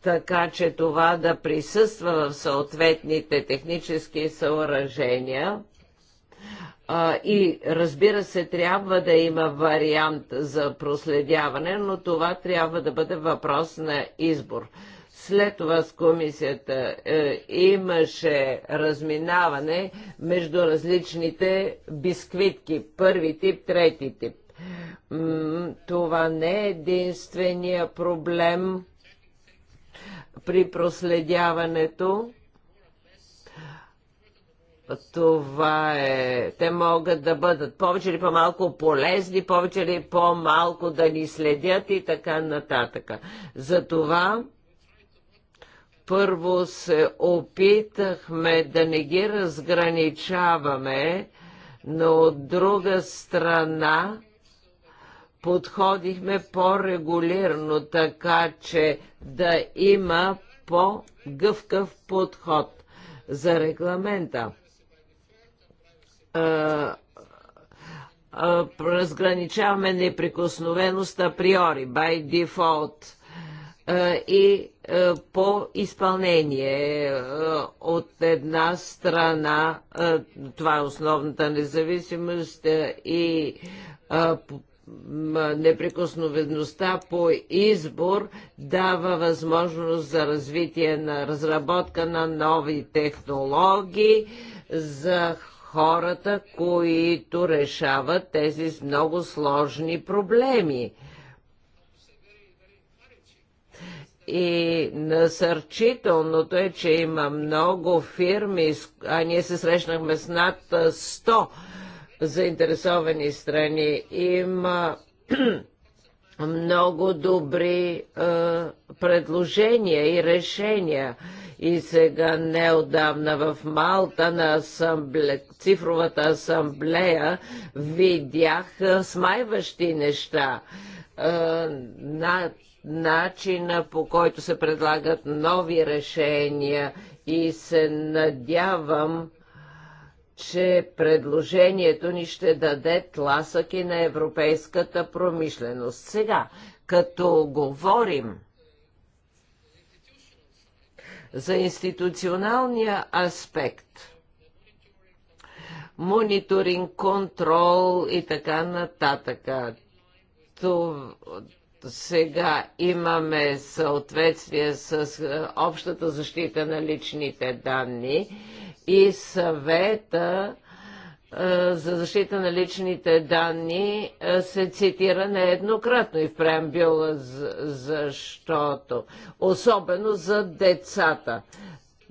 така че това да присъства в съответните технически съоръжения. А, и разбира се, трябва да има вариант за проследяване, но това трябва да бъде въпрос на избор. След това с комисията е, имаше разминаване между различните бисквитки, първи тип, трети тип. М това не е единствения проблем при проследяването. Това е. Те могат да бъдат повече или по-малко полезни, повече или по-малко да ни следят и така нататък. Затова първо се опитахме да не ги разграничаваме, но от друга страна подходихме по-регулирно, така че да има по-гъвкав подход за регламента. разграничаваме неприкосновеност априори, by default и по изпълнение. От една страна, това е основната независимост и неприкосновеността по избор дава възможност за развитие на разработка на нови технологии за хората, които решават тези много сложни проблеми. И насърчителното е, че има много фирми, а ние се срещнахме с над 100 заинтересовани страни. Има [clears throat] много добри е, предложения и решения. И сега неодавна в Малта на асамбле... цифровата асамблея видях смайващи неща. Е, на начина по който се предлагат нови решения и се надявам че предложението ни ще даде тласък и на европейската промишленост. Сега, като говорим за институционалния аспект, мониторинг, контрол и така нататък. то сега имаме съответствие с общата защита на личните данни и съвета за защита на личните данни се цитира нееднократно и в преамбюла, защото особено за децата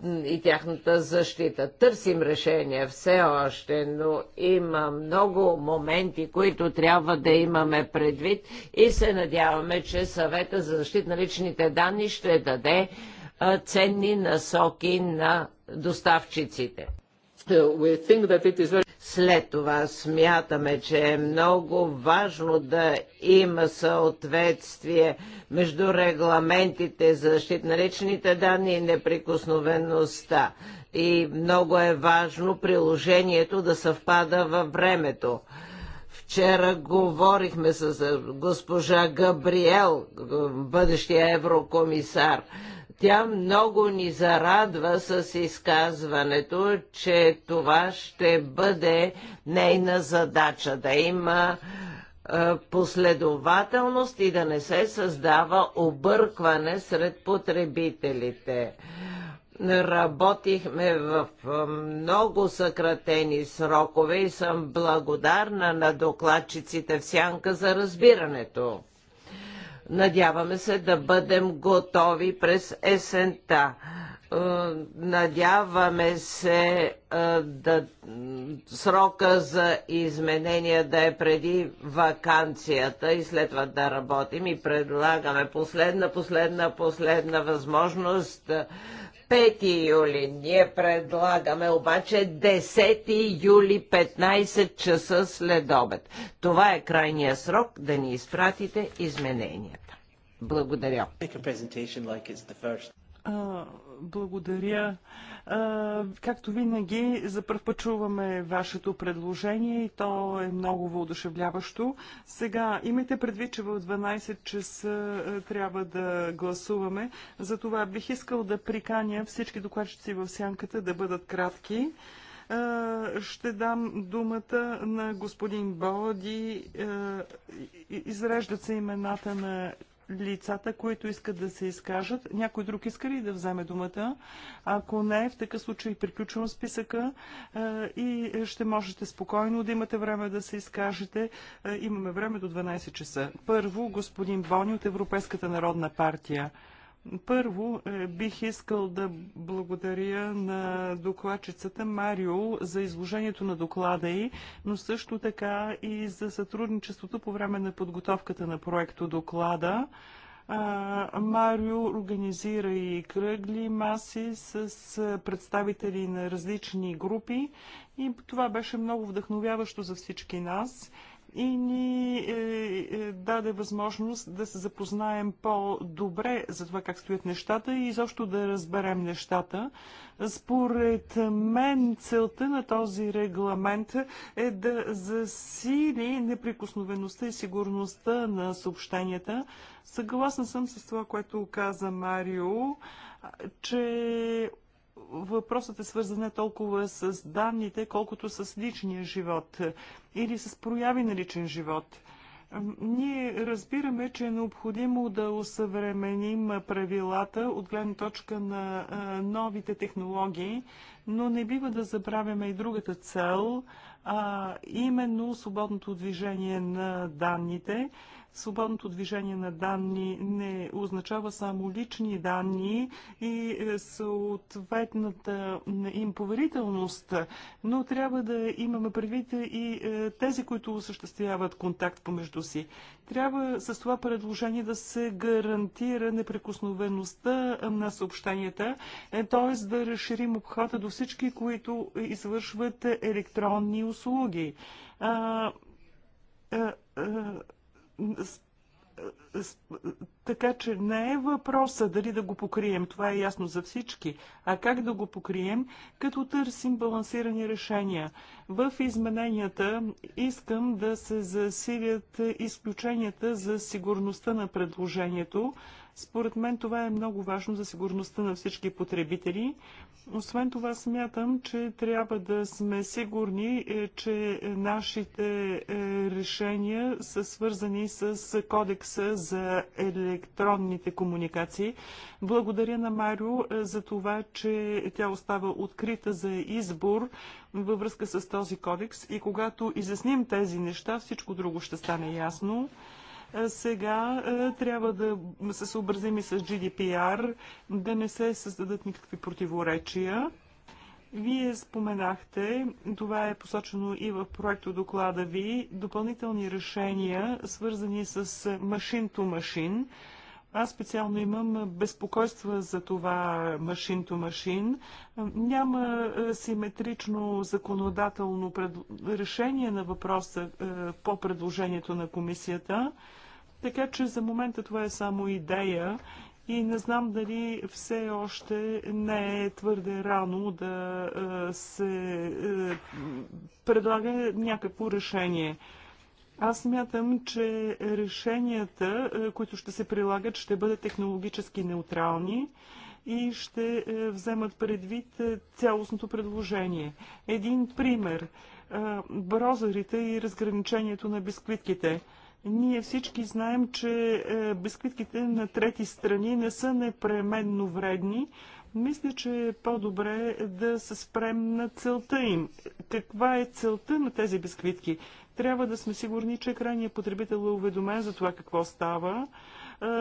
и тяхната защита. Търсим решение все още, но има много моменти, които трябва да имаме предвид и се надяваме, че съвета за защита на личните данни ще даде ценни насоки на доставчиците. След това смятаме, че е много важно да има съответствие между регламентите за защита на личните данни и неприкосновеността. И много е важно приложението да съвпада във времето. Вчера говорихме с госпожа Габриел, бъдещия еврокомисар, тя много ни зарадва с изказването, че това ще бъде нейна задача да има е, последователност и да не се създава объркване сред потребителите. Работихме в много съкратени срокове и съм благодарна на докладчиците в Сянка за разбирането. Надяваме се да бъдем готови през есента. Е, надяваме се е, да срока за изменения да е преди вакансията и след това да работим и предлагаме последна, последна, последна възможност е, 5 юли. Ние предлагаме обаче 10 юли 15 часа след обед. Това е крайния срок да ни изпратите измененията. Благодаря. Благодаря. Както винаги, за първ път чуваме вашето предложение и то е много въодушевляващо. Сега, имайте предвид, че в 12 часа трябва да гласуваме. Затова бих искал да приканя всички докладчици в сянката да бъдат кратки. Ще дам думата на господин Боди. Изреждат се имената на лицата, които искат да се изкажат. Някой друг иска ли да вземе думата? Ако не, в такъв случай приключвам списъка е, и ще можете спокойно да имате време да се изкажете. Е, имаме време до 12 часа. Първо, господин Бони от Европейската народна партия. Първо е, бих искал да благодаря на докладчицата Марио за изложението на доклада й, но също така и за сътрудничеството по време на подготовката на проекто доклада. Марио организира и кръгли маси с представители на различни групи и това беше много вдъхновяващо за всички нас и ни е, е, даде възможност да се запознаем по-добре за това как стоят нещата и изобщо да разберем нещата. Според мен целта на този регламент е да засили неприкосновеността и сигурността на съобщенията. Съгласна съм с това, което каза Марио, че въпросът е свързан не толкова с данните, колкото с личния живот или с прояви на личен живот. Ние разбираме, че е необходимо да усъвременим правилата от гледна точка на новите технологии, но не бива да забравяме и другата цел, а именно свободното движение на данните Свободното движение на данни не означава само лични данни и е, съответната е, им поверителност, но трябва да имаме предвид и е, тези, които осъществяват контакт помежду си. Трябва с това предложение да се гарантира неприкосновеността на съобщенията, т.е. да разширим обхвата до всички, които извършват електронни услуги. А, а, а, така че не е въпроса дали да го покрием, това е ясно за всички, а как да го покрием, като търсим балансирани решения. В измененията искам да се засилят изключенията за сигурността на предложението, според мен това е много важно за сигурността на всички потребители. Освен това смятам, че трябва да сме сигурни, е, че нашите е, решения са свързани с кодекса за електронните комуникации. Благодаря на Марио е, за това, че тя остава открита за избор във връзка с този кодекс и когато изясним тези неща, всичко друго ще стане ясно. Сега е, трябва да се съобразим и с GDPR, да не се създадат никакви противоречия. Вие споменахте, това е посочено и в проекто доклада ви, допълнителни решения, свързани с машин-то-машин. -машин, аз специално имам безпокойства за това машин машин. Няма е, симетрично законодателно пред... решение на въпроса е, по предложението на комисията. Така че за момента това е само идея и не знам дали все още не е твърде рано да е, се предлага някакво решение. Аз мятам, че решенията, е, които ще се прилагат, ще бъдат технологически неутрални и ще е, вземат предвид е, цялостното предложение. Един пример – брозерите и разграничението на бисквитките. Ние всички знаем, че бисквитките на трети страни не са непременно вредни. Мисля, че е по-добре да се спрем на целта им. Каква е целта на тези бисквитки? Трябва да сме сигурни, че крайният потребител е уведомен за това какво става,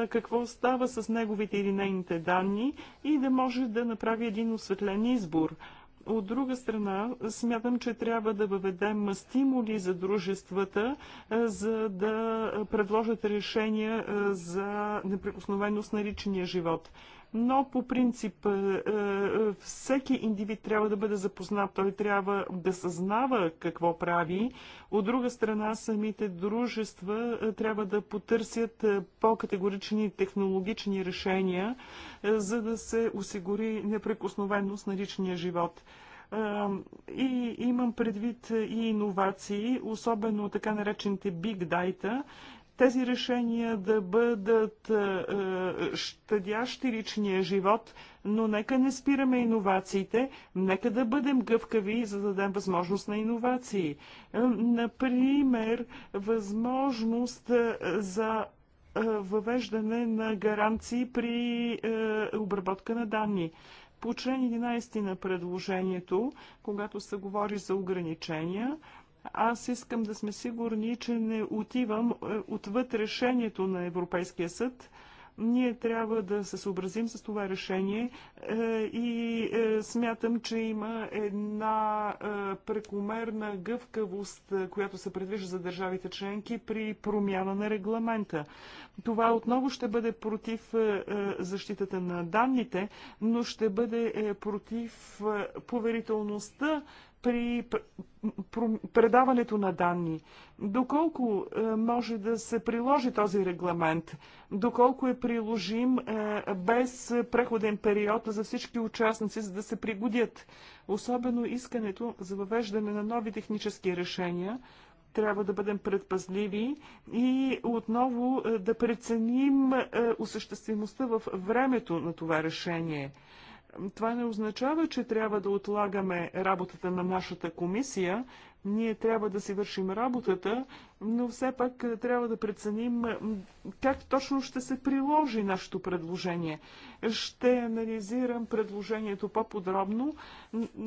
какво става с неговите или нейните данни и да може да направи един осветлен избор. От друга страна, смятам, че трябва да въведем стимули за дружествата, за да предложат решения за неприкосновеност на личния живот но по принцип е, е, всеки индивид трябва да бъде запознат, той трябва да съзнава какво прави. От друга страна, самите дружества е, трябва да потърсят по-категорични технологични решения, за да се осигури непрекосновеност на личния живот и имам предвид и иновации, особено така наречените big data тези решения да бъдат е, е, щадящи личния живот, но нека не спираме иновациите, нека да бъдем гъвкави, за да дадем възможност на иновации. Е, например, възможност за въвеждане на гаранции при обработка на данни. По член 11 на предложението, когато се говори за ограничения, аз искам да сме сигурни, че не отивам е, отвъд решението на Европейския съд. Ние трябва да се съобразим с това решение е, и е, смятам, че има една прекомерна гъвкавост, която се предвижда за държавите членки при промяна на регламента. Това отново ще бъде против защитата на данните, но ще бъде против поверителността при предаването на данни. Доколко е, може да се приложи този регламент? Доколко е приложим е, без преходен период за всички участници, за да се пригодят? Особено искането за въвеждане на нови технически решения, трябва да бъдем предпазливи и отново е, да преценим осъществимостта в времето на това решение. Това не означава, че трябва да отлагаме работата на нашата комисия. Ние трябва да си вършим работата, но все пак е, трябва да преценим как точно ще се приложи нашето предложение. Ще анализирам предложението по-подробно.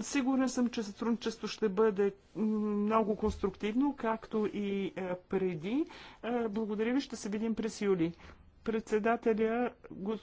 Сигурен съм, че сътрудничество ще бъде много конструктивно, както и е, преди. Е, благодаря ви, ще се видим през юли. Председателя гос...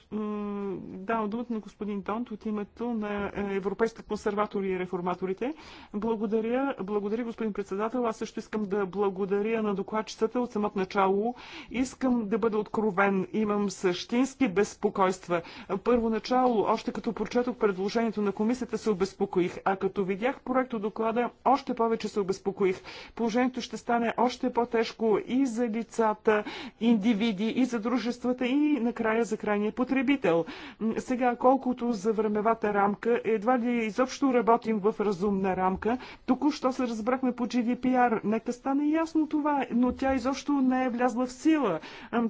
дава думата на господин Тонт от името на е, Европейските консерватори и реформаторите. Благодаря, благодаря господин председател. Аз също искам да благодаря на докладчицата от самото начало. Искам да бъда откровен. Имам същински безпокойства. Първо начало, още като прочетох предложението на комисията, се обезпокоих. А като видях проекто доклада, още повече се обезпокоих. Положението ще стане още по-тежко и за лицата, индивиди, и за дружества, дружествата и накрая за крайния потребител. Сега, колкото за времевата рамка, едва ли изобщо работим в разумна рамка. Току-що се разбрахме по GDPR. Нека стане ясно това, но тя изобщо не е влязла в сила.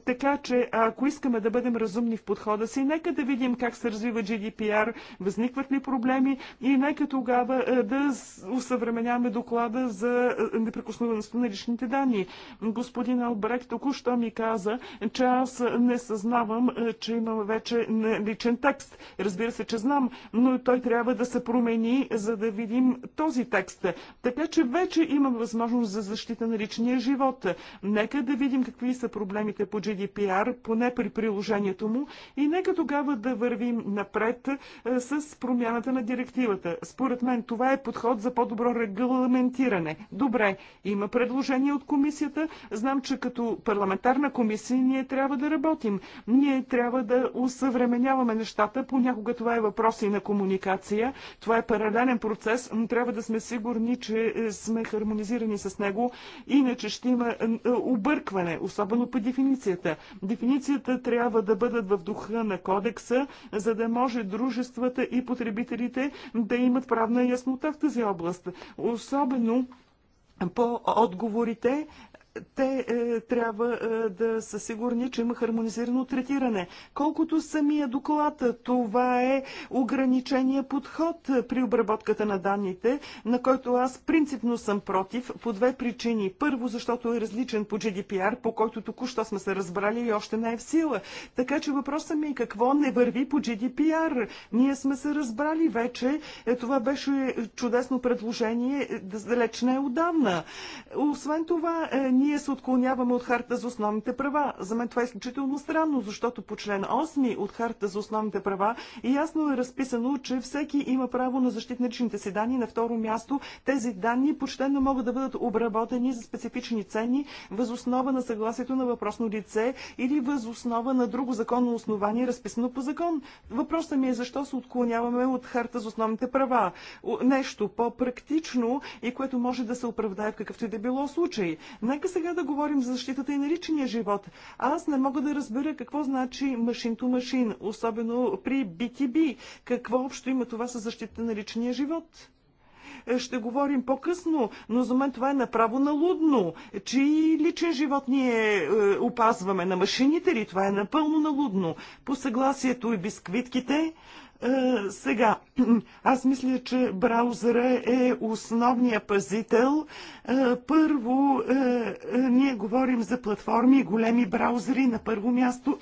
Така че, ако искаме да бъдем разумни в подхода си, нека да видим как се развива GDPR, възникват ли проблеми и нека тогава е, да усъвременяваме доклада за е, неприкосновеността на личните данни. Господин Албрек току-що ми каза, че аз е, не съзнавам, е, че имаме вече личен текст. Разбира се, че знам, но той трябва да се промени, за да видим този текст. Така че вече имам възможност за защита на личния живот. Нека да видим какви са проблемите по GDPR, поне при приложението му, и нека тогава да вървим напред е, с промяната на директивата. Според мен това е подход за по-добро регламентиране. Добре, има предложение от комисията. Знам, че като парламентарна комисия ние трябва да работим работим. Ние трябва да усъвременяваме нещата. Понякога това е въпрос и на комуникация. Това е паралелен процес. но Трябва да сме сигурни, че е, сме хармонизирани с него. Иначе ще има е, е, объркване, особено по дефиницията. Дефиницията трябва да бъдат в духа на кодекса, за да може дружествата и потребителите да имат правна яснота в тази област. Особено по отговорите те е, трябва е, да са сигурни, че има хармонизирано третиране. Колкото самия доклад, това е ограничения подход при обработката на данните, на който аз принципно съм против по две причини. Първо, защото е различен по GDPR, по който току-що сме се разбрали и още не е в сила. Така че въпросът ми е какво не върви по GDPR. Ние сме се разбрали вече. Е, това беше чудесно предложение, е, далеч не е отдавна. Освен това, е, ние ние се отклоняваме от харта за основните права. За мен това е изключително странно, защото по член 8 от харта за основните права ясно е разписано, че всеки има право на защитничните на личните си данни. На второ място тези данни почтено могат да бъдат обработени за специфични цени, възоснова на съгласието на въпросно лице или възоснова на друго законно основание, разписано по закон. Въпросът ми е защо се отклоняваме от харта за основните права. Нещо по-практично и което може да се оправдае в какъвто и да било случай. Нека сега да говорим за защитата и на личния живот. Аз не мога да разбера какво значи машин to машин, особено при BTB. Какво общо има това с защита на личния живот? Е, ще говорим по-късно, но за мен това е направо налудно. чи личен живот ние е, опазваме на машините ли? Това е напълно налудно. По съгласието и бисквитките, е, сега, [clears throat] аз мисля, че браузъра е основния пазител. Е, първо, е, ние говорим за платформи, големи браузъри на първо място.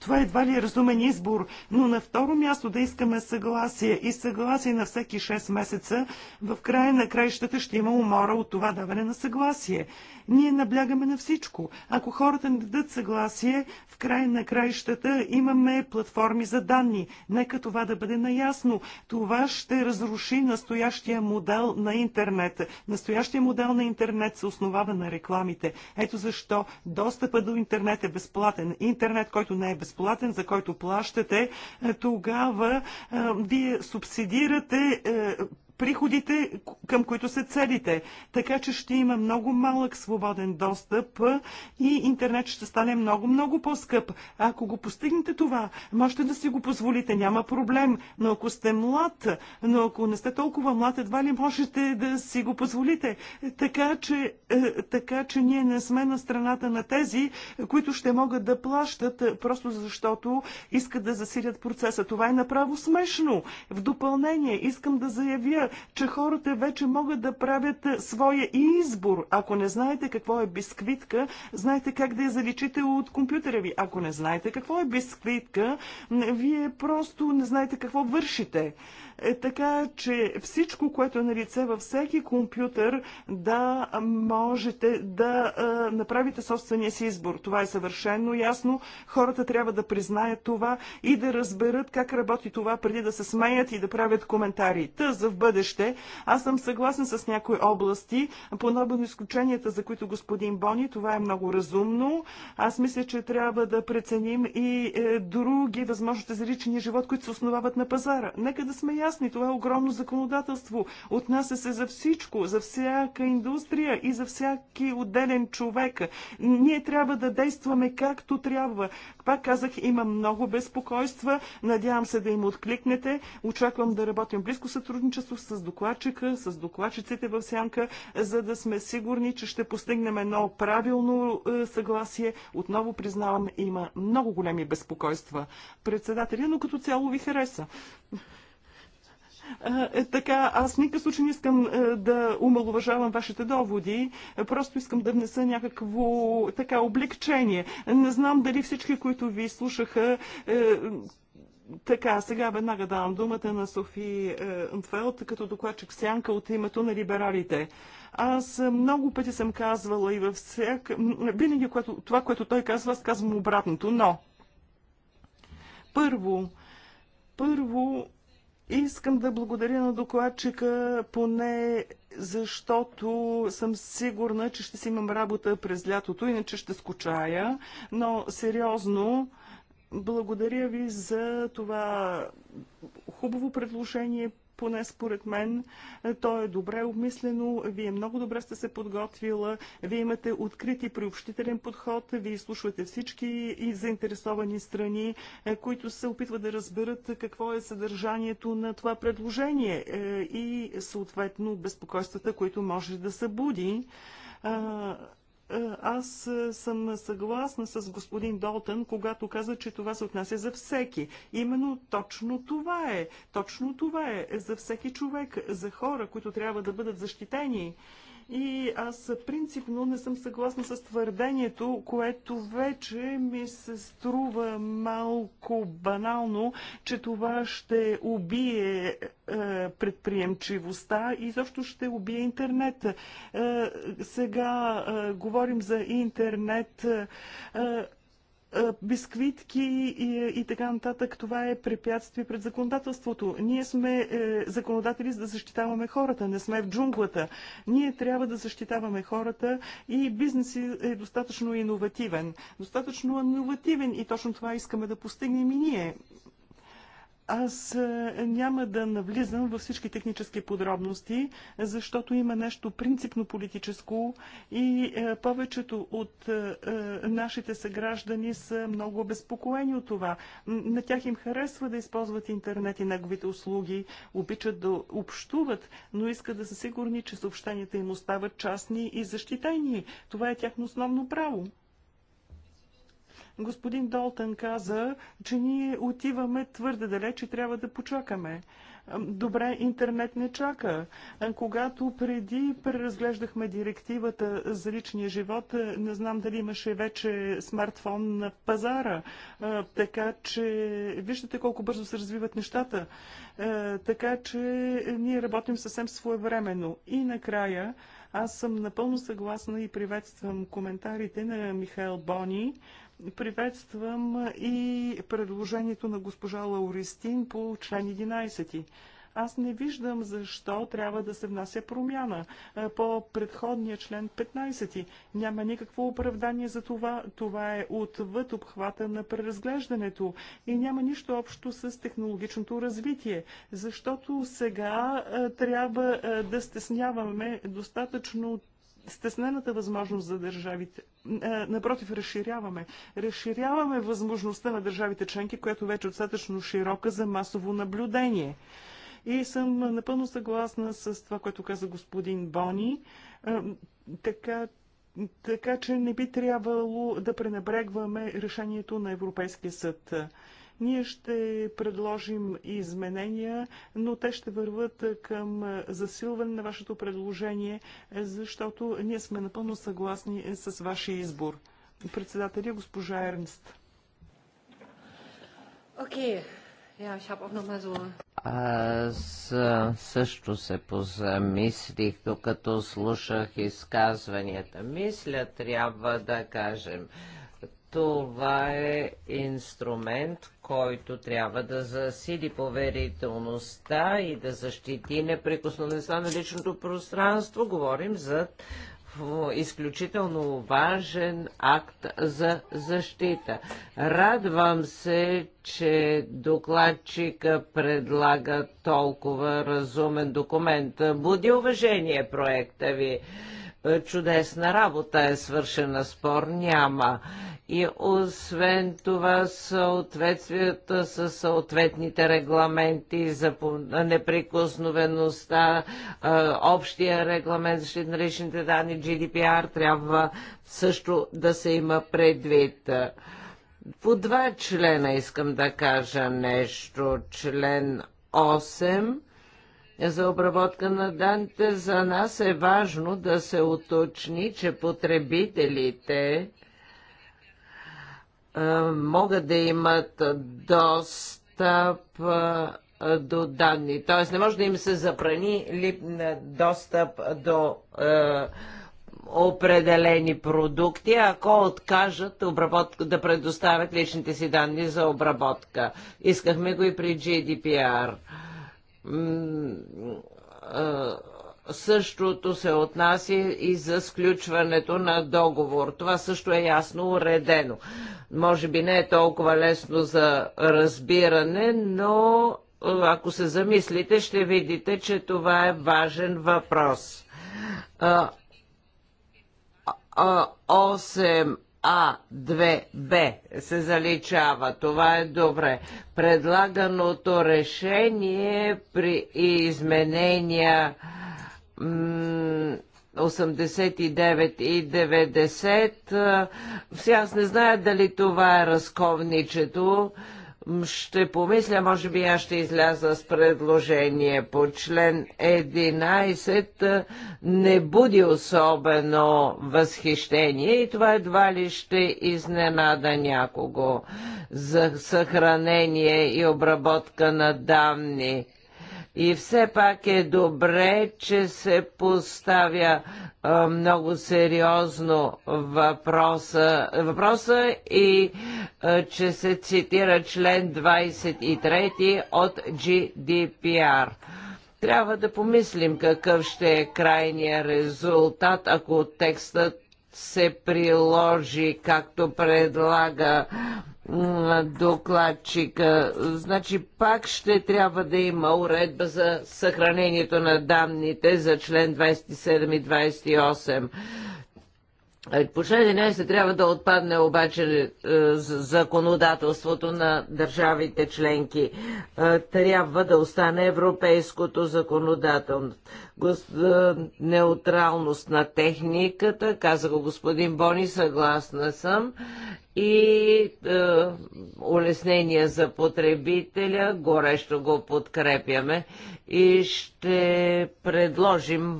Това едва ли е разумен избор, но на второ място да искаме съгласие и съгласие на всеки 6 месеца, в края на краищата ще има умора от това даване на съгласие. Ние наблягаме на всичко. Ако хората не дадат съгласие, в края на краищата имаме платформи за данни. Нека това да бъде наясно. Това ще разруши настоящия модел на интернет. Настоящия модел на интернет се основава на рекламите. Ето защо достъпа до интернет е безплатен. Интернет, който не е безплатен, за който плащате, е, тогава е, вие субсидирате е, приходите, към които се целите. Така че ще има много малък свободен достъп и интернет ще стане много-много по-скъп. Ако го постигнете това, можете да си го позволите, няма проблем. Но ако сте млад, но ако не сте толкова млад, едва ли можете да си го позволите. Така че, е, така, че ние не сме на страната на тези, които ще могат да плащат, е, просто защото искат да засилят процеса. Това е направо смешно. В допълнение искам да заявя, че хората вече могат да правят е, своя избор. Ако не знаете какво е бисквитка, знаете как да я заличите от компютъра ви. Ако не знаете какво е бисквитка, вие просто не знаете какво вършите. Е така че всичко, което е на лице във всеки компютър, да можете да направите собствения си избор. Това е съвършено ясно. Хората трябва да признаят това и да разберат как работи това преди да се смеят и да правят коментари. Та за в бъдеще. Аз съм съгласен с някои области, подобно изключенията, за които господин Бони, това е много разумно. Аз мисля, че трябва да преценим и е, други възможности за личния живот, които се основават на пазара. Нека да сме ясни. Това е огромно законодателство. Отнася се за всичко, за всяка индустрия и за всяки отделен човек. Ние трябва да действаме както трябва. Пак казах, има много безпокойства. Надявам се да им откликнете. Очаквам да работим близко сътрудничество с докладчика, с докладчиците в сянка, за да сме сигурни, че ще постигнем едно правилно е, съгласие. Отново признавам, има много големи безпокойства. Председателя, но като цяло ви хареса. Е, така, аз никакъв случай не искам е, да умалуважавам вашите доводи. Е, просто искам да внеса някакво така облегчение. Не знам дали всички, които ви слушаха, е, така, сега веднага давам думата на Софи е, Нтфелд като докладчик Сянка от името на либералите. Аз много пъти съм казвала и във всяка... Винаги което, това, което той казва, аз казвам обратното, но... Първо, първо Искам да благодаря на докладчика, поне защото съм сигурна, че ще си имам работа през лятото, иначе ще скучая. Но сериозно, благодаря ви за това хубаво предложение, поне според мен. Е, то е добре обмислено, вие много добре сте се подготвила, вие имате открит и приобщителен подход, вие слушате всички и заинтересовани страни, е, които се опитват да разберат какво е съдържанието на това предложение е, и съответно безпокойствата, които може да събуди. Е, аз е, съм съгласна с господин Долтън, когато каза, че това се отнася за всеки. Именно точно това е. Точно това е за всеки човек, за хора, които трябва да бъдат защитени. И аз принципно не съм съгласна с твърдението, което вече ми се струва малко банално, че това ще убие е, предприемчивостта и защо ще убие интернет. Е, сега е, говорим за интернет бисквитки и, и така нататък. Това е препятствие пред законодателството. Ние сме е, законодатели за да защитаваме хората, не сме в джунглата. Ние трябва да защитаваме хората и бизнес е достатъчно иновативен. Достатъчно иновативен и точно това искаме да постигнем и ние. Аз е, няма да навлизам във всички технически подробности, защото има нещо принципно политическо и е, повечето от е, нашите съграждани са много обезпокоени от това. На тях им харесва да използват интернет и неговите услуги, обичат да общуват, но искат да са сигурни, че съобщенията им остават частни и защитени. Това е тяхно основно право. Господин Долтън каза, че ние отиваме твърде далеч и трябва да почакаме. Добре, интернет не чака. Когато преди преразглеждахме директивата за личния живот, не знам дали имаше вече смартфон на пазара, така че виждате колко бързо се развиват нещата. Така че ние работим съвсем своевременно. И накрая, аз съм напълно съгласна и приветствам коментарите на Михаил Бони. Приветствам и предложението на госпожа Лауристин по член 11. Аз не виждам защо трябва да се внася промяна по предходния член 15. Няма никакво оправдание за това. Това е отвъд обхвата на преразглеждането и няма нищо общо с технологичното развитие, защото сега трябва да стесняваме достатъчно стеснената възможност за държавите. Напротив, разширяваме. Разширяваме възможността на държавите членки, която вече е достатъчно широка за масово наблюдение. И съм напълно съгласна с това, което каза господин Бони. Така, така че не би трябвало да пренебрегваме решението на Европейския съд. Ние ще предложим изменения, но те ще върват към засилване на вашето предложение, защото ние сме напълно съгласни с вашия избор. Председателя госпожа Ернст. Окей. Okay. аз също се позамислих, докато слушах изказванията. Мисля, трябва да кажем, това е инструмент, който трябва да засили поверителността и да защити неприкосновеността на личното пространство. Говорим за изключително важен акт за защита. Радвам се, че докладчика предлага толкова разумен документ. Буди уважение проекта ви. Е, чудесна работа е свършена, спор няма. И освен това съответствията с съответните регламенти за неприкосновеността, е, общия регламент за на личните данни, GDPR, трябва също да се има предвид. По два члена искам да кажа нещо. Член 8 за обработка на данните, за нас е важно да се уточни, че потребителите е, могат да имат достъп е, до данни. Т.е. не може да им се забрани на е, достъп до е, определени продукти, ако откажат обработка, да предоставят личните си данни за обработка. Искахме го и при GDPR. Същото се отнася и за сключването на договор. Това също е ясно уредено. Може би не е толкова лесно за разбиране, но ако се замислите, ще видите, че това е важен въпрос. 8 а, 2, Б се заличава. Това е добре. Предлаганото решение при изменения 89 и 90. Сега аз не зная дали това е разковничето. Ще помисля, може би аз ще изляза с предложение по член 11. Не буди особено възхищение и това едва ли ще изненада някого за съхранение и обработка на данни и все пак е добре, че се поставя а, много сериозно въпроса, въпроса и а, че се цитира член 23 от GDPR. Трябва да помислим какъв ще е крайният резултат, ако текстът се приложи, както предлага докладчика. Значи пак ще трябва да има уредба за съхранението на данните за член 27 и 28. Е, по член 11 трябва да отпадне обаче е, законодателството на държавите членки. Е, трябва да остане европейското законодателство неутралност на техниката, каза го господин Бони, съгласна съм, и е, улеснения за потребителя, горещо го подкрепяме и ще предложим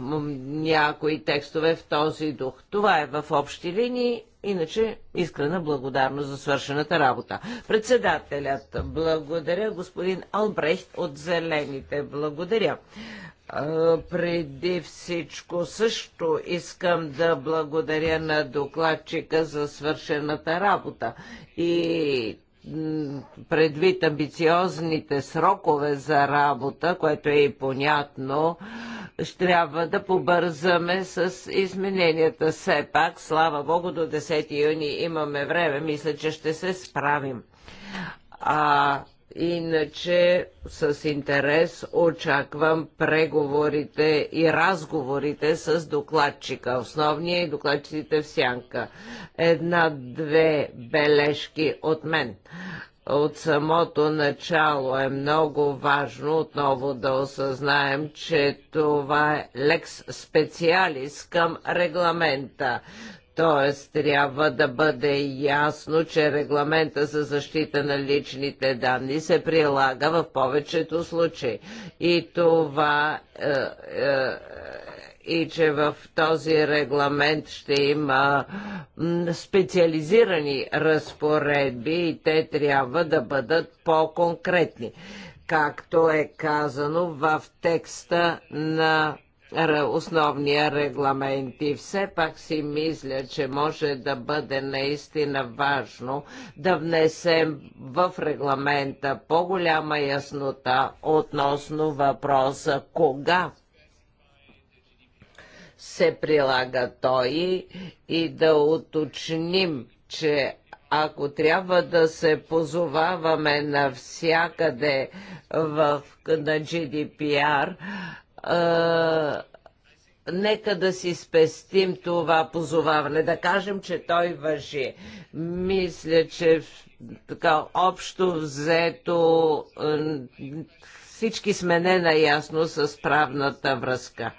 някои текстове в този дух. Това е в общи линии Иначе искрена благодарност за свършената работа. Председателят, благодаря. Господин Албрехт от Зелените, благодаря преди всичко също искам да благодаря на докладчика за свършената работа и предвид амбициозните срокове за работа, което е и понятно, ще трябва да побързаме с измененията. Все пак, слава Богу, до 10 юни имаме време. Мисля, че ще се справим. А Иначе с интерес очаквам преговорите и разговорите с докладчика, основния и докладчиците в сянка. Една-две бележки от мен от самото начало е много важно отново да осъзнаем, че това е лекс специалист към регламента. Тоест, трябва да бъде ясно, че регламента за защита на личните данни се прилага в повечето случаи. И това е, е, и че в този регламент ще има специализирани разпоредби и те трябва да бъдат по-конкретни, както е казано в текста на основния регламент и все пак си мисля, че може да бъде наистина важно да внесем в регламента по-голяма яснота относно въпроса кога се прилага той и да уточним, че ако трябва да се позоваваме навсякъде в, на GDPR, нека да си спестим това позоваване, да кажем, че той въжи. Мисля, че така общо взето е, всички сме ненаясно с правната връзка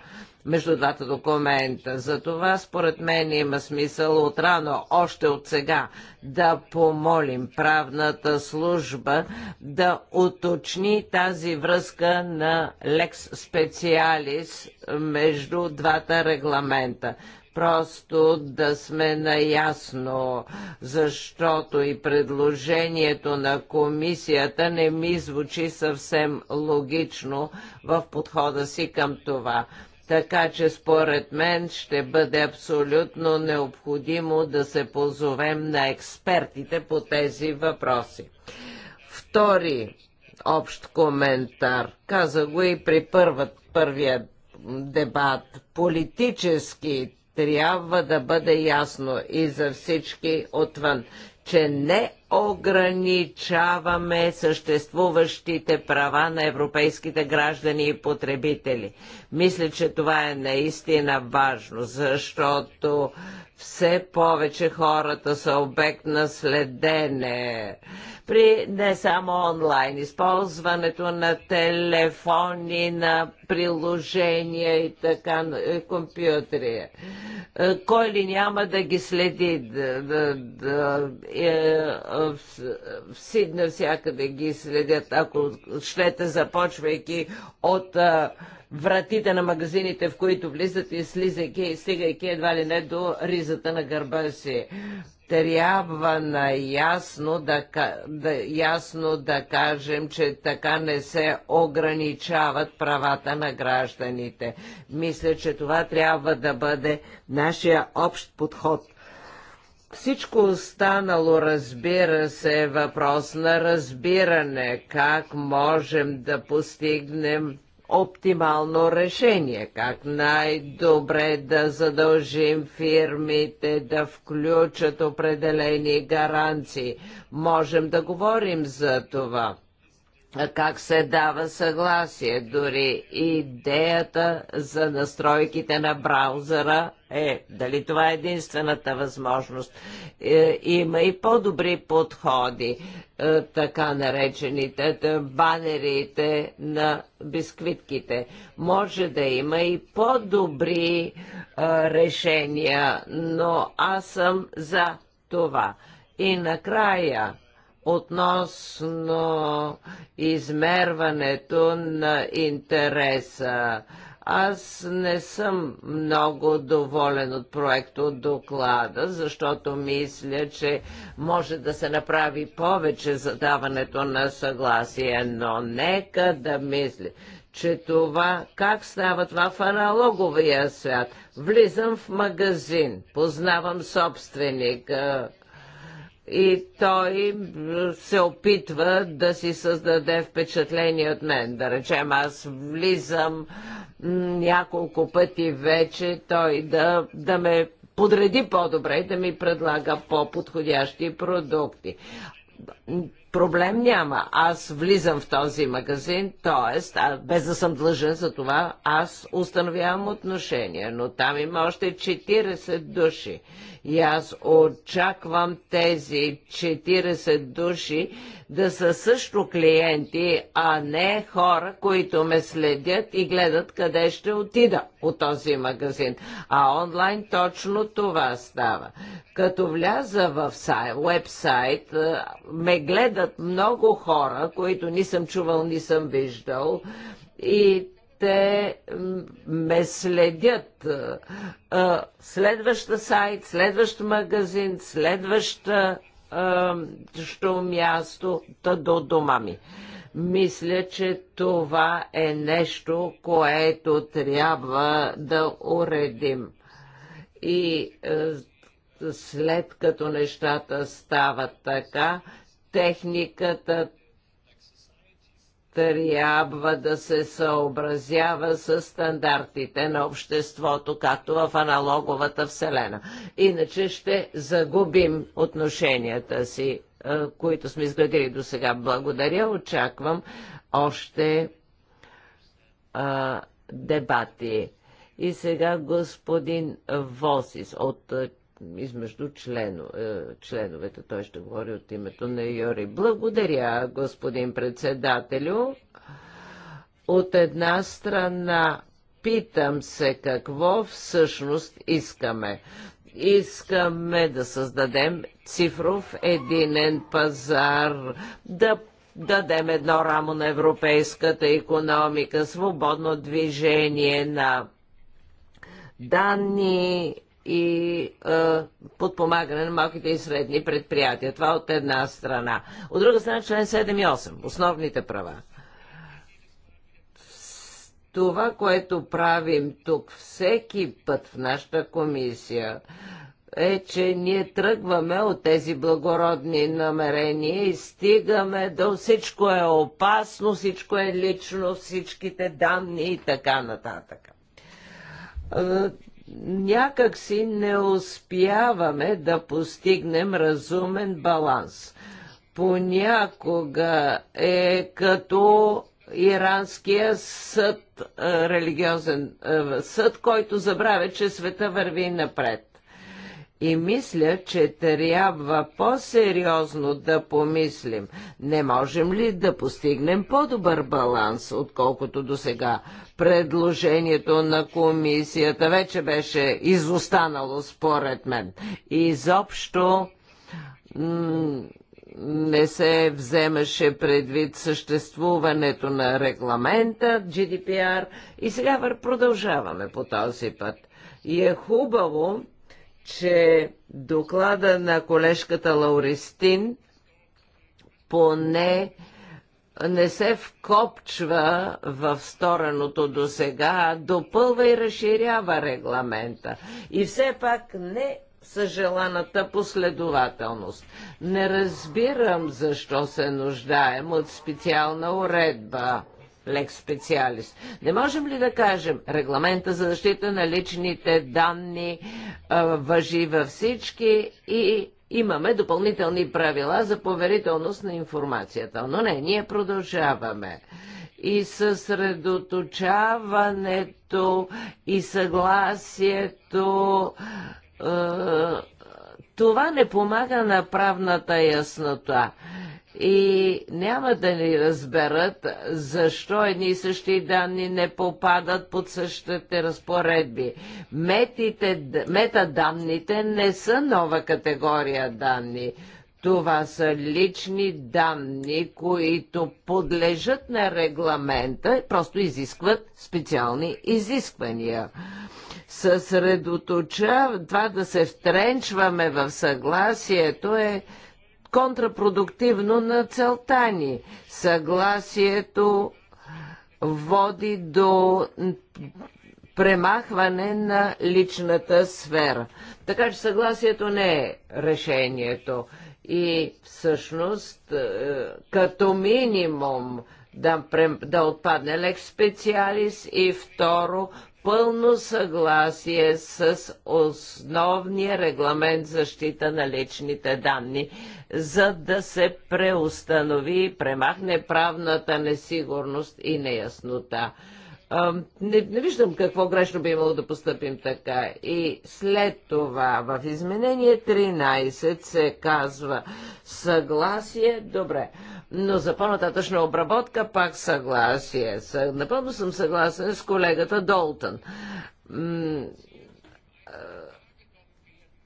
между двата документа. За това, според мен, има смисъл отрано, още от сега, да помолим правната служба да уточни тази връзка на лекс специалис между двата регламента просто да сме наясно, защото и предложението на комисията не ми звучи съвсем логично в подхода си към това. Така че според мен ще бъде абсолютно необходимо да се позовем на експертите по тези въпроси. Втори общ коментар. Каза го и при първат, първия дебат. Политически трябва да бъде ясно и за всички отвън, че не ограничаваме съществуващите права на европейските граждани и потребители. Мисля, че това е наистина важно, защото все повече хората са обект на следене при не само онлайн, използването на телефони, на приложения и така, е, компютри. Е, кой ли няма да ги следи, да, да, да, е, е в, навсякъде ги следят, ако щете, започвайки от а, вратите на магазините, в които влизат и слизайки и стигайки едва ли не до ризата на гърба си трябва наясно да, да, ясно да кажем, че така не се ограничават правата на гражданите. Мисля, че това трябва да бъде нашия общ подход. Всичко останало, разбира се, е въпрос на разбиране, как можем да постигнем оптимално решение, как най-добре да задължим фирмите да включат определени гаранции. Можем да говорим за това. Как се дава съгласие, дори идеята за настройките на браузъра е, дали това е единствената възможност. Е, има и по-добри подходи, е, така наречените е, банерите на бисквитките. Може да има и по-добри е, решения, но аз съм за това. И накрая относно измерването на интереса. Аз не съм много доволен от проекта от доклада, защото мисля, че може да се направи повече за даването на съгласие, но нека да мисля, че това, как става това в аналоговия свят. Влизам в магазин, познавам собственика, и той се опитва да си създаде впечатление от мен. Да речем, аз влизам няколко пъти вече, той да, да ме подреди по-добре и да ми предлага по-подходящи продукти. Проблем няма. Аз влизам в този магазин, т.е. без да съм длъжен за това, аз установявам отношения, но там има още 40 души и аз очаквам тези 40 души да са също клиенти, а не хора, които ме следят и гледат къде ще отида от този магазин. А онлайн точно това става. Като вляза в вебсайт, ме гледат много хора, които ни съм чувал, не съм виждал. И те ме следят. Следваща сайт, следващ магазин, следващо място та до дома ми. Мисля, че това е нещо, което трябва да уредим. И след като нещата стават така, техниката трябва да се съобразява с стандартите на обществото, както в аналоговата вселена. Иначе ще загубим отношенията си, е, които сме изградили до сега. Благодаря, очаквам още а, е, дебати. И сега господин Восис от измежду члено, е, членовете. Той ще говори от името на Йори. Благодаря, господин председателю. От една страна питам се какво всъщност искаме. Искаме да създадем цифров единен пазар, да дадем едно рамо на европейската економика, свободно движение на данни, и е, подпомагане на малките и средни предприятия. Това от една страна. От друга страна член 7 и 8. Основните права. Това, което правим тук всеки път в нашата комисия, е, че ние тръгваме от тези благородни намерения и стигаме до всичко е опасно, всичко е лично, всичките данни и така нататък някак си не успяваме да постигнем разумен баланс. Понякога е като иранския съд, е, религиозен е, съд, който забравя, че света върви напред. И мисля, че трябва по-сериозно да помислим, не можем ли да постигнем по-добър баланс, отколкото до сега. Предложението на комисията вече беше изостанало, според мен. И изобщо не се вземаше предвид съществуването на регламента GDPR и сега продължаваме по този път. И е хубаво, че доклада на колежката Лауристин поне не се вкопчва в стороното до сега, а допълва и разширява регламента. И все пак не съжеланата последователност. Не разбирам защо се нуждаем от специална уредба лекс специалист. Не можем ли да кажем, регламента за защита на личните данни а, въжи във всички и имаме допълнителни правила за поверителност на информацията. Но не, ние продължаваме. И съсредоточаването и съгласието това не помага на правната яснота и няма да ни разберат защо едни и същи данни не попадат под същите разпоредби. Метите, метаданните не са нова категория данни. Това са лични данни, които подлежат на регламента, просто изискват специални изисквания. Съсредоточа това да се втренчваме в съгласието е контрапродуктивно на целта ни. Съгласието води до премахване на личната сфера. Така че съгласието не е решението. И всъщност, е, като минимум, да, да отпадне лек специалист и второ, пълно съгласие с основния регламент защита на личните данни за да се преустанови и премахне правната несигурност и неяснота. Не, не виждам какво грешно би имало да поступим така. И след това в изменение 13 се казва съгласие, добре, но за по-нататъчна обработка пак съгласие. Напълно съм съгласен с колегата Долтън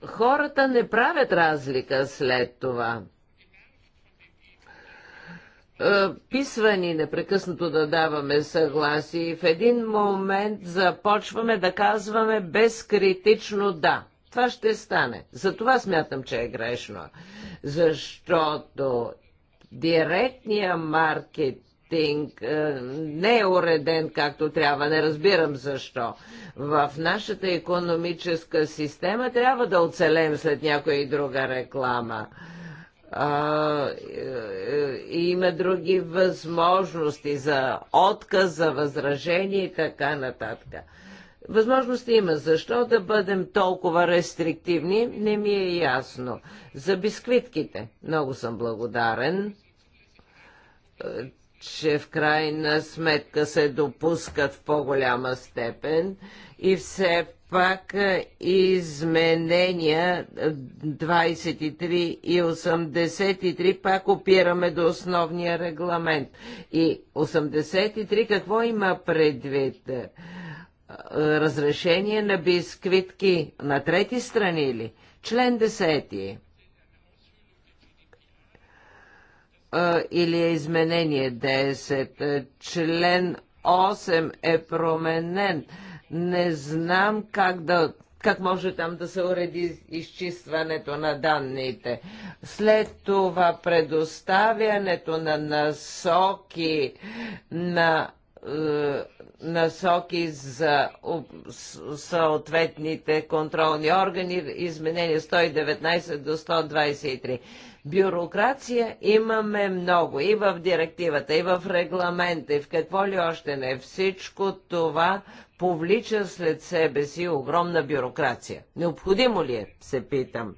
хората не правят разлика след това. Е, писвани непрекъснато да даваме съгласие и в един момент започваме да казваме безкритично да. Това ще стане. Затова смятам, че е грешно. Защото директният маркет маркетинг е, не е уреден както трябва. Не разбирам защо. В нашата економическа система трябва да оцелем след някоя и друга реклама. А, и е, е, има други възможности за отказ, за възражение и така нататък. Възможности има. Защо да бъдем толкова рестриктивни, не ми е ясно. За бисквитките много съм благодарен че в крайна сметка се допускат в по-голяма степен и все пак е, изменения 23 и 83 пак опираме до основния регламент. И 83 какво има предвид? Е, разрешение на бисквитки на трети страни ли? Член 10. или е изменение 10. Е, член 8 е променен. Не знам как да как може там да се уреди изчистването на данните. След това предоставянето на насоки на е, насоки за съответните контролни органи, изменение 119 до 123. Бюрокрация имаме много и в директивата, и в регламента, и в какво ли още не. Всичко това повлича след себе си огромна бюрокрация. Необходимо ли е, се питам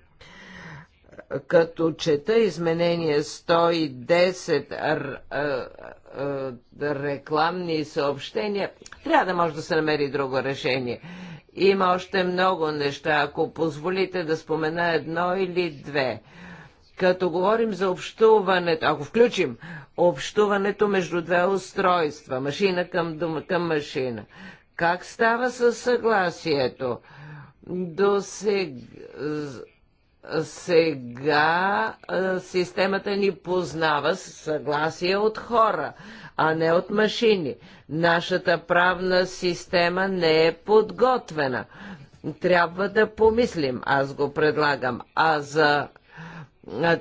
като чета изменение 110 е, рекламни съобщения. Трябва да може да се намери друго решение. Има още много неща. Ако позволите да спомена едно или две. Като говорим за общуването, ако включим общуването между две устройства, машина към, дума, към машина, как става със съгласието? До сега сега системата ни познава съгласие от хора, а не от машини. Нашата правна система не е подготвена. Трябва да помислим, аз го предлагам, а за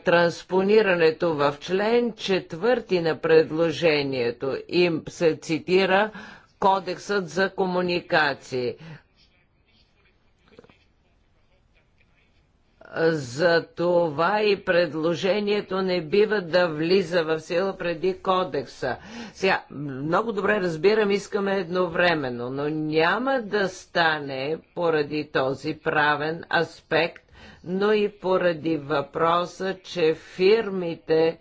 транспонирането в член четвърти на предложението им се цитира Кодексът за комуникации. За това и предложението не бива да влиза в сила преди кодекса. Сега, много добре разбирам, искаме едновременно, но няма да стане поради този правен аспект, но и поради въпроса, че фирмите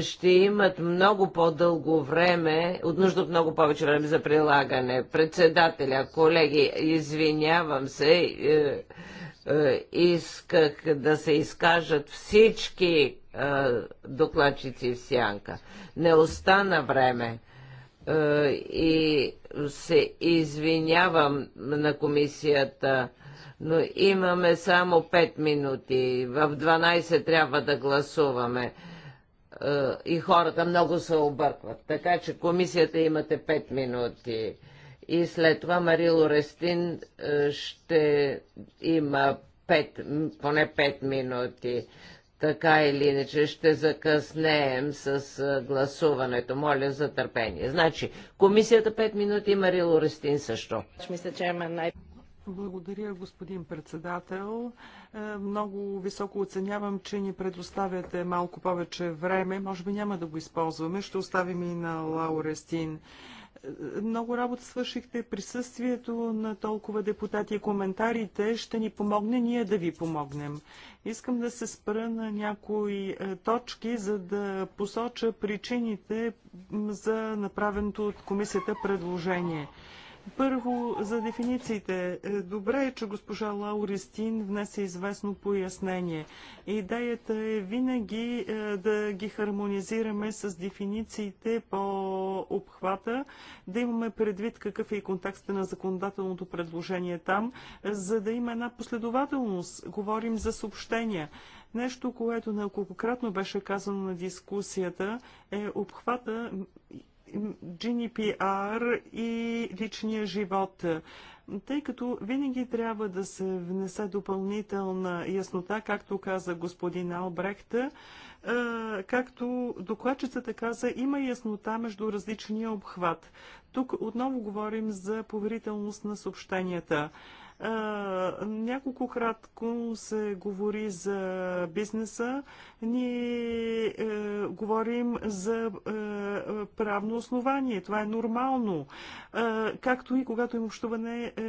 ще имат много по-дълго време, от нужда от много повече време за прилагане. Председателя, колеги, извинявам се. Е, е, исках да се изкажат всички е, докладчици в сянка. Не остана време е, и се извинявам на комисията, но имаме само 5 минути. В 12 трябва да гласуваме и хората много се объркват. Така че комисията имате 5 минути и след това Мари Лорестин е, ще има пет, поне 5 минути. Така или иначе ще закъснеем с е, гласуването. Моля за търпение. Значи, комисията 5 минути и Мари Лорестин също. Благодаря, господин председател. Е, много високо оценявам, че ни предоставяте малко повече време. Може би няма да го използваме. Ще оставим и на Лаурестин. Стин. Много работа свършихте. Присъствието на толкова депутати и коментарите ще ни помогне ние да ви помогнем. Искам да се спра на някои е, точки, за да посоча причините за направеното от комисията предложение. Първо, за дефинициите. Е, добре е, че госпожа Лауристин внесе известно пояснение. Идеята е винаги е, да ги хармонизираме с дефинициите по обхвата, да имаме предвид какъв е и контекста на законодателното предложение там, за да има една последователност. Говорим за съобщения. Нещо, което неколкократно беше казано на дискусията, е обхвата GDPR и личния живот тъй като винаги трябва да се внесе допълнителна яснота, както каза господин Албрехт, е, както докладчицата каза, има яснота между различния обхват. Тук отново говорим за поверителност на съобщенията. Няколко кратко се говори за бизнеса. Ние е, говорим за е, правно основание. Това е нормално. Както и когато им общуване е,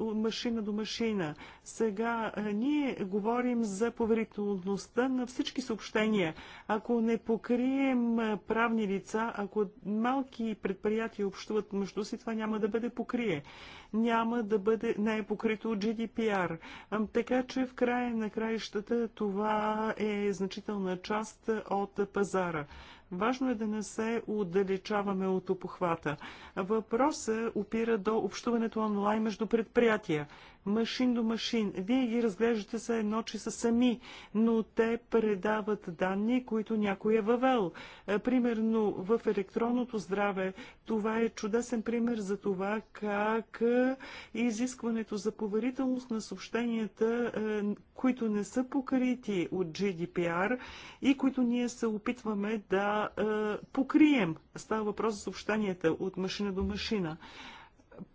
машина до машина. Сега ние говорим за поверителността на всички съобщения. Ако не покрием правни лица, ако малки предприятия общуват между си, това няма да бъде покрие. Няма да бъде, не е покрито парите от GDPR. Така че в края на краищата това е значителна част от пазара. Важно е да не се отдалечаваме от обхвата. Въпросът опира до общуването онлайн между предприятия. Машин до машин. Вие ги разглеждате се едно, че са сами, но те предават данни, които някой е въвел. Е, примерно в електронното здраве това е чудесен пример за това как изискването за поверителност на съобщенията е, които не са покрити от GDPR и които ние се опитваме да е, покрием. Става въпрос за съобщанията от машина до машина.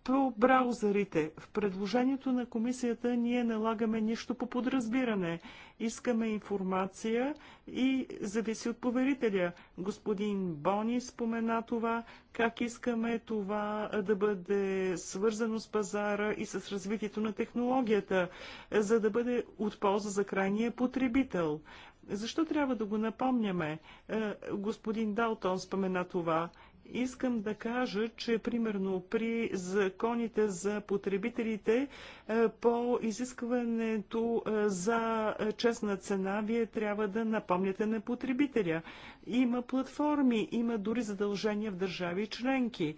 По браузърите. В предложението на комисията ние налагаме нищо по подразбиране. Искаме информация и зависи от поверителя. Господин Бони спомена това, как искаме това да бъде свързано с пазара и с развитието на технологията, за да бъде от полза за крайния потребител. Защо трябва да го напомняме? Е, господин Далтон спомена това. Искам да кажа, че примерно при законите за потребителите е, по изискването е, за честна цена, вие трябва да напомняте на потребителя. Има платформи, има дори задължения в държави членки.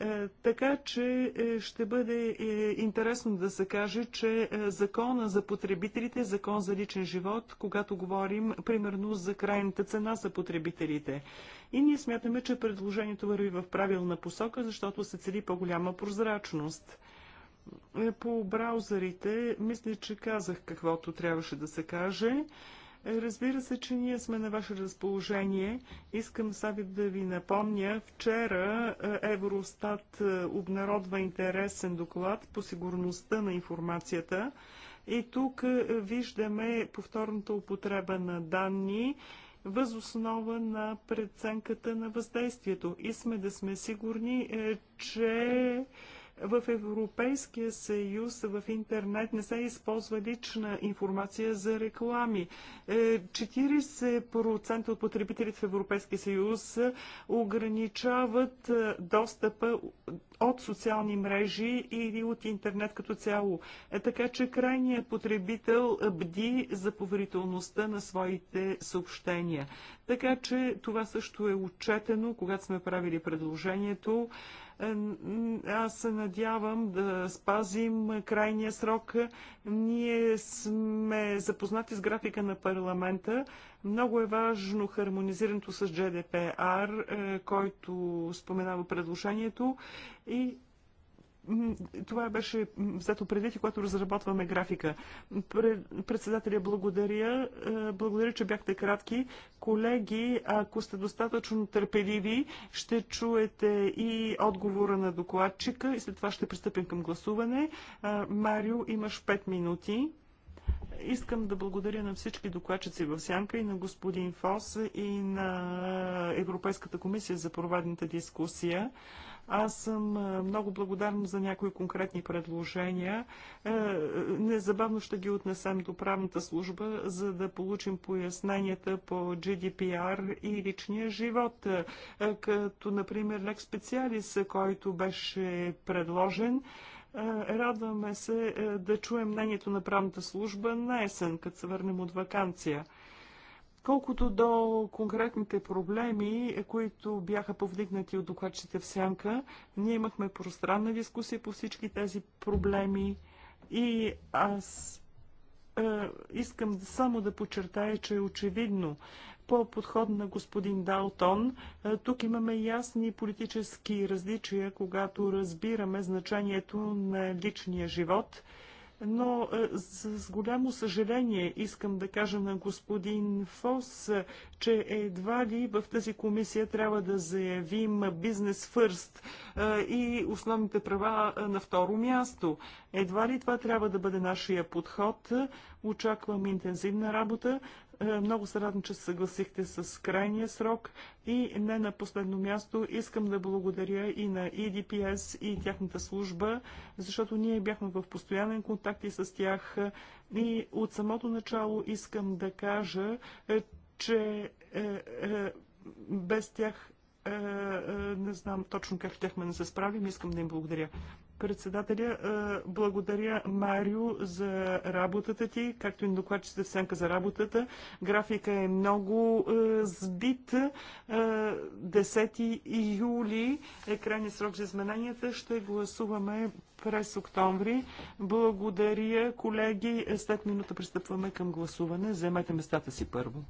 Е, така че е, ще бъде е, интересно да се каже, че закона за потребителите, закон за личен живот, когато говорим примерно за крайната цена за потребителите. И ние смятаме, че предложението върви в правилна посока, защото се цели по-голяма прозрачност. По браузърите, мисля, че казах каквото трябваше да се каже. Разбира се, че ние сме на ваше разположение. Искам сега да ви напомня, вчера е, Евростат е, обнародва интересен доклад по сигурността на информацията. И тук е, виждаме повторната употреба на данни въз основа на преценката на въздействието. И сме да сме сигурни, че в Европейския съюз в интернет не се използва лична информация за реклами. 40% е, от потребителите в Европейския съюз ограничават е, достъпа от социални мрежи или от интернет като цяло. Е, така че крайният потребител бди за поверителността на своите съобщения. Така че това също е отчетено, когато сме правили предложението. Аз се надявам да спазим крайния срок. Ние сме запознати с графика на парламента. Много е важно хармонизирането с GDPR, е, който споменава предложението и това беше взето предвид и когато разработваме графика. Председателя, благодаря. Е, благодаря, че бяхте кратки. Колеги, ако сте достатъчно търпеливи, ще чуете и отговора на докладчика и след това ще пристъпим към гласуване. Е, Марио, имаш 5 минути. Искам да благодаря на всички докладчици в Сянка и на господин Фос и на Европейската комисия за проведената дискусия. Аз съм много благодарна за някои конкретни предложения. Незабавно ще ги отнесем до правната служба, за да получим поясненията по GDPR и личния живот, като например лек специалис, който беше предложен. Радваме се да чуем мнението на правната служба на есен, като се върнем от вакансия. Колкото до конкретните проблеми, които бяха повдигнати от докладчите в Сянка, ние имахме пространна дискусия по всички тези проблеми и аз е, искам само да подчертая, че е очевидно по подход на господин Далтон, е, тук имаме ясни политически различия, когато разбираме значението на личния живот – но е, с голямо съжаление искам да кажа на господин Фос, е, че едва ли в тази комисия трябва да заявим бизнес фърст е, и основните права на второ място. Едва ли това трябва да бъде нашия подход. Очаквам интензивна работа. Е, много се радвам, че се съгласихте с крайния срок и не на последно място искам да благодаря и на EDPS и тяхната служба, защото ние бяхме в постоянен контакт и с тях и от самото начало искам да кажа, е, че е, без тях не знам точно как щяхме да се справим. Искам да им благодаря. Председателя, е, благодаря Марио за работата ти, както и на докладчите в сенка за работата. Графика е много е, сбит. 10 е, июли е крайният срок за измененията. Ще гласуваме през октомври. Благодаря, колеги. След минута пристъпваме към гласуване. Займете местата си първо.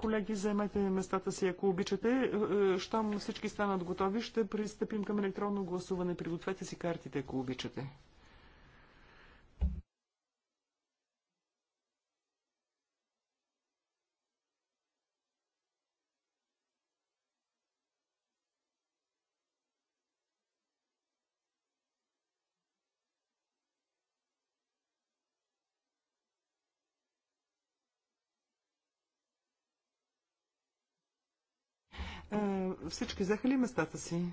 Колеги, займете местата си, ако обичате. Е, е, щом всички станат готови, ще пристъпим към електронно гласуване. Пригответе си картите, ако обичате. Всички взеха ли местата си?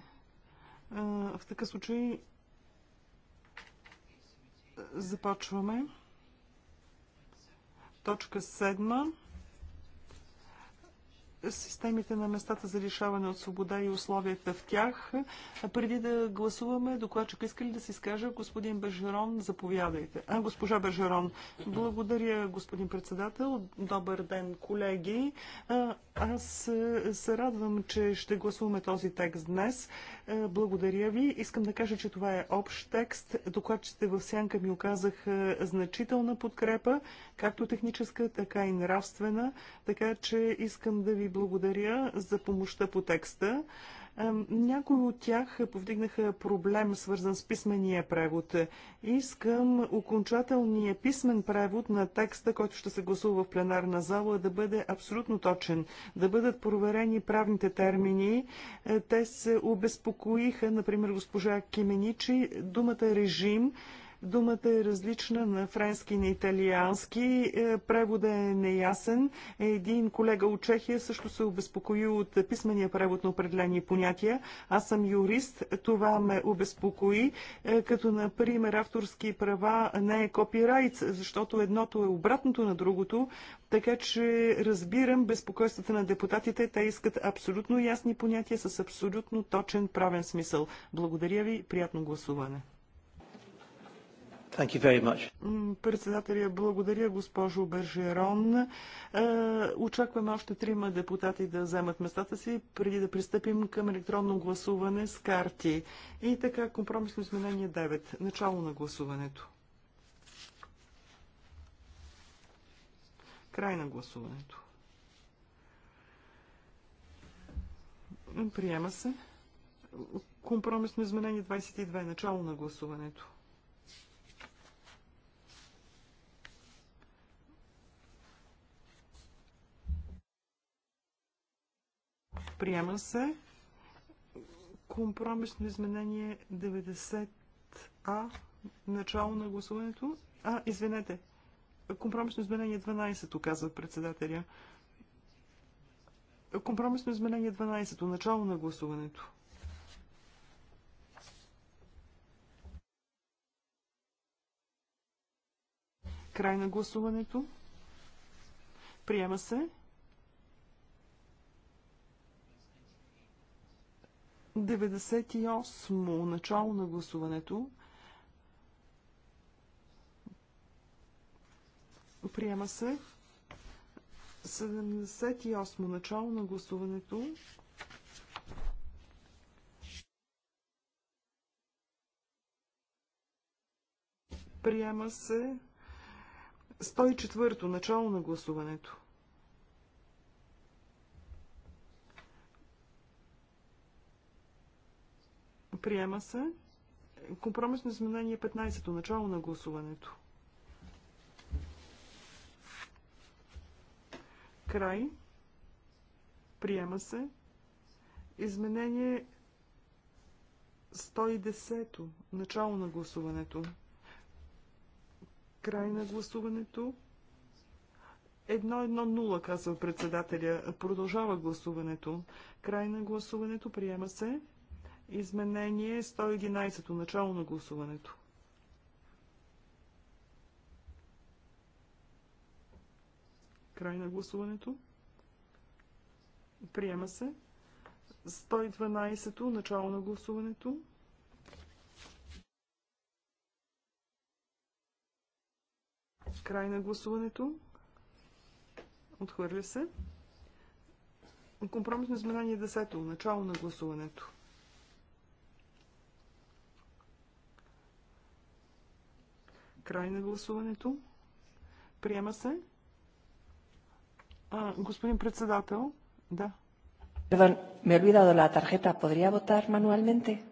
В такъв случай започваме. Точка седма системите на местата за решаване от свобода и условията в тях. А преди да гласуваме, докладчик иска ли да се изкаже? Господин Бежерон? заповядайте. А, госпожа Бежерон, благодаря, господин председател. Добър ден, колеги. Аз се радвам, че ще гласуваме този текст днес. Е, благодаря ви. Искам да кажа, че това е общ текст. Докладчите в Сянка ми оказах значителна подкрепа, както техническа, така и нравствена. Така че искам да ви благодаря за помощта по текста. Някои от тях повдигнаха проблем, свързан с писмения превод. Искам окончателния писмен превод на текста, който ще се гласува в пленарна зала, да бъде абсолютно точен, да бъдат проверени правните термини. Е, те се обезпокоиха, например, госпожа Кименичи, думата режим Думата е различна на френски и на италиански. Е, превода е неясен. Един колега от Чехия също се обезпокои от писмения превод на определени понятия. Аз съм юрист. Това ме обезпокои, е, като например авторски права не е копирайт, защото едното е обратното на другото. Така че разбирам безпокойствата на депутатите. Те искат абсолютно ясни понятия с абсолютно точен правен смисъл. Благодаря ви. Приятно гласуване. Председателя, благодаря госпожо Бержерон. Е, очакваме още трима депутати да вземат местата си, преди да пристъпим към електронно гласуване с карти. И така, компромисно изменение 9. Начало на гласуването. Край на гласуването. Приема се. Компромисно изменение 22. Начало на гласуването. Приема се. Компромисно изменение 90А. Начало на гласуването. А, извинете. Компромисно изменение 12, казва председателя. Компромисно изменение 12, начало на гласуването. Край на гласуването. Приема се. 98 мо начало на гласуването. Приема се. 78 начало на гласуването. Приема се. 104 начало на гласуването. Приема се. Компромисно изменение 15-то. Начало на гласуването. Край. Приема се. Изменение 110-то. Начало на гласуването. Край на гласуването. Едно, едно, 0, казва председателя. Продължава гласуването. Край на гласуването. Приема се. Изменение 111. Начало на гласуването. Край на гласуването. Приема се. 112. Начало на гласуването. Край на гласуването. Отхвърля се. Компромисно изменение 10. то Начало на гласуването. Край на гласуването. Приема се. А, господин председател, да. Perdón, me he olvidado la tarjeta. ¿Podría votar manualmente?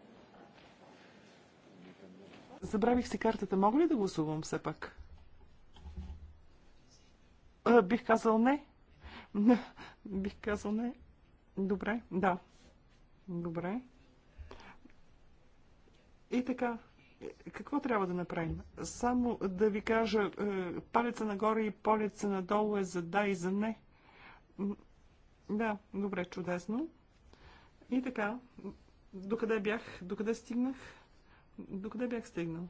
Забравих си картата. Мога ли да гласувам все пак? А, бих казал не. [laughs] бих казал не. Добре, да. Добре. И така, какво трябва да направим? Само да ви кажа, е, палеца нагоре и палеца надолу е за да и за не. Да, добре, чудесно. И така, докъде бях, докъде стигнах, докъде бях стигнал?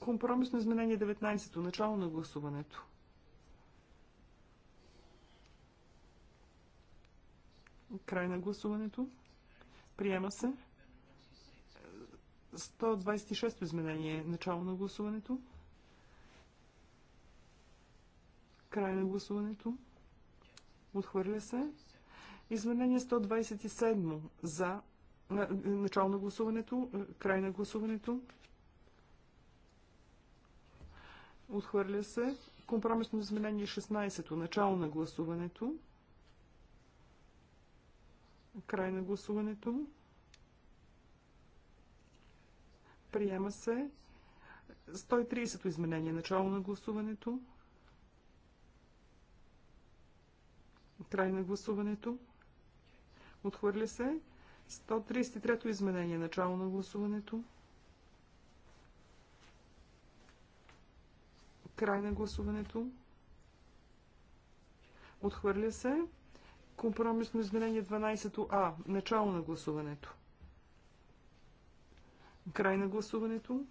Компромисно изменение 19-то, начало на гласуването. Край на гласуването. Приема се. 126 изменение. Начало на гласуването. Край на гласуването. Отхвърля се. Изменение 127 за начало на гласуването, е, край на гласуването. Отхвърля се. Компромисно изменение 16 начало на гласуването. Край на гласуването. Приема се 130-то изменение. Начало на гласуването. Край на гласуването. Отхвърля се 133-то изменение. Начало на гласуването. Край на гласуването. Отхвърля се. Компромисно изменение 12А. то Начало на гласуването. Край на гласуването.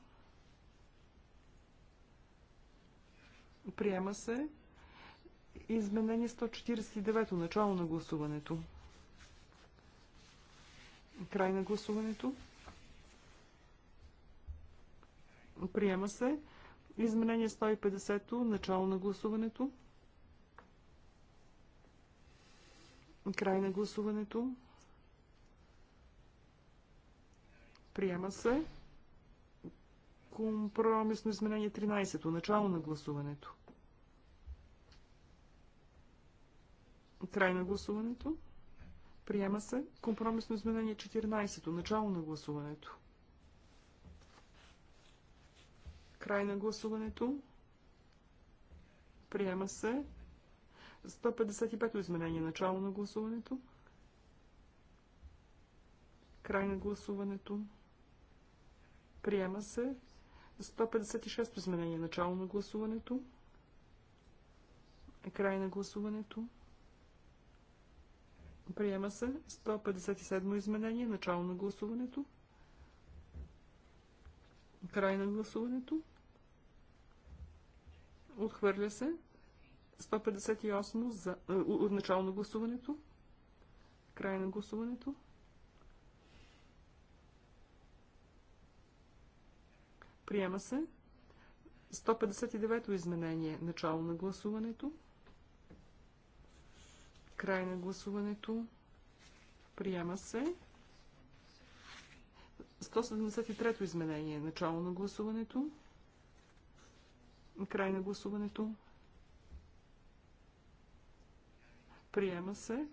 Приема се. Изменение 149. Начало на гласуването. Край на гласуването. Приема се. Изменение 150. то Начало на гласуването. Край на гласуването. Приема се. Компромисно изменение 13. Начало на гласуването. Край на гласуването. Приема се. Компромисно изменение 14. Начало на гласуването. Край на гласуването. Приема се. 155 изменение. Начало на гласуването. Край на гласуването. Приема се 156 изменение. Начало на гласуването. Край на гласуването. Приема се 157 изменение. Начало на гласуването. Край на гласуването. Отхвърля се 158 за, е, начало на гласуването. Край на гласуването. Приема се. 159-то изменение. Начало на гласуването. Край на гласуването. Приема се. 173-то изменение. Начало на гласуването. Край на гласуването. Приема се.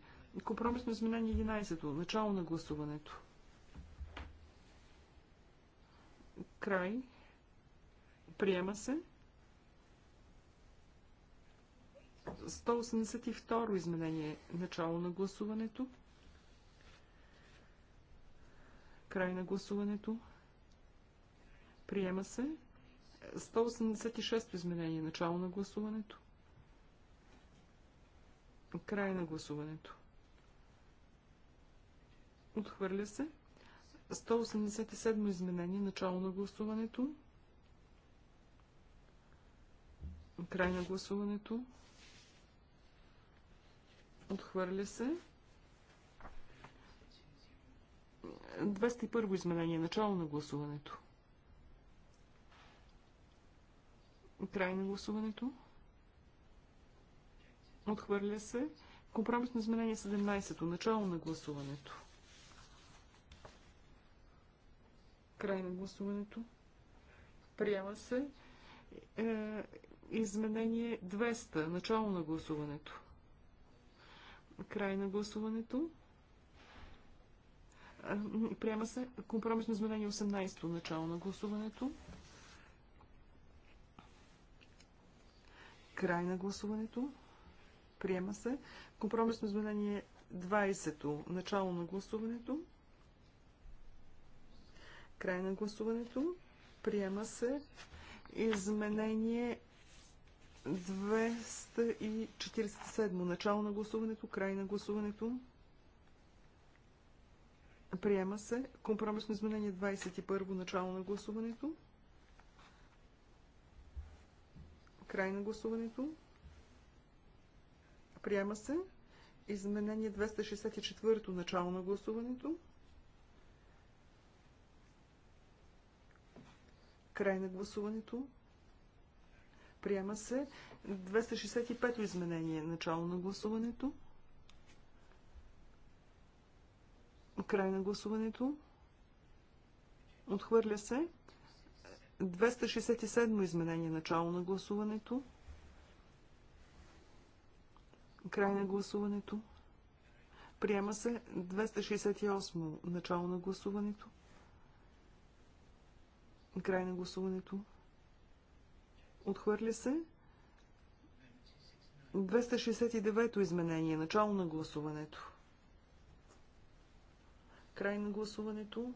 Компромисно изменение 11-то. Начало на гласуването. Край. Приема се. 182 изменение. Начало на гласуването. Край на гласуването. Приема се. 186 изменение. Начало на гласуването. Край на гласуването. Отхвърля се. 187 изменение. Начало на гласуването. Край на гласуването. Отхвърля се. 201 изменение. Начало на гласуването. Край на гласуването. Отхвърля се. Компромисно изменение 17. то Начало на гласуването. Край на гласуването. Приема се. Е, Изменение 200. Начало на гласуването. Край на гласуването. Приема се компромисно изменение 18. Начало на гласуването. Край на гласуването. Приема се. Компромисно изменение 20. Начало на гласуването. Край на гласуването. Приема се. Изменение 247. Начало на гласуването, край на гласуването. Приема се. Компромисно изменение 21. Начало на гласуването. Край на гласуването. Приема се. Изменение 264. Начало на гласуването. Край на гласуването. Приема се 265-то изменение. Начало на гласуването. Край на гласуването. Отхвърля се. 267 изменение. Начало на гласуването. Край на гласуването. Приема се 268 начало на гласуването. Край на гласуването. Отхвърля се. 269-то изменение. Начало на гласуването. Край на гласуването.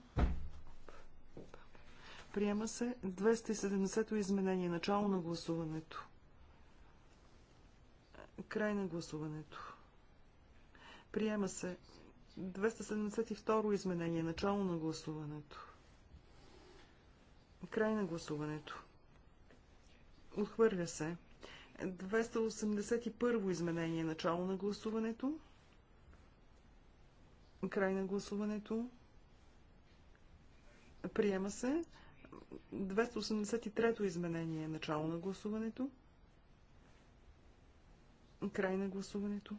Приема се 270-то изменение. Начало на гласуването. Край на гласуването. Приема се 272 изменение. Начало на гласуването. Край на гласуването. Отхвърля се. 281 во изменение. Начало на гласуването. Край на гласуването. Приема се. 283 изменение. Начало на гласуването. Край на гласуването.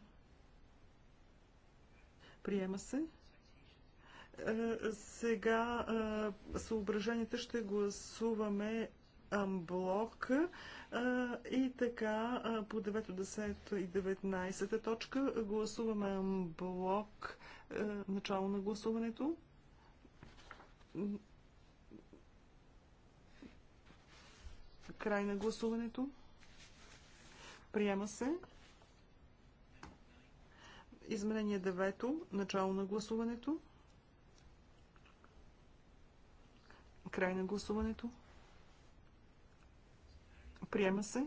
Приема се. Е, сега е, съображенията ще гласуваме амблок и така по 9, 10 и 19 точка гласуваме амблок начало на гласуването. Край на гласуването. Приема се. Изменение 9. Начало на гласуването. Край на гласуването. Приема се.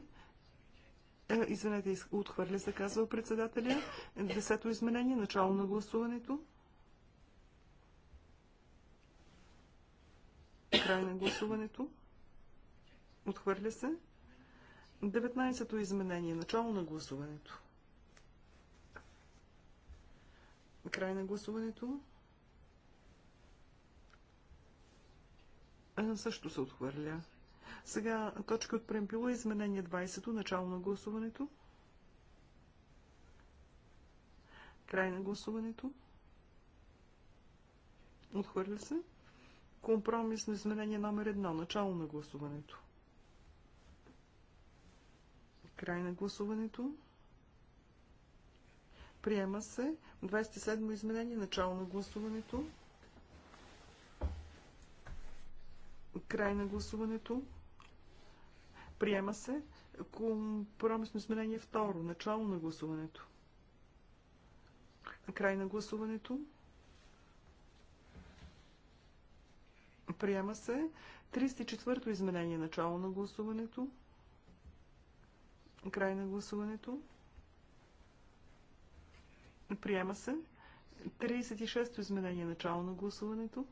Е, извинете, отхвърля се, казва председателя. Десето изменение, начало на гласуването. Край на гласуването. Отхвърля се. Деветнайсето изменение, начало на гласуването. Край на гласуването. Е, също се отхвърля. Сега точка от премпила изменение 20-то, начало на гласуването. Край на гласуването. Отхвърля се. Компромис на изменение номер 1, начало на гласуването. Край на гласуването. Приема се. 27 изменение, начало на гласуването. Край на гласуването. Приема се. Компромисно изменение второ. Начало на гласуването. Край на гласуването. Приема се. 34-то изменение. Начало на гласуването. Край на гласуването. Приема се. 36-то изменение. Начало на гласуването.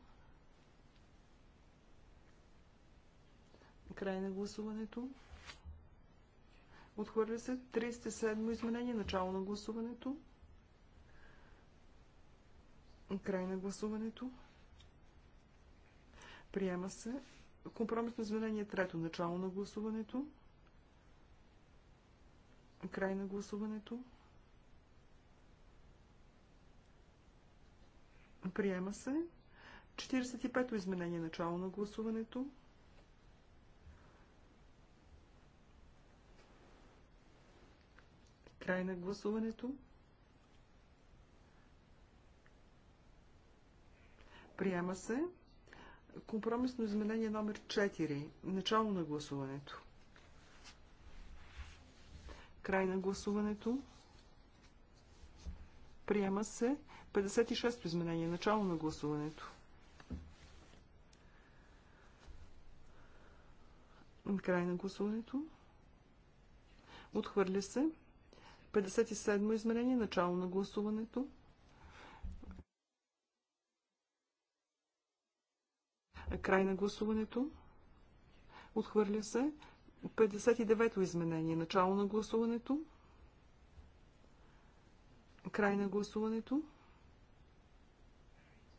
Край на гласуването. Отхвърля се 37 изменение. Начало на гласуването. Край на гласуването. Приема се. Компромисно изменение трето. Начало на гласуването. Край на гласуването. Приема се. 45-то изменение. Начало на гласуването. Край на гласуването. Приема се. Компромисно изменение номер 4. Начало на гласуването. Край на гласуването. Приема се 56-то изменение. Начало на гласуването. Край на гласуването. Отхвърля се 57 изменение, начало на гласуването. Край на гласуването. Отхвърля се. 59-то изменение. Начало на гласуването. Край на гласуването.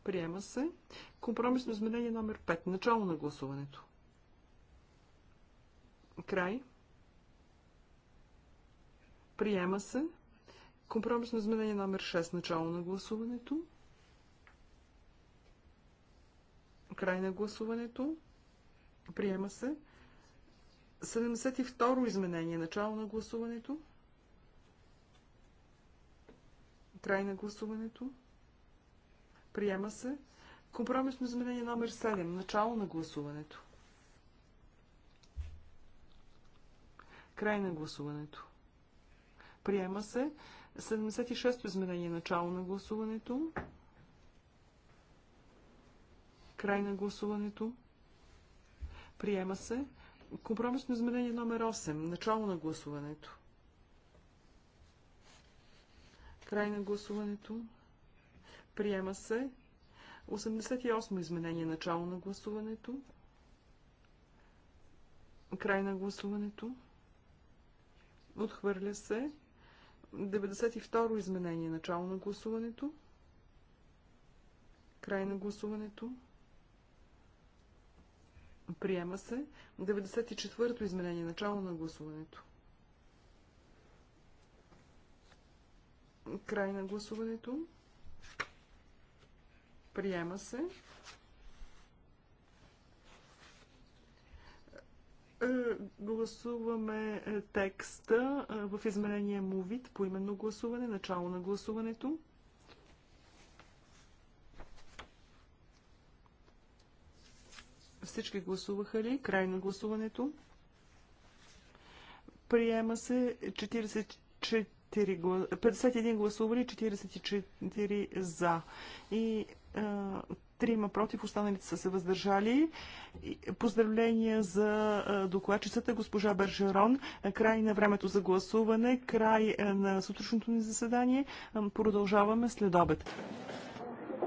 Приема се. Компромисно изменение номер 5. Начало на гласуването. Край. Приема се. Компромисно изменение номер 6. Начало на гласуването. Край на гласуването. Приема се. 72 изменение. Начало на гласуването. Край на гласуването. Приема се. Компромисно изменение номер 7. Начало на гласуването. Край на гласуването. Приема се. 76-то изменение. Начало на гласуването. Край на гласуването. Приема се. Компромисно изменение номер 8. Начало на гласуването. Край на гласуването. Приема се. 88 изменение. Начало на гласуването. Край на гласуването. Отхвърля се. 92 изменение. Начало на гласуването. Край на гласуването. Приема се. 94-то изменение. Начало на гласуването. Край на гласуването. Приема се. Е, гласуваме е, текста е, в изменение му вид по именно гласуване, начало на гласуването. Всички гласуваха ли? Край на гласуването. Приема се 44 51 гласували, 44 за. И а, трима против, останалите са се въздържали. Поздравления за докладчицата госпожа Бержерон. Край на времето за гласуване, край на сутрешното ни заседание. Продължаваме след обед.